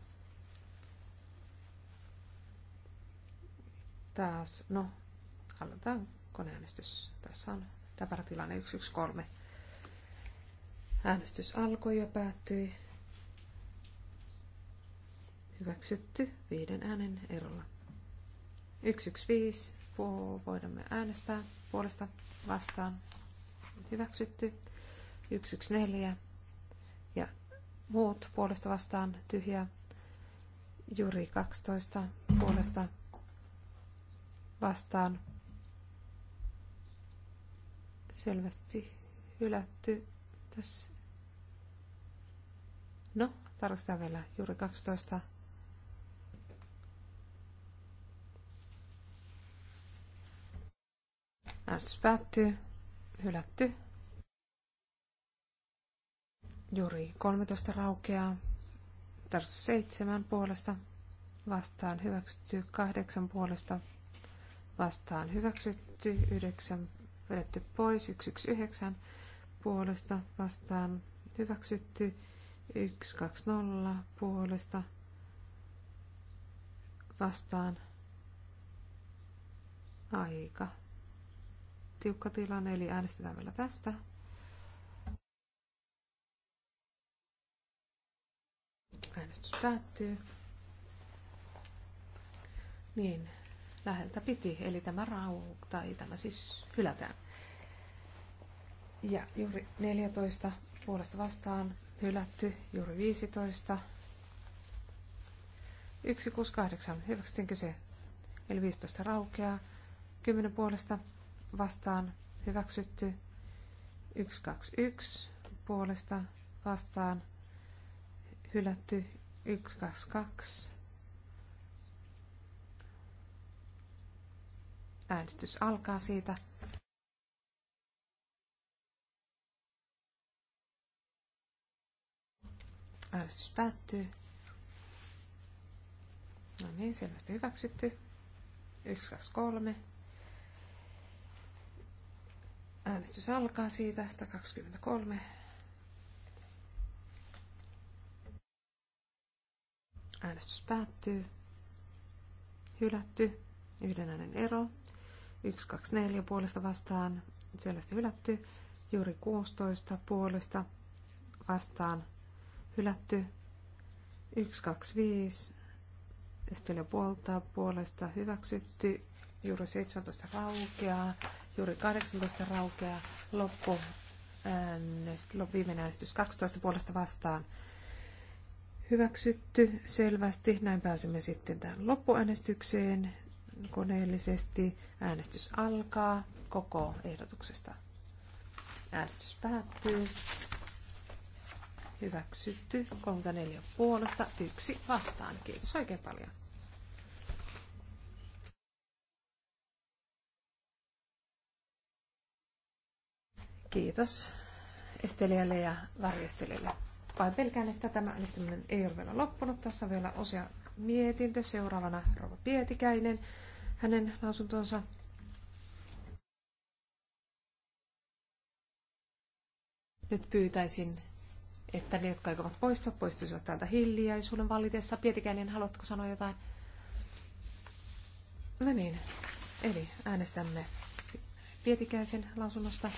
Taas, no, aloitetaan koneäänestys. Tässä on täpärätilanne 113. Äänestys alkoi ja päättyi. Hyväksytty viiden äänen erolla. 115 voidamme äänestää puolesta vastaan hyväksytty. 114 ja muut puolesta vastaan tyhjä, Juri 12 puolesta vastaan selvästi hylätty tässä. No, tarkastetaan vielä juuri 12 Äänestys päättyy. Hylätty. Juri 13 raukeaa. Tarkastus 7 puolesta. Vastaan hyväksytty 8 puolesta. Vastaan hyväksytty 9. Vedetty pois 119 puolesta. Vastaan hyväksytty 120 puolesta. Vastaan aika tiukka tilanne, eli äänestetään vielä tästä. Äänestys päättyy. Niin, läheltä piti, eli tämä rau, tai tämä siis hylätään. Ja juuri 14 puolesta vastaan hylätty, juuri 15. 168, hyväksyttiin se? eli 15 raukeaa, 10 puolesta vastaan hyväksytty. 121 puolesta vastaan hylätty. 122 äänestys alkaa siitä. Äänestys päättyy. No niin, selvästi hyväksytty. 1, Äänestys alkaa siitä 123. Äänestys päättyy. Hylätty. Yhden äänen ero. 1, 2, 4 puolesta vastaan. Selvästi hylätty. Juuri 16 puolesta vastaan. Hylätty. 1, 2, 5. Estelle puolta puolesta hyväksytty. Juuri 17 raukeaa juuri 18 raukeaa, loppu äänestys, viimeinen äänestys 12 puolesta vastaan hyväksytty selvästi. Näin pääsemme sitten tähän loppuäänestykseen koneellisesti. Äänestys alkaa koko ehdotuksesta. Äänestys päättyy. Hyväksytty 34 puolesta, yksi vastaan. Kiitos oikein paljon. Kiitos estelijälle ja värjestelijälle. Vain pelkään, että tämä äänestäminen ei ole vielä loppunut. Tässä on vielä osia mietintö. Seuraavana Rova Pietikäinen, hänen lausuntonsa. Nyt pyytäisin, että ne, jotka aikovat poistua, poistuisivat täältä hiljaisuuden vallitessa. Pietikäinen, haluatko sanoa jotain? No niin, eli äänestämme Pietikäisen lausunnosta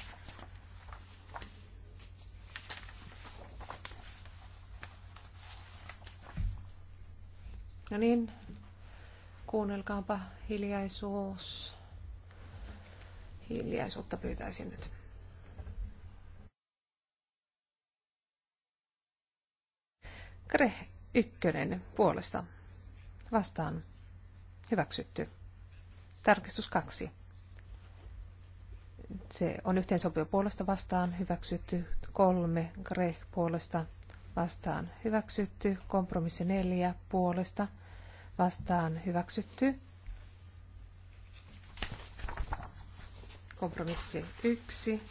No niin, kuunnelkaapa hiljaisuus. Hiljaisuutta pyytäisin nyt. Kreh ykkönen puolesta. Vastaan. Hyväksytty. Tarkistus kaksi. Se on yhteensopio puolesta vastaan. Hyväksytty kolme. Greh puolesta vastaan hyväksytty. Kompromissi neljä puolesta vastaan hyväksytty. Kompromissi yksi.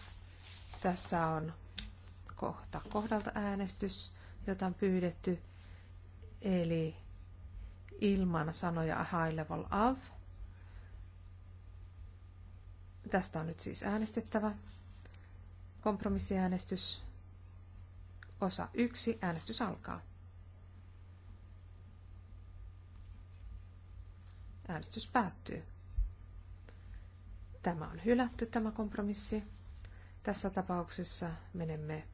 Tässä on kohta kohdalta äänestys, jota on pyydetty. Eli ilman sanoja high level of. Tästä on nyt siis äänestettävä. Kompromissiäänestys. Osa 1. Äänestys alkaa. Äänestys päättyy. Tämä on hylätty, tämä kompromissi. Tässä tapauksessa menemme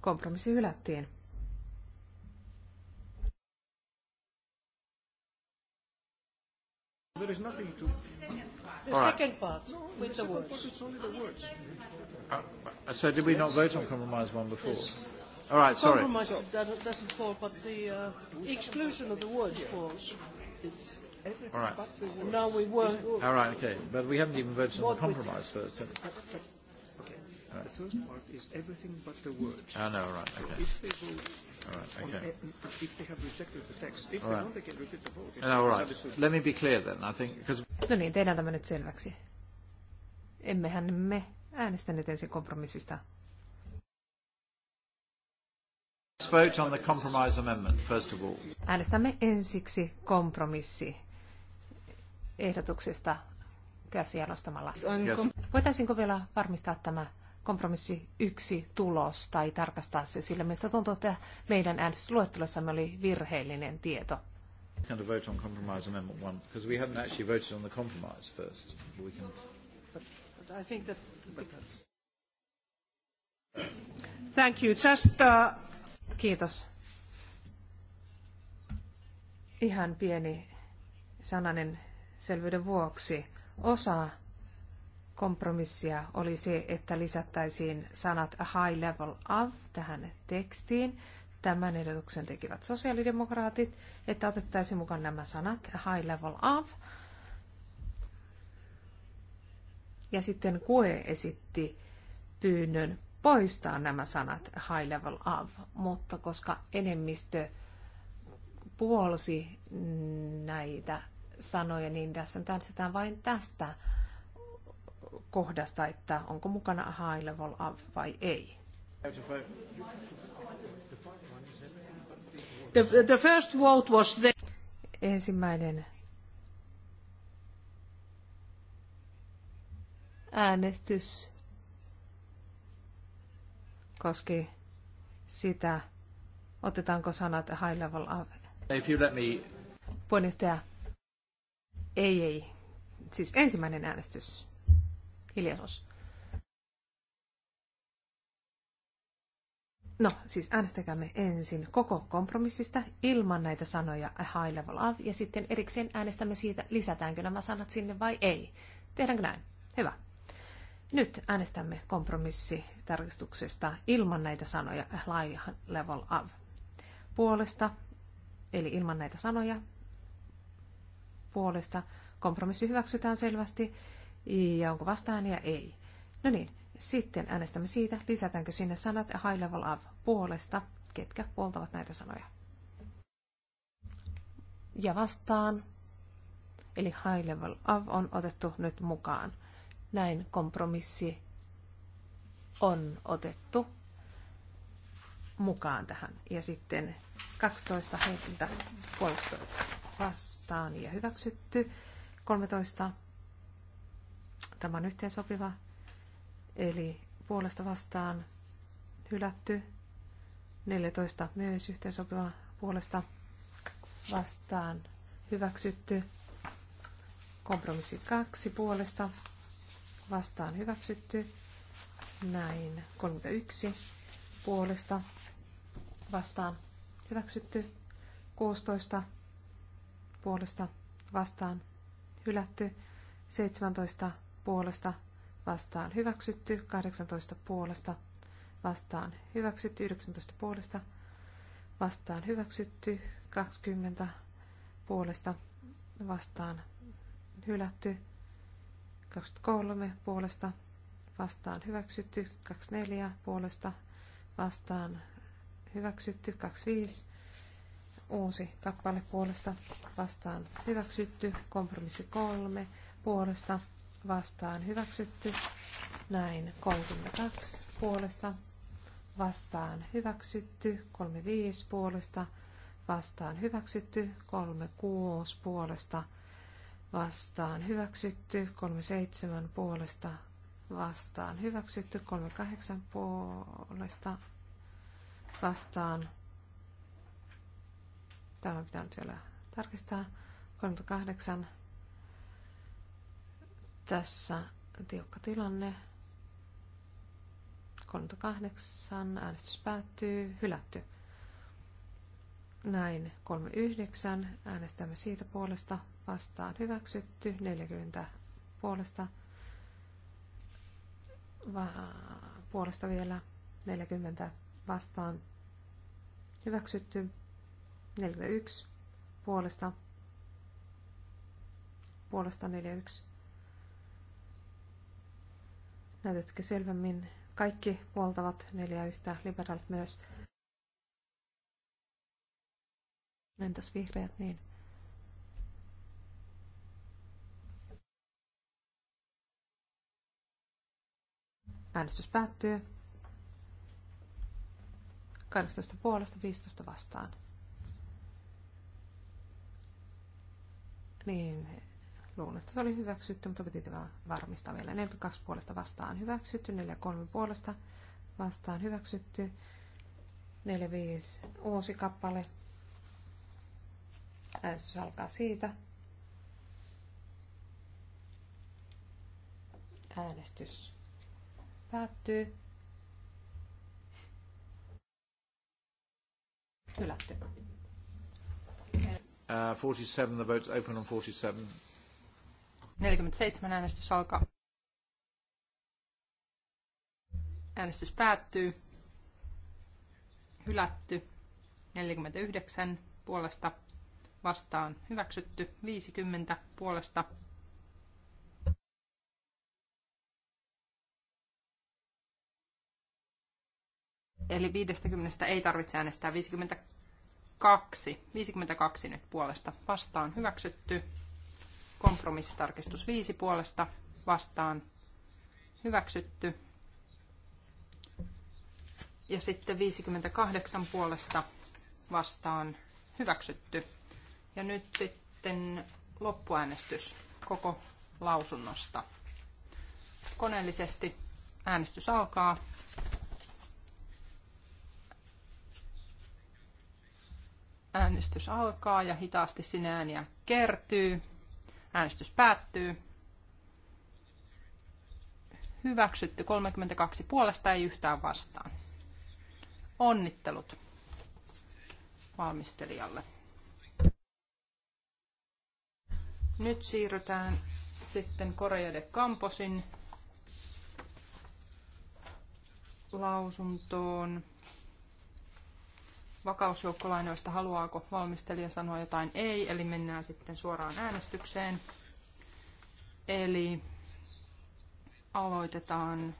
Kompromissi hylättiin. There is nothing to. The All second part no, with the, the words. Part, it's only the words. Uh, uh so did we not vote on compromise one before? Yes. All right, sorry. Compromise that doesn't fall, but the uh, exclusion of the words falls. It's everything All right. but the words. Now we were. All right, okay. But we haven't even voted on the compromise first, have we? Okay. right. The first part is everything but the words. Oh, no, right, okay. So if they vote All right, No, Let me be clear then, I think, because... No niin, tehdään tämä nyt selväksi. Emmehän me äänestäneet ensin kompromissista. Let's vote on the compromise amendment, first of all. Äänestämme ensiksi kompromissi ehdotuksesta käsialostamalla. Yes. Voitaisinko vielä varmistaa tämä kompromissi yksi tulos tai tarkastaa se, sillä minusta tuntuu, että meidän äänestysluettelossamme oli virheellinen tieto. Kind of vote on compromise amendment one because we haven't actually voted on the compromise first. We can. But, but I think that. Thank you. Just. Uh... Kiitos. Ihan pieni sananen selvyyden vuoksi. Osa kompromissia oli se, että lisättäisiin sanat a high level of tähän tekstiin. Tämän ehdotuksen tekivät sosiaalidemokraatit, että otettaisiin mukaan nämä sanat a high level of. Ja sitten Kue esitti pyynnön poistaa nämä sanat high level of, mutta koska enemmistö puolsi näitä sanoja, niin tässä on tanssitaan vain tästä kohdasta, että onko mukana high level up vai ei. The, the first vote was the... Ensimmäinen äänestys koski sitä, otetaanko sanat high level up. If you let me... Puheenjohtaja, ei, ei. Siis ensimmäinen äänestys. Hiljaisuus. No, siis äänestäkäämme ensin koko kompromissista ilman näitä sanoja a high level of, ja sitten erikseen äänestämme siitä, lisätäänkö nämä sanat sinne vai ei. Tehdäänkö näin? Hyvä. Nyt äänestämme kompromissitarkistuksesta ilman näitä sanoja a high level of. Puolesta, eli ilman näitä sanoja, puolesta. Kompromissi hyväksytään selvästi ja onko vastaan ja ei. No niin, sitten äänestämme siitä, lisätäänkö sinne sanat high level up puolesta, ketkä puoltavat näitä sanoja. Ja vastaan, eli high level up on otettu nyt mukaan. Näin kompromissi on otettu mukaan tähän. Ja sitten 12 heiltä puolesta vastaan ja hyväksytty. 13 Tämä on yhteensopiva. Eli puolesta vastaan hylätty. 14 myös yhteensopiva puolesta vastaan hyväksytty. Kompromissi 2 puolesta vastaan hyväksytty. Näin 31 puolesta vastaan hyväksytty. 16 puolesta vastaan hylätty. 17 puolesta vastaan hyväksytty, 18 puolesta vastaan hyväksytty, 19 puolesta vastaan hyväksytty, 20 puolesta vastaan hylätty, 23 puolesta vastaan hyväksytty, 24 puolesta vastaan hyväksytty, 25 uusi kappale puolesta vastaan hyväksytty, kompromissi 3 puolesta vastaan hyväksytty. Näin 32 puolesta vastaan hyväksytty. 35 puolesta vastaan hyväksytty. 36 puolesta vastaan hyväksytty. 37 puolesta vastaan hyväksytty. 38 puolesta vastaan. Tämä pitää nyt vielä tarkistaa. 38 tässä tiukka tilanne. 38, äänestys päättyy, hylätty. Näin 39, äänestämme siitä puolesta, vastaan hyväksytty, 40 puolesta, va- puolesta vielä, 40 vastaan hyväksytty, 41 puolesta, puolesta 41 Näytätkö selvemmin? Kaikki puoltavat neljä yhtä, liberaalit myös. Entäs vihreät niin? Äänestys päättyy. 18 puolesta 15 vastaan. Niin, Luulen, että se oli hyväksytty, mutta piti tämä varmistaa vielä. 42 puolesta vastaan hyväksytty, 43 puolesta vastaan hyväksytty, 45 uusi kappale. Äänestys alkaa siitä. Äänestys päättyy. Hylätty. Uh, 47, the vote's open on 47. 47 äänestys alkaa. Äänestys päättyy. Hylätty. 49 puolesta vastaan hyväksytty. 50 puolesta Eli 50 ei tarvitse äänestää 52. 52 nyt puolesta vastaan hyväksytty. Kompromissitarkistus 5 puolesta vastaan hyväksytty. Ja sitten 58 puolesta vastaan hyväksytty. Ja nyt sitten loppuäänestys koko lausunnosta. Koneellisesti äänestys alkaa. Äänestys alkaa ja hitaasti sinne ääniä kertyy. Äänestys päättyy. Hyväksytty 32 puolesta ei yhtään vastaan. Onnittelut valmistelijalle. Nyt siirrytään sitten Korea de Camposin lausuntoon vakausjoukkolainoista. Haluaako valmistelija sanoa jotain? Ei, eli mennään sitten suoraan äänestykseen. Eli aloitetaan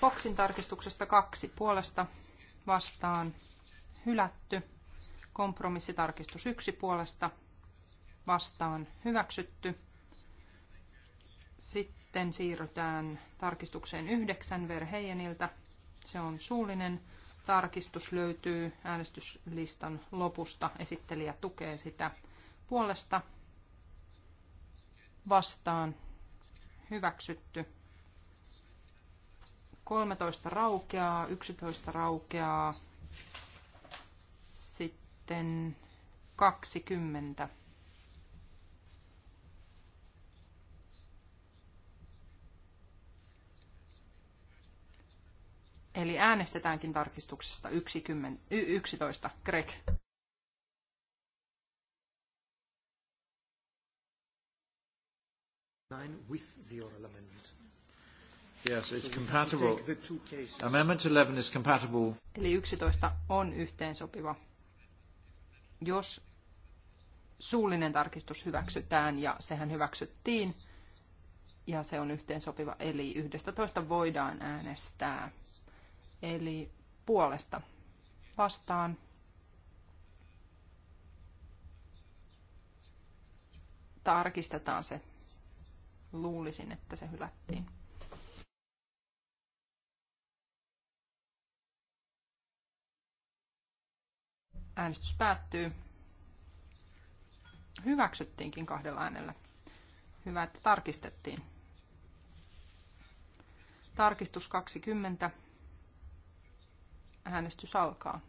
Foxin tarkistuksesta kaksi puolesta vastaan hylätty. Kompromissitarkistus yksi puolesta vastaan hyväksytty. Sitten siirrytään tarkistukseen yhdeksän Verheijeniltä. Se on suullinen tarkistus löytyy äänestyslistan lopusta. Esittelijä tukee sitä puolesta vastaan hyväksytty. 13 raukeaa, 11 raukeaa, sitten 20 Eli äänestetäänkin tarkistuksesta 10, 11. Greg. Nine with the oral amendment. Yes, it's compatible. Amendment 11 is compatible. Eli 11 on yhteensopiva, jos suullinen tarkistus hyväksytään, ja sehän hyväksyttiin, ja se on yhteensopiva, eli 11 voidaan äänestää eli puolesta vastaan. Tarkistetaan se. Luulisin, että se hylättiin. Äänestys päättyy. Hyväksyttiinkin kahdella äänellä. Hyvä, että tarkistettiin. Tarkistus 20 Äänestys alkaa.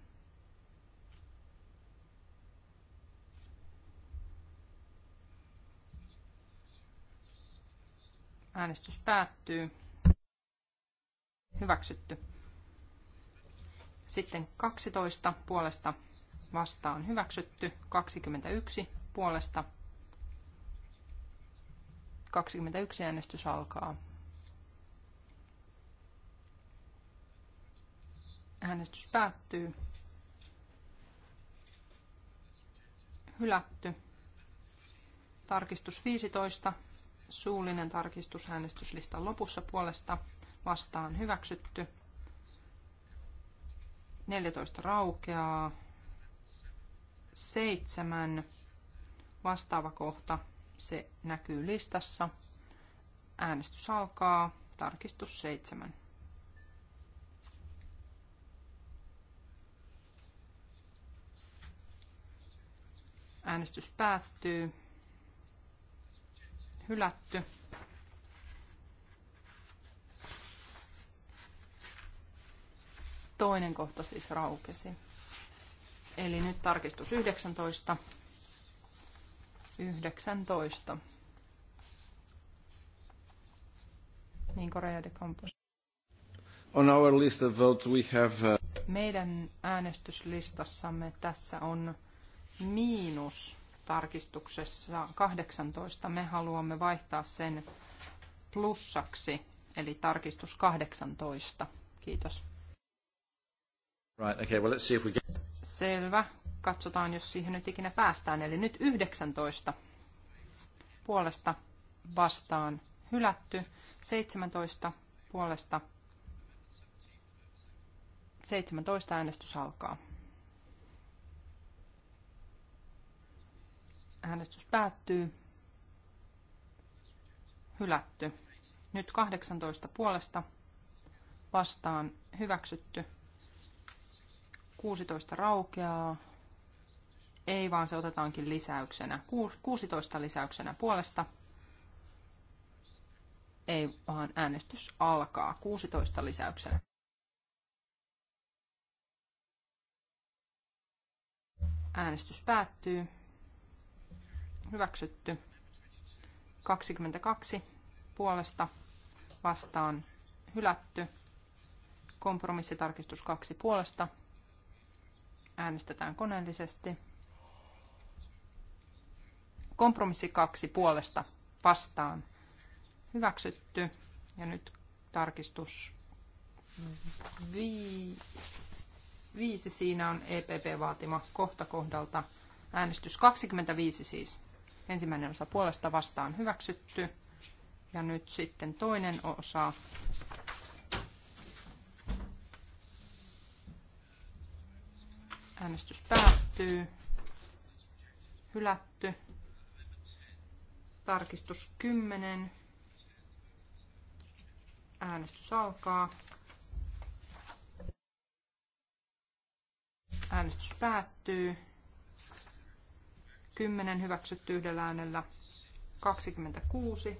Äänestys päättyy. Hyväksytty. Sitten 12 puolesta vastaan hyväksytty, 21 puolesta. 21 äänestys alkaa. Äänestys päättyy. Hylätty. Tarkistus 15. Suullinen tarkistus äänestyslistan lopussa puolesta. Vastaan hyväksytty. 14 raukeaa. 7. Vastaava kohta. Se näkyy listassa. Äänestys alkaa. Tarkistus 7. Äänestys päättyy. Hylätty. Toinen kohta siis raukesi. Eli nyt tarkistus 19. 19. Niin Korea de Campos. On our list of votes we have... Uh... Meidän äänestyslistassamme tässä on miinus tarkistuksessa 18 me haluamme vaihtaa sen plussaksi, eli tarkistus 18. Kiitos. Right, okay, well, let's see if we get... Selvä. Katsotaan, jos siihen nyt ikinä päästään. Eli nyt 19 puolesta vastaan hylätty, 17 puolesta 17 äänestys alkaa. Äänestys päättyy. Hylätty. Nyt 18 puolesta vastaan hyväksytty. 16 raukeaa. Ei vaan se otetaankin lisäyksenä. 16 lisäyksenä puolesta. Ei vaan äänestys alkaa 16 lisäyksenä. Äänestys päättyy. Hyväksytty. 22 puolesta vastaan hylätty. Kompromissitarkistus 2 puolesta. Äänestetään koneellisesti. Kompromissi 2 puolesta vastaan hyväksytty. Ja nyt tarkistus 5. Siinä on EPP-vaatima kohta kohdalta. Äänestys 25 siis. Ensimmäinen osa puolesta vastaan hyväksytty. Ja nyt sitten toinen osa. Äänestys päättyy. Hylätty. Tarkistus 10. Äänestys alkaa. Äänestys päättyy. 10 hyväksytty yhdellä äänellä. 26.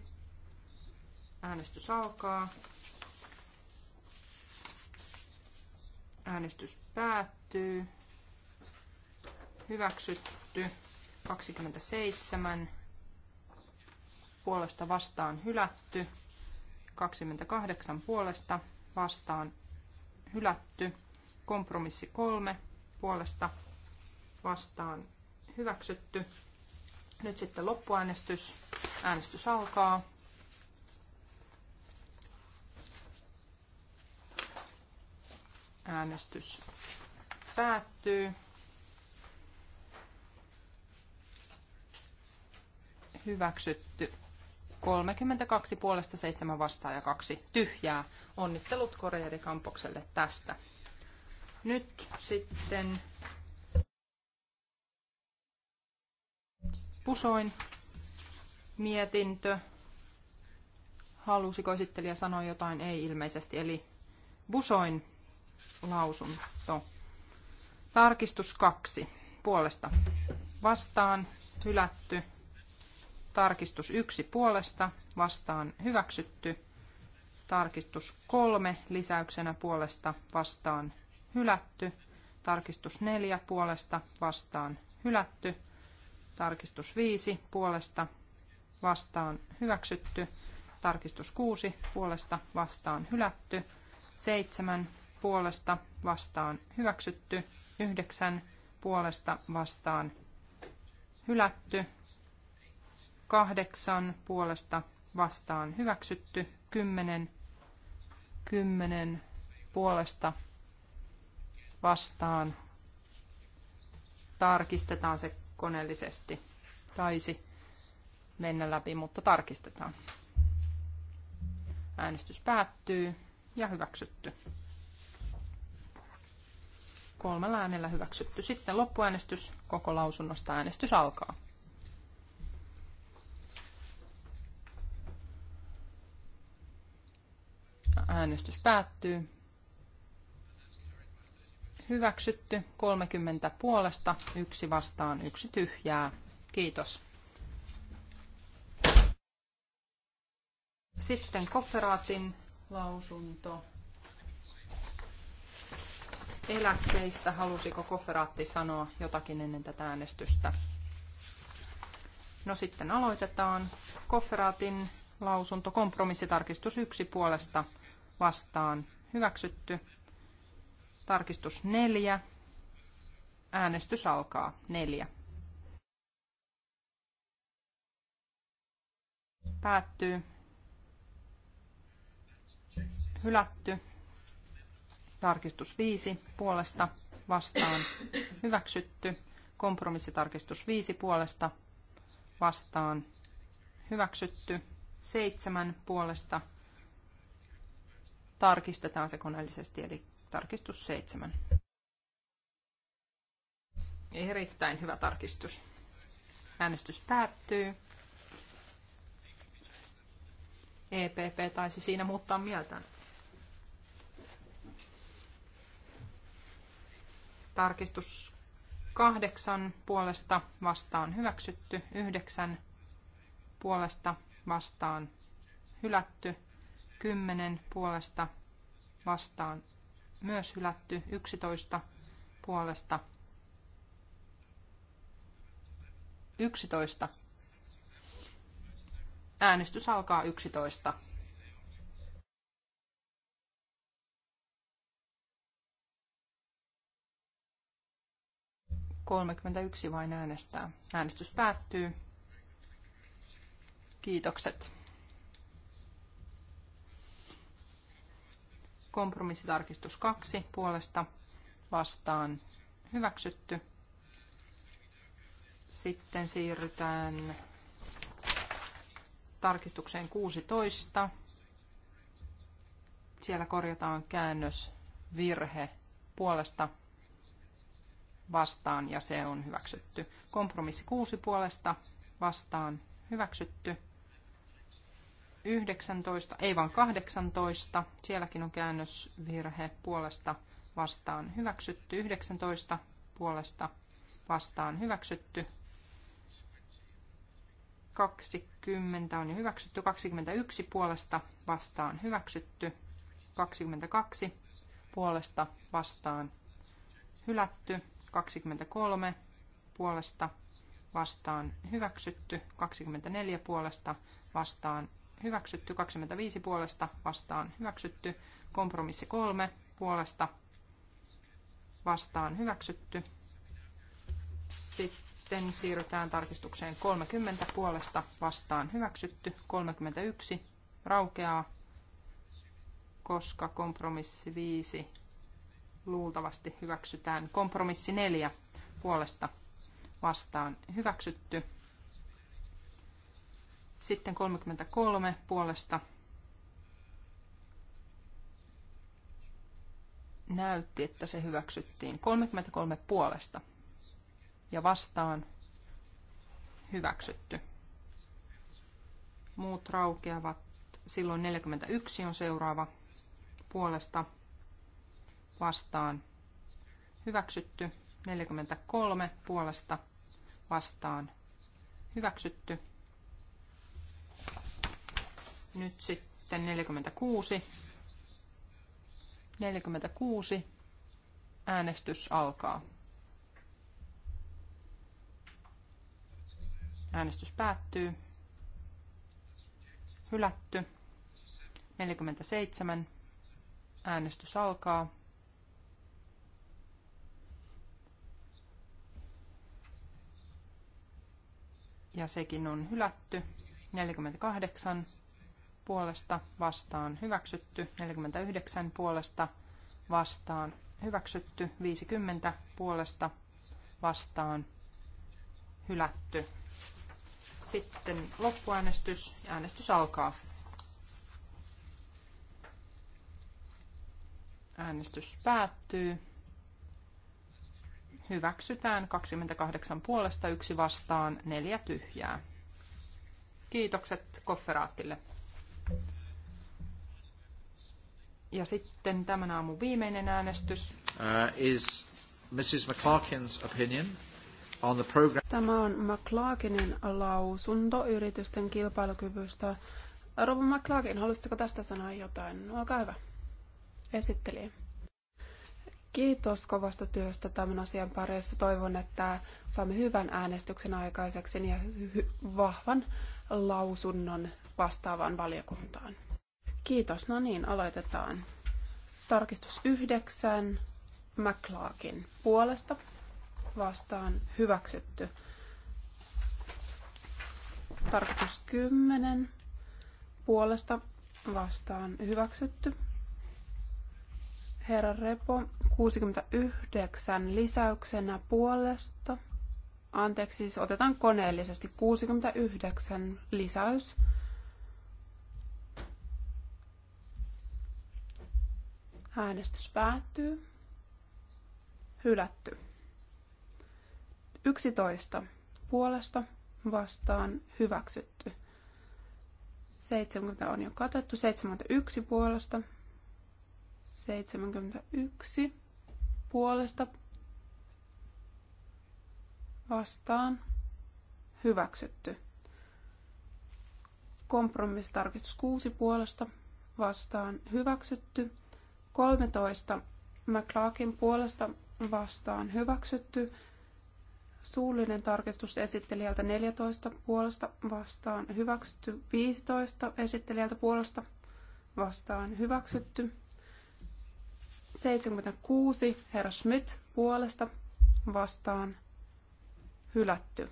Äänestys alkaa. Äänestys päättyy. Hyväksytty. 27. Puolesta vastaan hylätty. 28 puolesta vastaan hylätty. Kompromissi 3 puolesta vastaan hyväksytty. Nyt sitten loppuäänestys. Äänestys alkaa. Äänestys päättyy. Hyväksytty 32 puolesta 7 vastaa ja 2 tyhjää. Onnittelut Korea Kampokselle tästä. Nyt sitten Pusoin mietintö. Halusiko esittelijä sanoa jotain? Ei ilmeisesti. Eli Busoin lausunto. Tarkistus kaksi. Puolesta. Vastaan. Hylätty. Tarkistus yksi puolesta. Vastaan. Hyväksytty. Tarkistus kolme lisäyksenä puolesta. Vastaan. Hylätty. Tarkistus neljä puolesta. Vastaan. Hylätty Tarkistus 5 puolesta vastaan hyväksytty. Tarkistus 6 puolesta vastaan hylätty. 7 puolesta vastaan hyväksytty. 9 puolesta vastaan hylätty. 8 puolesta vastaan hyväksytty. 10 10 puolesta vastaan tarkistetaan se koneellisesti. Taisi mennä läpi, mutta tarkistetaan. Äänestys päättyy ja hyväksytty. Kolmella äänellä hyväksytty. Sitten loppuäänestys koko lausunnosta. Äänestys alkaa. Äänestys päättyy Hyväksytty 30 puolesta, yksi vastaan, yksi tyhjää. Kiitos. Sitten Kofferaatin lausunto. Eläkkeistä. Halusiko Kofferaatti sanoa jotakin ennen tätä äänestystä? No sitten aloitetaan. Kofferaatin lausunto. Kompromissitarkistus yksi puolesta vastaan. Hyväksytty. Tarkistus neljä. Äänestys alkaa. Neljä. Päättyy. Hylätty. Tarkistus viisi puolesta vastaan. Hyväksytty. Kompromissitarkistus viisi puolesta vastaan. Hyväksytty. seitsemän puolesta. Tarkistetaan se koneellisesti, eli Tarkistus 7. Erittäin hyvä tarkistus. Äänestys päättyy. EPP taisi siinä muuttaa mieltään. Tarkistus kahdeksan puolesta vastaan hyväksytty, yhdeksän puolesta vastaan hylätty, kymmenen puolesta vastaan myös hylätty 11 puolesta. 11. Äänestys alkaa 11. yksi vain äänestää. Äänestys päättyy. Kiitokset. Kompromissitarkistus 2 puolesta vastaan hyväksytty. Sitten siirrytään tarkistukseen 16. Siellä korjataan käännös virhe puolesta vastaan ja se on hyväksytty. Kompromissi 6 puolesta vastaan hyväksytty. 19, ei vaan 18. Sielläkin on käännösvirhe puolesta vastaan hyväksytty. 19 puolesta vastaan hyväksytty. 20 on jo hyväksytty. 21 puolesta vastaan hyväksytty. 22 puolesta vastaan hylätty. 23 puolesta vastaan hyväksytty. 24 puolesta vastaan hyväksytty, 25 puolesta vastaan hyväksytty, kompromissi 3 puolesta vastaan hyväksytty. Sitten siirrytään tarkistukseen 30 puolesta vastaan hyväksytty, 31 raukeaa, koska kompromissi 5 luultavasti hyväksytään. Kompromissi 4 puolesta vastaan hyväksytty. Sitten 33 puolesta näytti, että se hyväksyttiin. 33 puolesta ja vastaan hyväksytty. Muut raukeavat. Silloin 41 on seuraava puolesta vastaan hyväksytty. 43 puolesta vastaan hyväksytty. Nyt sitten 46. 46. Äänestys alkaa. Äänestys päättyy. Hylätty. 47. Äänestys alkaa. Ja sekin on hylätty. 48 puolesta vastaan hyväksytty, 49 puolesta vastaan hyväksytty, 50 puolesta vastaan hylätty. Sitten loppuäänestys. Äänestys alkaa. Äänestys päättyy. Hyväksytään 28 puolesta, yksi vastaan, neljä tyhjää. Kiitokset Kofferaatille. Ja sitten tämän aamun viimeinen äänestys. Uh, is Mrs. McClarkin's opinion on the program. Tämä on McClarkinin lausunto yritysten kilpailukyvystä. Rob McClarkin, haluaisitteko tästä sanoa jotain? No, olkaa hyvä. Esittelijä. Kiitos kovasta työstä tämän asian parissa. Toivon, että saamme hyvän äänestyksen aikaiseksi ja vahvan lausunnon vastaavaan valiokuntaan. Kiitos. No niin, aloitetaan. Tarkistus yhdeksän. McLaakin puolesta vastaan hyväksytty. Tarkistus 10 puolesta vastaan hyväksytty. Herra Repo 69 lisäyksenä puolesta. Anteeksi, siis otetaan koneellisesti 69 lisäys Äänestys päättyy. Hylätty. 11 puolesta vastaan hyväksytty. 70 on jo katettu. 71 puolesta. 71 puolesta vastaan hyväksytty. Kompromissitarkistus 6 puolesta vastaan hyväksytty. 13 McClarkin puolesta vastaan hyväksytty. Suullinen tarkistus esittelijältä 14 puolesta vastaan hyväksytty. 15 esittelijältä puolesta vastaan hyväksytty. 76 herra Schmidt puolesta vastaan hylätty.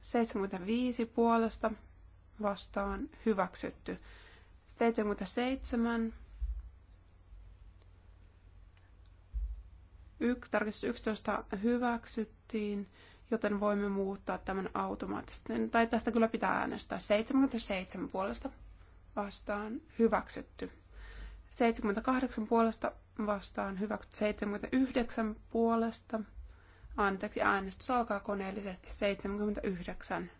75 puolesta vastaan hyväksytty. 77 yksi, tarkistus 11 hyväksyttiin, joten voimme muuttaa tämän automaattisesti. Tai tästä kyllä pitää äänestää. 77 puolesta vastaan hyväksytty. 78 puolesta vastaan hyväksytty. 79 puolesta. Anteeksi, äänestys alkaa koneellisesti 79.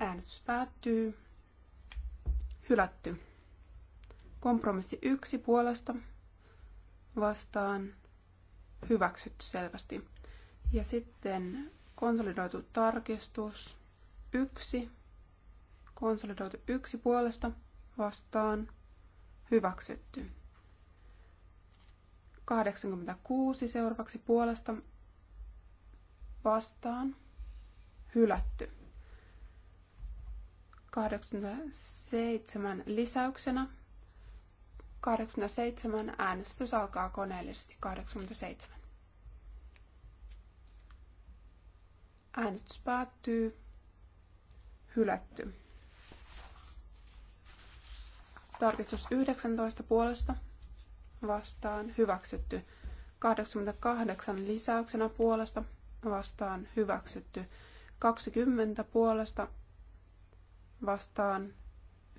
Äänestys päättyy. Hylätty. Kompromissi yksi puolesta vastaan hyväksytty selvästi. Ja sitten konsolidoitu tarkistus yksi konsolidoitu yksi puolesta vastaan hyväksytty. 86 seuraavaksi puolesta vastaan hylätty. 87 lisäyksenä 87. Äänestys alkaa koneellisesti. 87. Äänestys päättyy. Hylätty. Tarkistus 19 puolesta vastaan hyväksytty. 88 lisäyksenä puolesta vastaan hyväksytty. 20 puolesta vastaan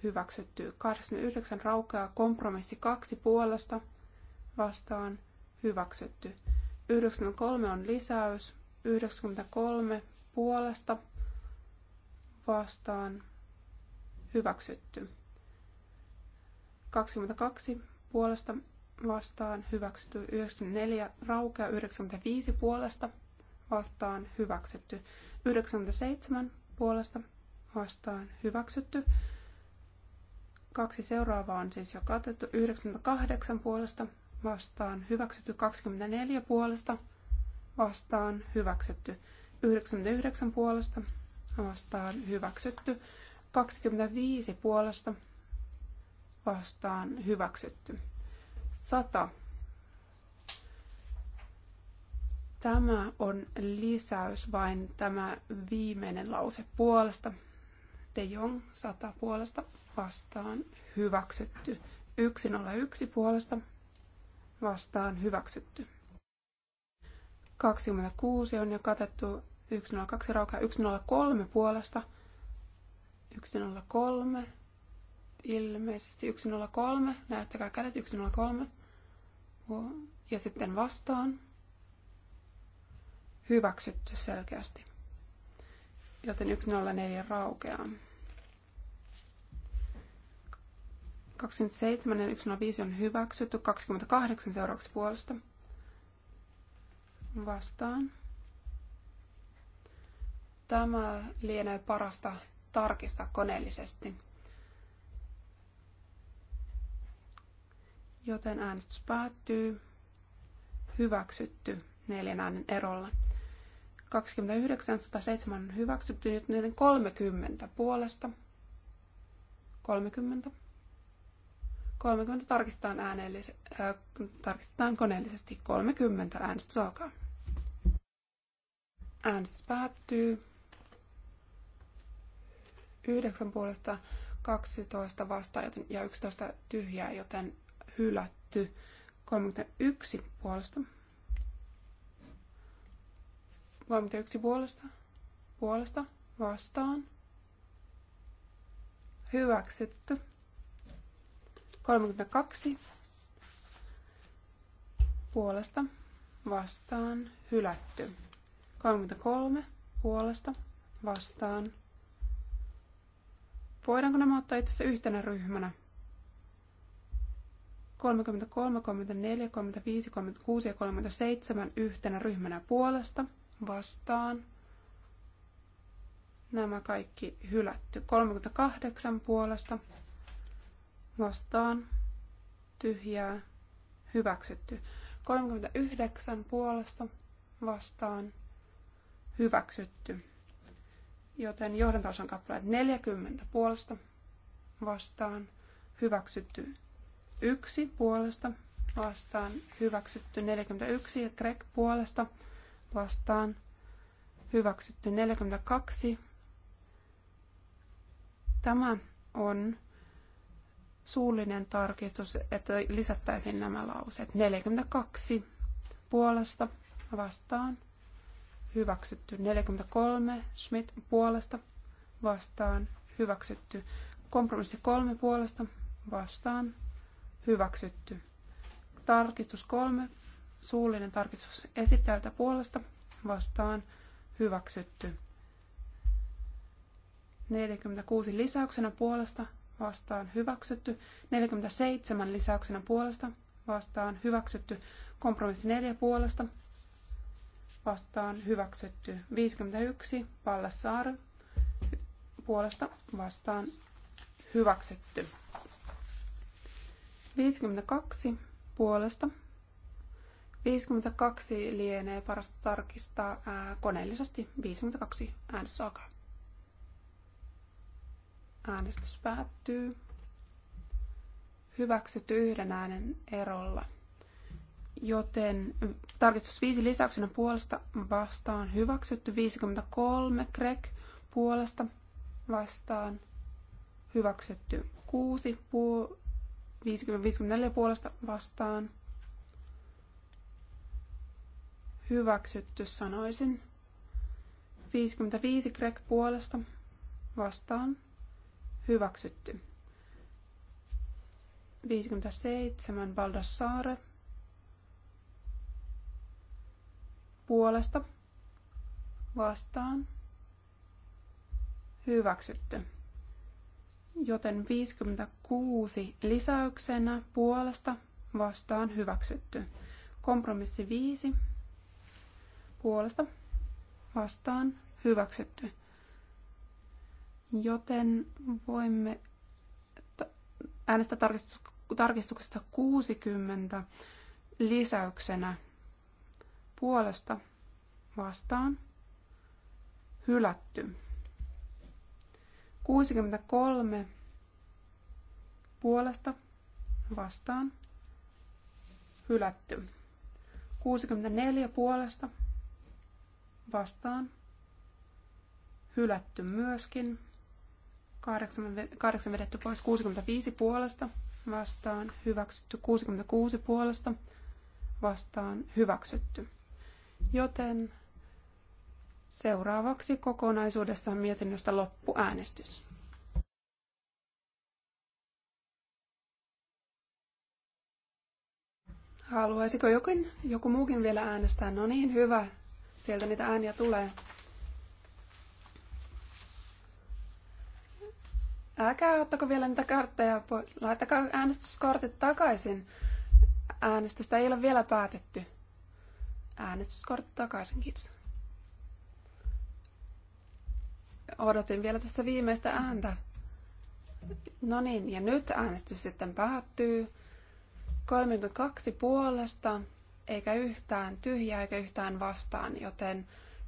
hyväksytty. 89 raukeaa kompromissi kaksi puolesta vastaan hyväksytty. 93 on lisäys. 93 puolesta vastaan hyväksytty. 22 puolesta vastaan hyväksytty. 94 raukeaa 95 puolesta vastaan hyväksytty. 97 puolesta vastaan hyväksytty. Kaksi seuraavaa on siis jo katettu. 98 puolesta vastaan hyväksytty. 24 puolesta vastaan hyväksytty. 99 puolesta vastaan hyväksytty. 25 puolesta vastaan hyväksytty. 100. Tämä on lisäys vain tämä viimeinen lause puolesta. De Jong 100 puolesta vastaan hyväksytty. 101 puolesta vastaan hyväksytty. 26 on jo katettu 102 raukaa 103 puolesta. 103. Ilmeisesti 103. Näyttäkää kädet 103. Ja sitten vastaan. Hyväksytty selkeästi. Joten 104 raukeaa. 27 ja 105 on hyväksytty. 28 seuraavaksi puolesta. Vastaan. Tämä lienee parasta tarkistaa koneellisesti. Joten äänestys päättyy. Hyväksytty neljän äänen erolla. 29, 107 on hyväksytty, nyt 30 puolesta. 30 30 tarkistetaan, äänellis- äh, tarkistetaan koneellisesti. 30 äänestys alkaa. Äänestys päättyy. 9 puolesta 12 vastaan joten, ja 11 tyhjää, joten hylätty. 31 puolesta. 31 puolesta. Puolesta vastaan. Hyväksytty. 32 puolesta vastaan hylätty. 33 puolesta vastaan. Voidaanko nämä ottaa itse asiassa yhtenä ryhmänä? 33, 34, 35, 36 ja 37 yhtenä ryhmänä puolesta vastaan. Nämä kaikki hylätty. 38 puolesta vastaan tyhjää hyväksytty. 39 puolesta vastaan hyväksytty. Joten johdantaosan kappaleet 40 puolesta vastaan hyväksytty. 1 puolesta vastaan hyväksytty 41 ja Greg puolesta vastaan hyväksytty 42. Tämä on suullinen tarkistus, että lisättäisiin nämä lauseet. 42 puolesta vastaan hyväksytty. 43 Schmidt puolesta vastaan hyväksytty. Kompromissi 3 puolesta vastaan hyväksytty. Tarkistus 3 suullinen tarkistus esittäjältä puolesta vastaan hyväksytty. 46 lisäyksenä puolesta vastaan hyväksytty. 47 lisäyksenä puolesta vastaan hyväksytty. Kompromissi 4 puolesta vastaan hyväksytty. 51 Pallassaar puolesta vastaan hyväksytty. 52 puolesta. 52 lienee parasta tarkistaa ää, koneellisesti. 52 äänestys alkaa. Äänestys päättyy. Hyväksytty yhden äänen erolla. Joten tarkistus viisi lisäyksenä puolesta vastaan hyväksytty 53 krek puolesta vastaan hyväksytty 6 puu, 50, 54 puolesta vastaan hyväksytty sanoisin 55 krek puolesta vastaan Hyväksytty. 57 Valdassaare puolesta vastaan hyväksytty. Joten 56 lisäyksenä puolesta vastaan hyväksytty. Kompromissi 5 puolesta vastaan hyväksytty. Joten voimme äänestää tarkistuksesta 60 lisäyksenä puolesta vastaan hylätty. 63 puolesta vastaan hylätty. 64 puolesta vastaan hylätty myöskin. 8, vedetty pois 65 puolesta vastaan hyväksytty 66 puolesta vastaan hyväksytty. Joten seuraavaksi kokonaisuudessaan mietinnöstä loppuäänestys. Haluaisiko jokin, joku muukin vielä äänestää? No niin, hyvä. Sieltä niitä ääniä tulee. Älkää ottako vielä niitä kartteja pois. Laittakaa äänestyskortit takaisin. Äänestystä ei ole vielä päätetty. Äänestyskortit takaisin, kiitos. Odotin vielä tässä viimeistä ääntä. No niin, ja nyt äänestys sitten päättyy. 32 puolesta, eikä yhtään tyhjää eikä yhtään vastaan, joten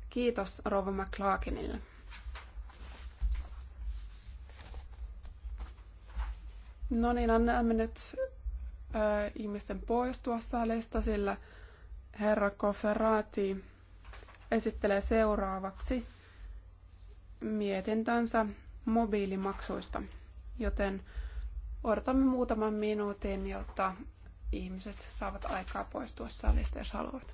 kiitos Rova McLaakinille. No niin, annamme nyt ö, ihmisten poistua salista, sillä herra Koferati esittelee seuraavaksi mietintönsä mobiilimaksuista, joten odotamme muutaman minuutin, jotta ihmiset saavat aikaa poistua salista, jos haluavat.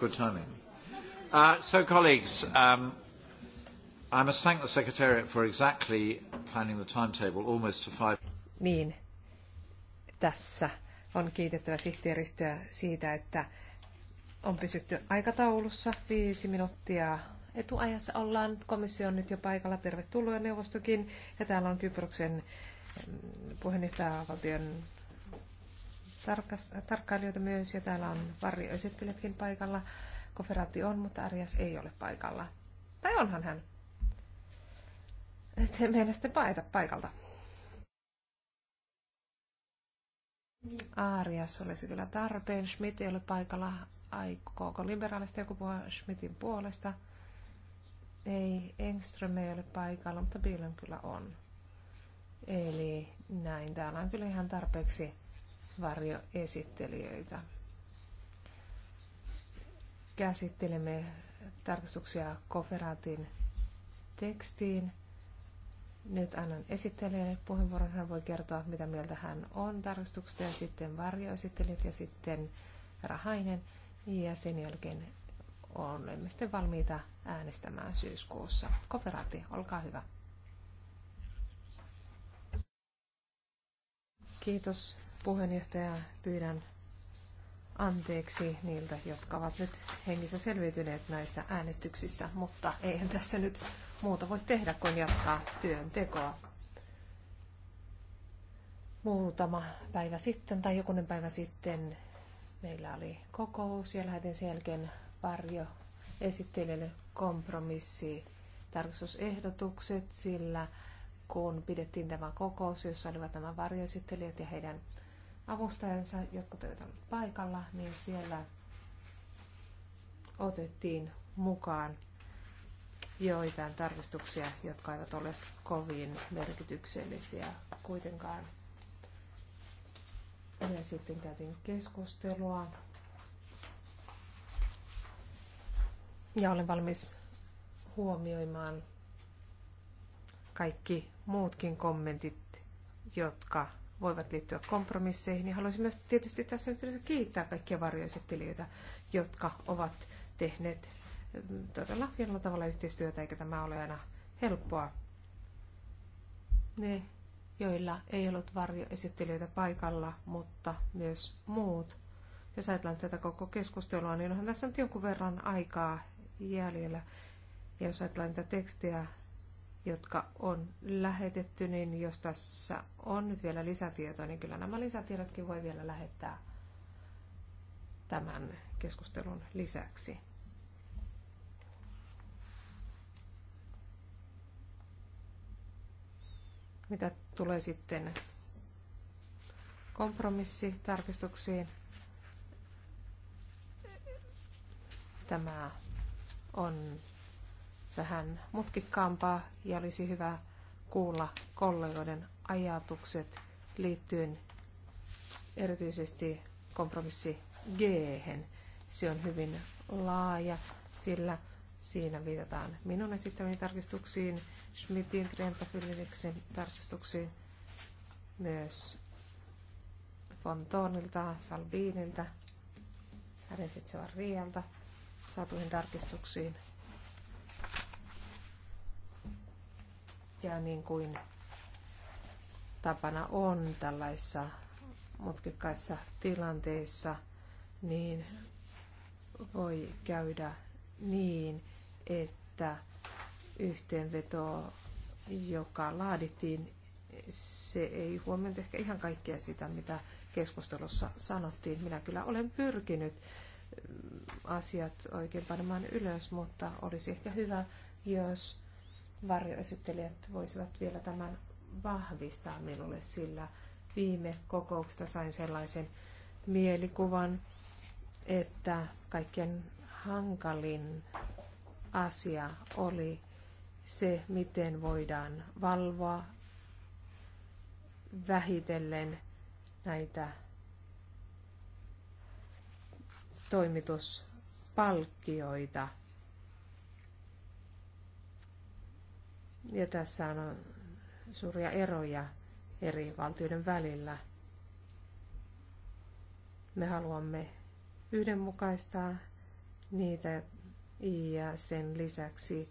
Good timing. Uh, so, colleagues, um, I must thank the Secretariat for exactly planning the timetable almost to five. Niin, tässä on kiitettävä sihteeristöä siitä, että on pysytty aikataulussa viisi minuuttia. Etuajassa ollaan, komissio on nyt jo paikalla, tervetuloa neuvostokin. Ja täällä on Kyproksen mm, puheenjohtajavaltion tarkas, tarkkailijoita myös ja täällä on varjoesittelijätkin paikalla. Koferaatti on, mutta Arias ei ole paikalla. Tai onhan hän. Ettei meillä sitten paeta paikalta. Arias olisi kyllä tarpeen. Schmidt ei ole paikalla. Aikooko liberaalista joku puhua Schmidtin puolesta? Ei, Engström ei ole paikalla, mutta Bielen kyllä on. Eli näin, täällä on kyllä ihan tarpeeksi varjoesittelijöitä. Käsittelemme tarkastuksia koferaatin tekstiin. Nyt annan esittelijälle puheenvuoron. Hän voi kertoa, mitä mieltä hän on tarkastuksesta ja sitten varjoesittelijät ja sitten Rahainen. Ja sen jälkeen olemme sitten valmiita äänestämään syyskuussa. Koferaatti, olkaa hyvä. Kiitos puheenjohtaja, pyydän anteeksi niiltä, jotka ovat nyt hengissä selviytyneet näistä äänestyksistä, mutta eihän tässä nyt muuta voi tehdä kuin jatkaa työntekoa. Muutama päivä sitten tai jokunen päivä sitten meillä oli kokous ja lähetin sen jälkeen varjo esittelijälle kompromissi tarkistusehdotukset, sillä kun pidettiin tämä kokous, jossa olivat nämä varjoesittelijät ja heidän avustajansa, jotkut eivät olleet paikalla, niin siellä otettiin mukaan joitain tarkistuksia, jotka eivät ole kovin merkityksellisiä kuitenkaan. Ja sitten käytiin keskustelua. Ja olen valmis huomioimaan kaikki muutkin kommentit, jotka voivat liittyä kompromisseihin. Ja haluaisin myös tietysti tässä yhteydessä kiittää kaikkia varjoesittelijöitä, jotka ovat tehneet mm, todella hienolla tavalla yhteistyötä, eikä tämä ole aina helppoa. Ne, joilla ei ollut varjoesittelijöitä paikalla, mutta myös muut. Jos ajatellaan tätä koko keskustelua, niin onhan tässä nyt jonkun verran aikaa jäljellä. Ja jos ajatellaan niitä tekstiä, jotka on lähetetty, niin jos tässä on nyt vielä lisätietoa, niin kyllä nämä lisätiedotkin voi vielä lähettää tämän keskustelun lisäksi. Mitä tulee sitten kompromissitarkistuksiin, tämä on vähän mutkikkaampaa ja olisi hyvä kuulla kollegoiden ajatukset liittyen erityisesti kompromissi g -hen. Se on hyvin laaja, sillä siinä viitataan minun esittämiin tarkistuksiin, Schmidtin Trentafyliksen tarkistuksiin, myös Fontonilta, Salbiinilta, hänen Rialta saatuihin tarkistuksiin – Ja niin kuin tapana on tällaisissa mutkikkaissa tilanteissa, niin voi käydä niin, että yhteenveto, joka laadittiin, se ei huomioinut ehkä ihan kaikkea sitä, mitä keskustelussa sanottiin. Minä kyllä olen pyrkinyt mm, asiat oikein panemaan ylös, mutta olisi ehkä hyvä, jos varjoesittelijät voisivat vielä tämän vahvistaa minulle, sillä viime kokouksesta sain sellaisen mielikuvan, että kaikkien hankalin asia oli se, miten voidaan valvoa vähitellen näitä toimituspalkkioita – Ja tässä on suuria eroja eri valtioiden välillä. Me haluamme yhdenmukaistaa niitä ja sen lisäksi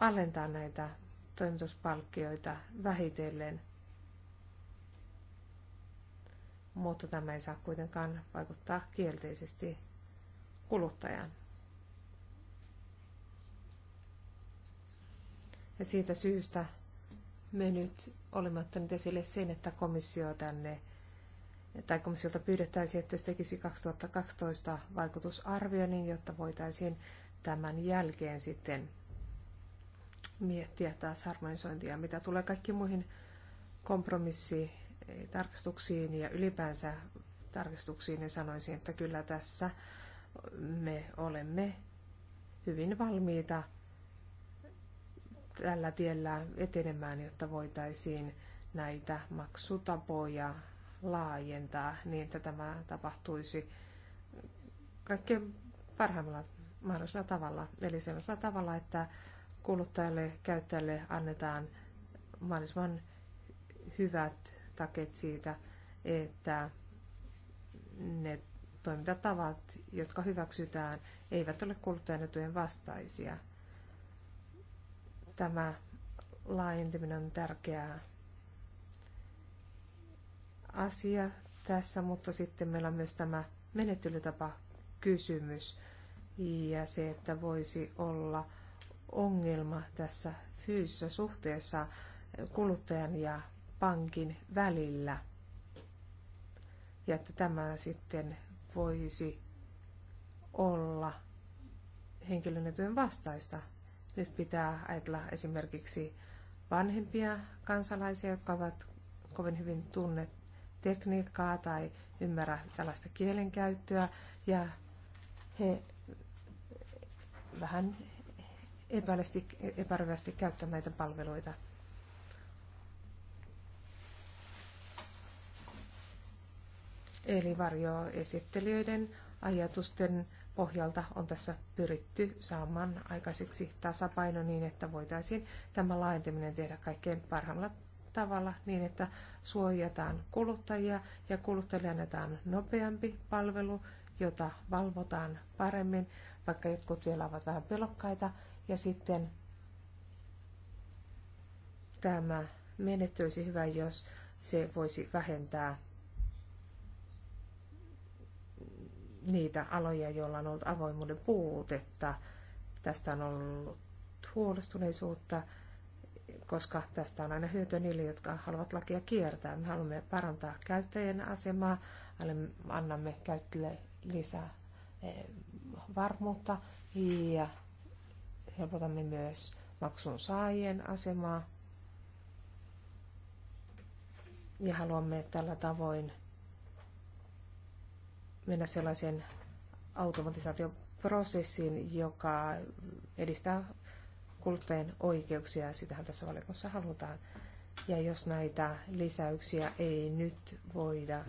alentaa näitä toimituspalkkioita vähitellen. Mutta tämä ei saa kuitenkaan vaikuttaa kielteisesti kuluttajaan. Ja siitä syystä me nyt olemme ottaneet esille sen, että komissio tänne tai komissiolta pyydettäisiin, että se tekisi 2012 vaikutusarvioinnin, jotta voitaisiin tämän jälkeen sitten miettiä taas harmonisointia, mitä tulee kaikki muihin kompromissitarkistuksiin ja ylipäänsä tarkistuksiin, niin sanoisin, että kyllä tässä me olemme hyvin valmiita tällä tiellä etenemään, jotta voitaisiin näitä maksutapoja laajentaa niin, että tämä tapahtuisi kaikkein parhaimmalla mahdollisella tavalla. Eli sellaisella tavalla, että kuluttajalle, käyttäjälle annetaan mahdollisimman hyvät taket siitä, että ne toimintatavat, jotka hyväksytään, eivät ole kuluttajan vastaisia – Tämä laajentuminen on tärkeää asia tässä, mutta sitten meillä on myös tämä menettelytapa kysymys ja se, että voisi olla ongelma tässä fyysisessä suhteessa kuluttajan ja pankin välillä. Ja että tämä sitten voisi olla henkilön vastaista. Nyt pitää ajatella esimerkiksi vanhempia kansalaisia, jotka ovat kovin hyvin tunne tekniikkaa tai ymmärrä tällaista kielenkäyttöä. Ja he vähän epäröivästi käyttävät näitä palveluita. Eli esittelijöiden ajatusten pohjalta on tässä pyritty saamaan aikaiseksi tasapaino niin, että voitaisiin tämä laajentaminen tehdä kaikkein parhaalla tavalla niin, että suojataan kuluttajia ja kuluttajille annetaan nopeampi palvelu, jota valvotaan paremmin, vaikka jotkut vielä ovat vähän pelokkaita. Ja sitten tämä menettyisi hyvä, jos se voisi vähentää niitä aloja, joilla on ollut avoimuuden puutetta. Tästä on ollut huolestuneisuutta, koska tästä on aina hyötyä niille, jotka haluavat lakia kiertää. Me haluamme parantaa käyttäjien asemaa, annamme käyttäjille lisää eh, varmuutta ja helpotamme myös maksun saajien asemaa. Ja haluamme tällä tavoin mennä sellaiseen automatisaatioprosessiin, joka edistää kuluttajien oikeuksia, sitähän tässä valiokunnassa halutaan. Ja jos näitä lisäyksiä ei nyt voida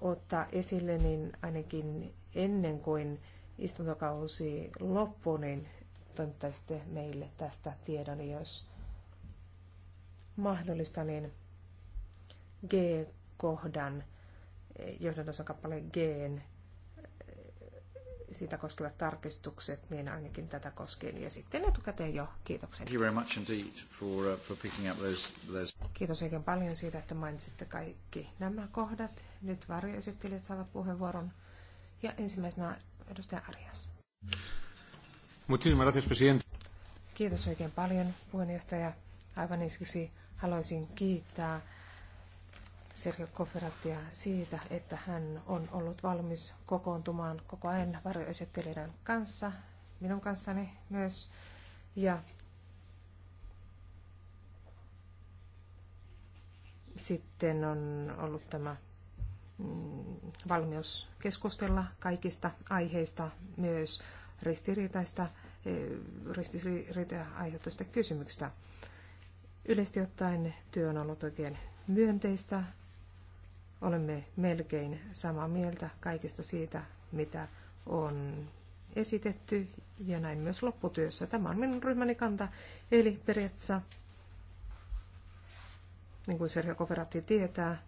ottaa esille, niin ainakin ennen kuin istuntokausi loppuu, niin toimittaisitte meille tästä tiedon, jos mahdollista, niin G-kohdan johdannosan kappaleen G eh, sitä koskevat tarkistukset, niin ainakin tätä koskien. Ja sitten etukäteen jo kiitokset. Thank you very much indeed for, uh, for picking up those, those. Kiitos oikein paljon siitä, että mainitsitte kaikki nämä kohdat. Nyt varjoesittelijät saavat puheenvuoron. Ja ensimmäisenä edustaja Arias. Muchísimas gracias, presidente. Kiitos oikein paljon puheenjohtaja. Aivan ensiksi haluaisin kiittää Sergio Koferatia siitä, että hän on ollut valmis kokoontumaan koko ajan varjoesittelijän kanssa, minun kanssani myös. Ja sitten on ollut tämä mm, valmius keskustella kaikista aiheista, myös ristiriitaista, e, ristiriitaa aiheuttavista kysymyksistä. Yleisesti ottaen työ on ollut oikein myönteistä Olemme melkein samaa mieltä kaikesta siitä, mitä on esitetty ja näin myös lopputyössä. Tämä on minun ryhmäni kanta, eli periaatteessa, niin kuin Sergio Koferatti tietää,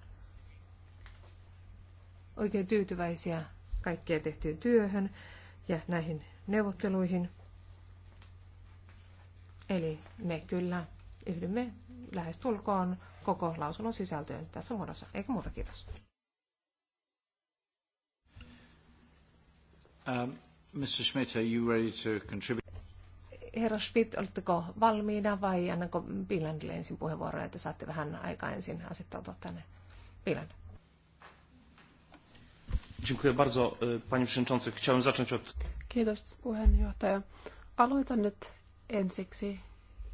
oikein tyytyväisiä kaikkeen tehtyyn työhön ja näihin neuvotteluihin. Eli me kyllä yhdymme lähestulkoon koko lausunnon sisältöön tässä muodossa. Eikä muuta, kiitos. Um, Mr. Schmidt, are you ready to contribute? Herra Schmidt, oletteko valmiina vai annanko Bilandille ensin puheenvuoroja, että saatte vähän aikaa ensin asettautua tänne? Biland. Dziękuję bardzo, panie przewodniczący. Chciałem zacząć od... Kiitos puheenjohtaja. Aloitan nyt ensiksi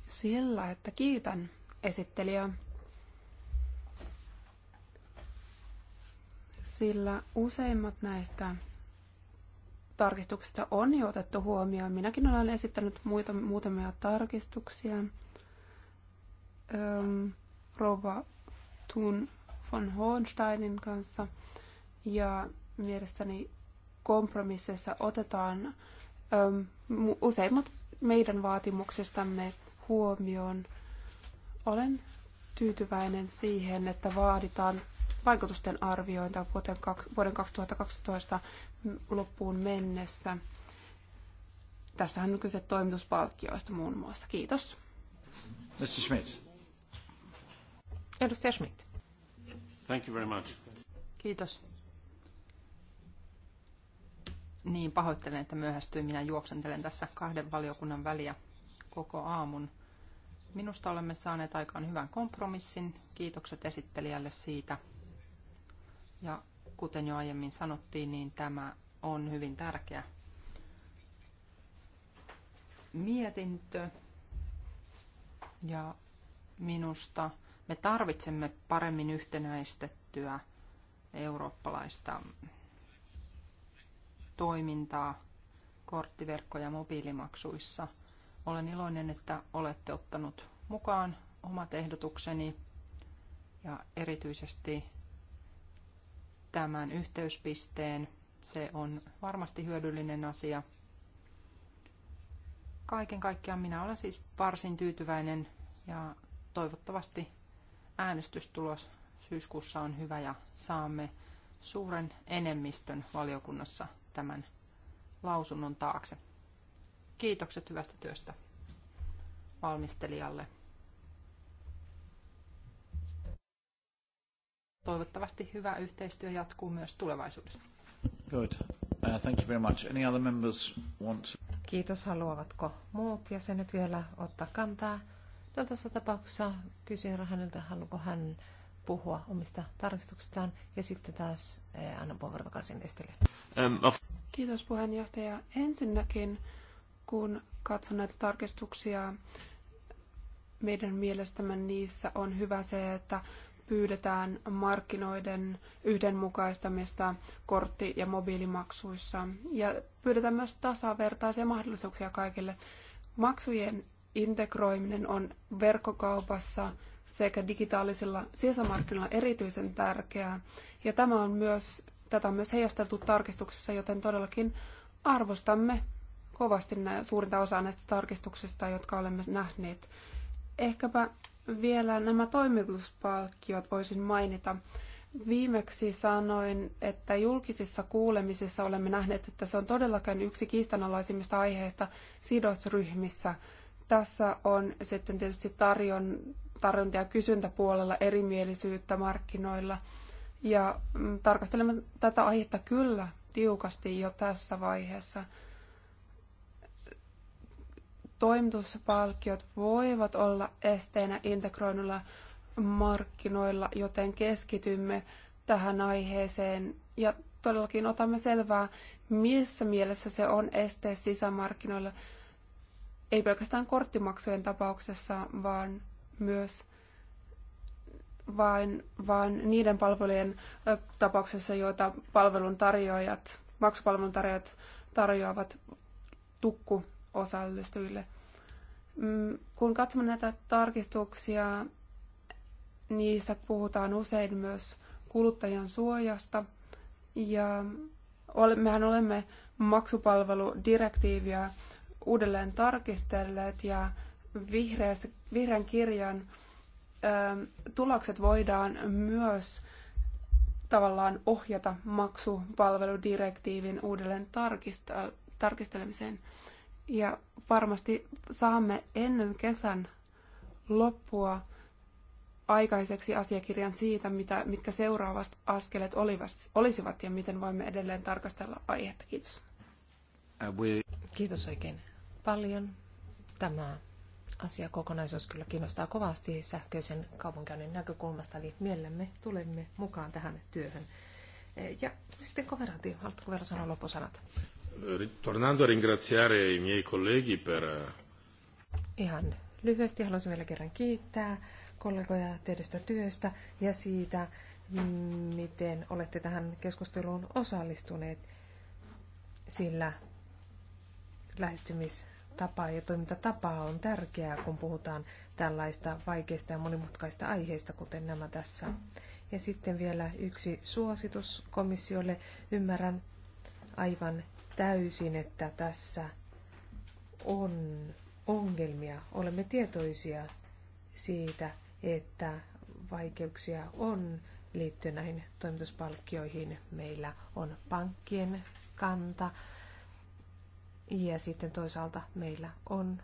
sillä, että kiitän esittelijää sillä useimmat näistä tarkistuksista on jo otettu huomioon. Minäkin olen esittänyt muita, muutamia tarkistuksia. Öm, Rova Thun von Hohensteinin kanssa. Ja mielestäni kompromisseissa otetaan öm, useimmat meidän vaatimuksistamme huomioon. Olen tyytyväinen siihen, että vaaditaan vaikutusten arviointia vuoden 2012 loppuun mennessä. Tässähän on kyse toimituspalkkioista muun muassa. Kiitos. Mr. Schmidt. Edustaja Schmidt. Thank you very much. Kiitos. Niin, pahoittelen, että myöhästyin. Minä juoksentelen tässä kahden valiokunnan väliä koko aamun. Minusta olemme saaneet aikaan hyvän kompromissin. Kiitokset esittelijälle siitä. Ja kuten jo aiemmin sanottiin, niin tämä on hyvin tärkeä mietintö. Ja minusta me tarvitsemme paremmin yhtenäistettyä eurooppalaista toimintaa korttiverkko- ja mobiilimaksuissa. Olen iloinen, että olette ottanut mukaan omat ehdotukseni ja erityisesti tämän yhteyspisteen. Se on varmasti hyödyllinen asia. Kaiken kaikkiaan minä olen siis varsin tyytyväinen ja toivottavasti äänestystulos syyskuussa on hyvä ja saamme suuren enemmistön valiokunnassa tämän lausunnon taakse. Kiitokset hyvästä työstä valmistelijalle. toivottavasti hyvä yhteistyö jatkuu myös tulevaisuudessa. Good. Uh, thank you very much. Any other members want Kiitos. Haluavatko muut jäsenet vielä ottaa kantaa? No tässä tapauksessa kysyn häneltä, haluaako hän puhua omista tarkistuksistaan ja sitten taas eh, annan puheenvuoron takaisin um, of... Kiitos puheenjohtaja. Ensinnäkin, kun katson näitä tarkistuksia, meidän mielestämme niissä on hyvä se, että pyydetään markkinoiden yhdenmukaistamista kortti- ja mobiilimaksuissa ja pyydetään myös tasavertaisia mahdollisuuksia kaikille. Maksujen integroiminen on verkkokaupassa sekä digitaalisilla sisämarkkinoilla erityisen tärkeää ja tämä on myös, tätä on myös heijasteltu tarkistuksessa, joten todellakin arvostamme kovasti suurinta osaa näistä tarkistuksista, jotka olemme nähneet. Ehkäpä vielä nämä toimituspalkkiot voisin mainita. Viimeksi sanoin, että julkisissa kuulemisissa olemme nähneet, että se on todellakin yksi kiistanalaisimmista aiheista sidosryhmissä. Tässä on sitten tietysti tarjon, tarjonta- ja kysyntäpuolella erimielisyyttä markkinoilla. Ja mm, tarkastelemme tätä aihetta kyllä tiukasti jo tässä vaiheessa – toimituspalkkiot voivat olla esteenä integroinnilla markkinoilla, joten keskitymme tähän aiheeseen ja todellakin otamme selvää, missä mielessä se on este sisämarkkinoilla, ei pelkästään korttimaksujen tapauksessa, vaan myös vain, vaan niiden palvelujen tapauksessa, joita palvelun tarjoajat, maksupalvelun tarjoajat tarjoavat tukku osallistujille. Mm, kun katsomme näitä tarkistuksia, niissä puhutaan usein myös kuluttajan suojasta. Ja mehän olemme maksupalveludirektiiviä uudelleen tarkistelleet ja vihreän kirjan tulokset voidaan myös tavallaan ohjata maksupalveludirektiivin uudelleen tarkistelemiseen. Ja varmasti saamme ennen kesän loppua aikaiseksi asiakirjan siitä, mitä, mitkä seuraavat askelet olisivat ja miten voimme edelleen tarkastella aihetta. Kiitos. Äh, Kiitos oikein paljon. Tämä asiakokonaisuus kyllä kiinnostaa kovasti sähköisen kaupunkäynnin näkökulmasta, eli mielemme tulemme mukaan tähän työhön. Äh, ja sitten Koveranti, haluatko vielä sanoa loppusanat? tornando a ringraziare i miei colleghi per... Eh, Ihan lyhyesti haluaisin vielä kerran kiittää kollegoja tehdystä työstä ja siitä, miten olette tähän keskusteluun osallistuneet, sillä lähestymistapa ja toimintatapa on tärkeää, kun puhutaan tällaista vaikeista ja monimutkaista aiheista, kuten nämä tässä. Ja sitten vielä yksi suositus komissiolle. Ymmärrän aivan täysin, että tässä on ongelmia. Olemme tietoisia siitä, että vaikeuksia on liittyen näihin toimituspalkkioihin. Meillä on pankkien kanta ja sitten toisaalta meillä on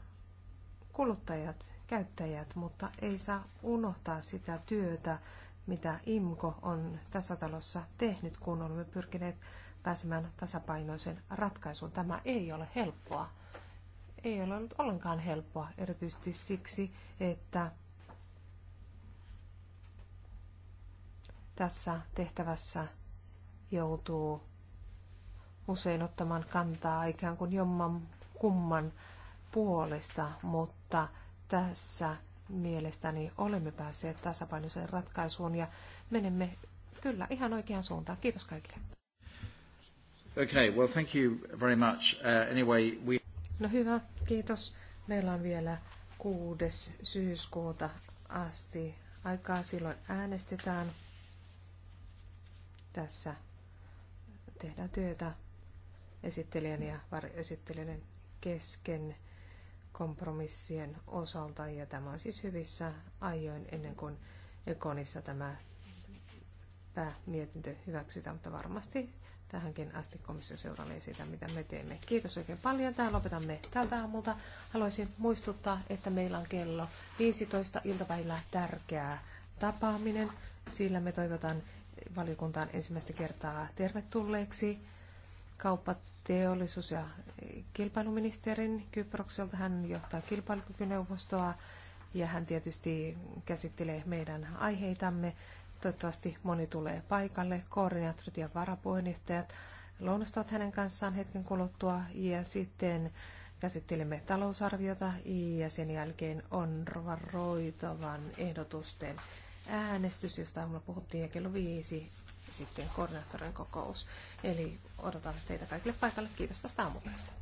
kuluttajat, käyttäjät, mutta ei saa unohtaa sitä työtä, mitä IMKO on tässä talossa tehnyt, kun olemme pyrkineet pääsemään tasapainoisen ratkaisuun. Tämä ei ole helppoa. Ei ole ollut ollenkaan helppoa, erityisesti siksi, että tässä tehtävässä joutuu usein ottamaan kantaa ikään kuin jomman kumman puolesta, mutta tässä mielestäni olemme päässeet tasapainoiseen ratkaisuun ja menemme kyllä ihan oikeaan suuntaan. Kiitos kaikille. Okay, well thank you very much. Uh, anyway, we... No hyvä, kiitos. Meillä on vielä 6. syyskuuta asti aikaa. Silloin äänestetään. Tässä tehdään työtä esittelijän ja varjoesittelijän kesken kompromissien osalta. Ja tämä on siis hyvissä ajoin ennen kuin Ekonissa tämä päämietintö hyväksytään, mutta varmasti tähänkin asti komissio seurailee sitä, mitä me teemme. Kiitos oikein paljon. Tämä lopetamme tältä aamulta. Haluaisin muistuttaa, että meillä on kello 15 iltapäivällä tärkeää tapaaminen, sillä me toivotan valiokuntaan ensimmäistä kertaa tervetulleeksi kauppateollisuus- ja kilpailuministerin Kyprokselta. Hän johtaa kilpailukykyneuvostoa ja hän tietysti käsittelee meidän aiheitamme. Toivottavasti moni tulee paikalle. Koordinaattorit ja varapuheenjohtajat lounastavat hänen kanssaan hetken kuluttua ja sitten käsittelemme talousarviota ja sen jälkeen on varoitavan ehdotusten äänestys, josta aamulla puhuttiin ja kello viisi sitten koordinaattorin kokous. Eli odotan teitä kaikille paikalle. Kiitos tästä aamupäivästä.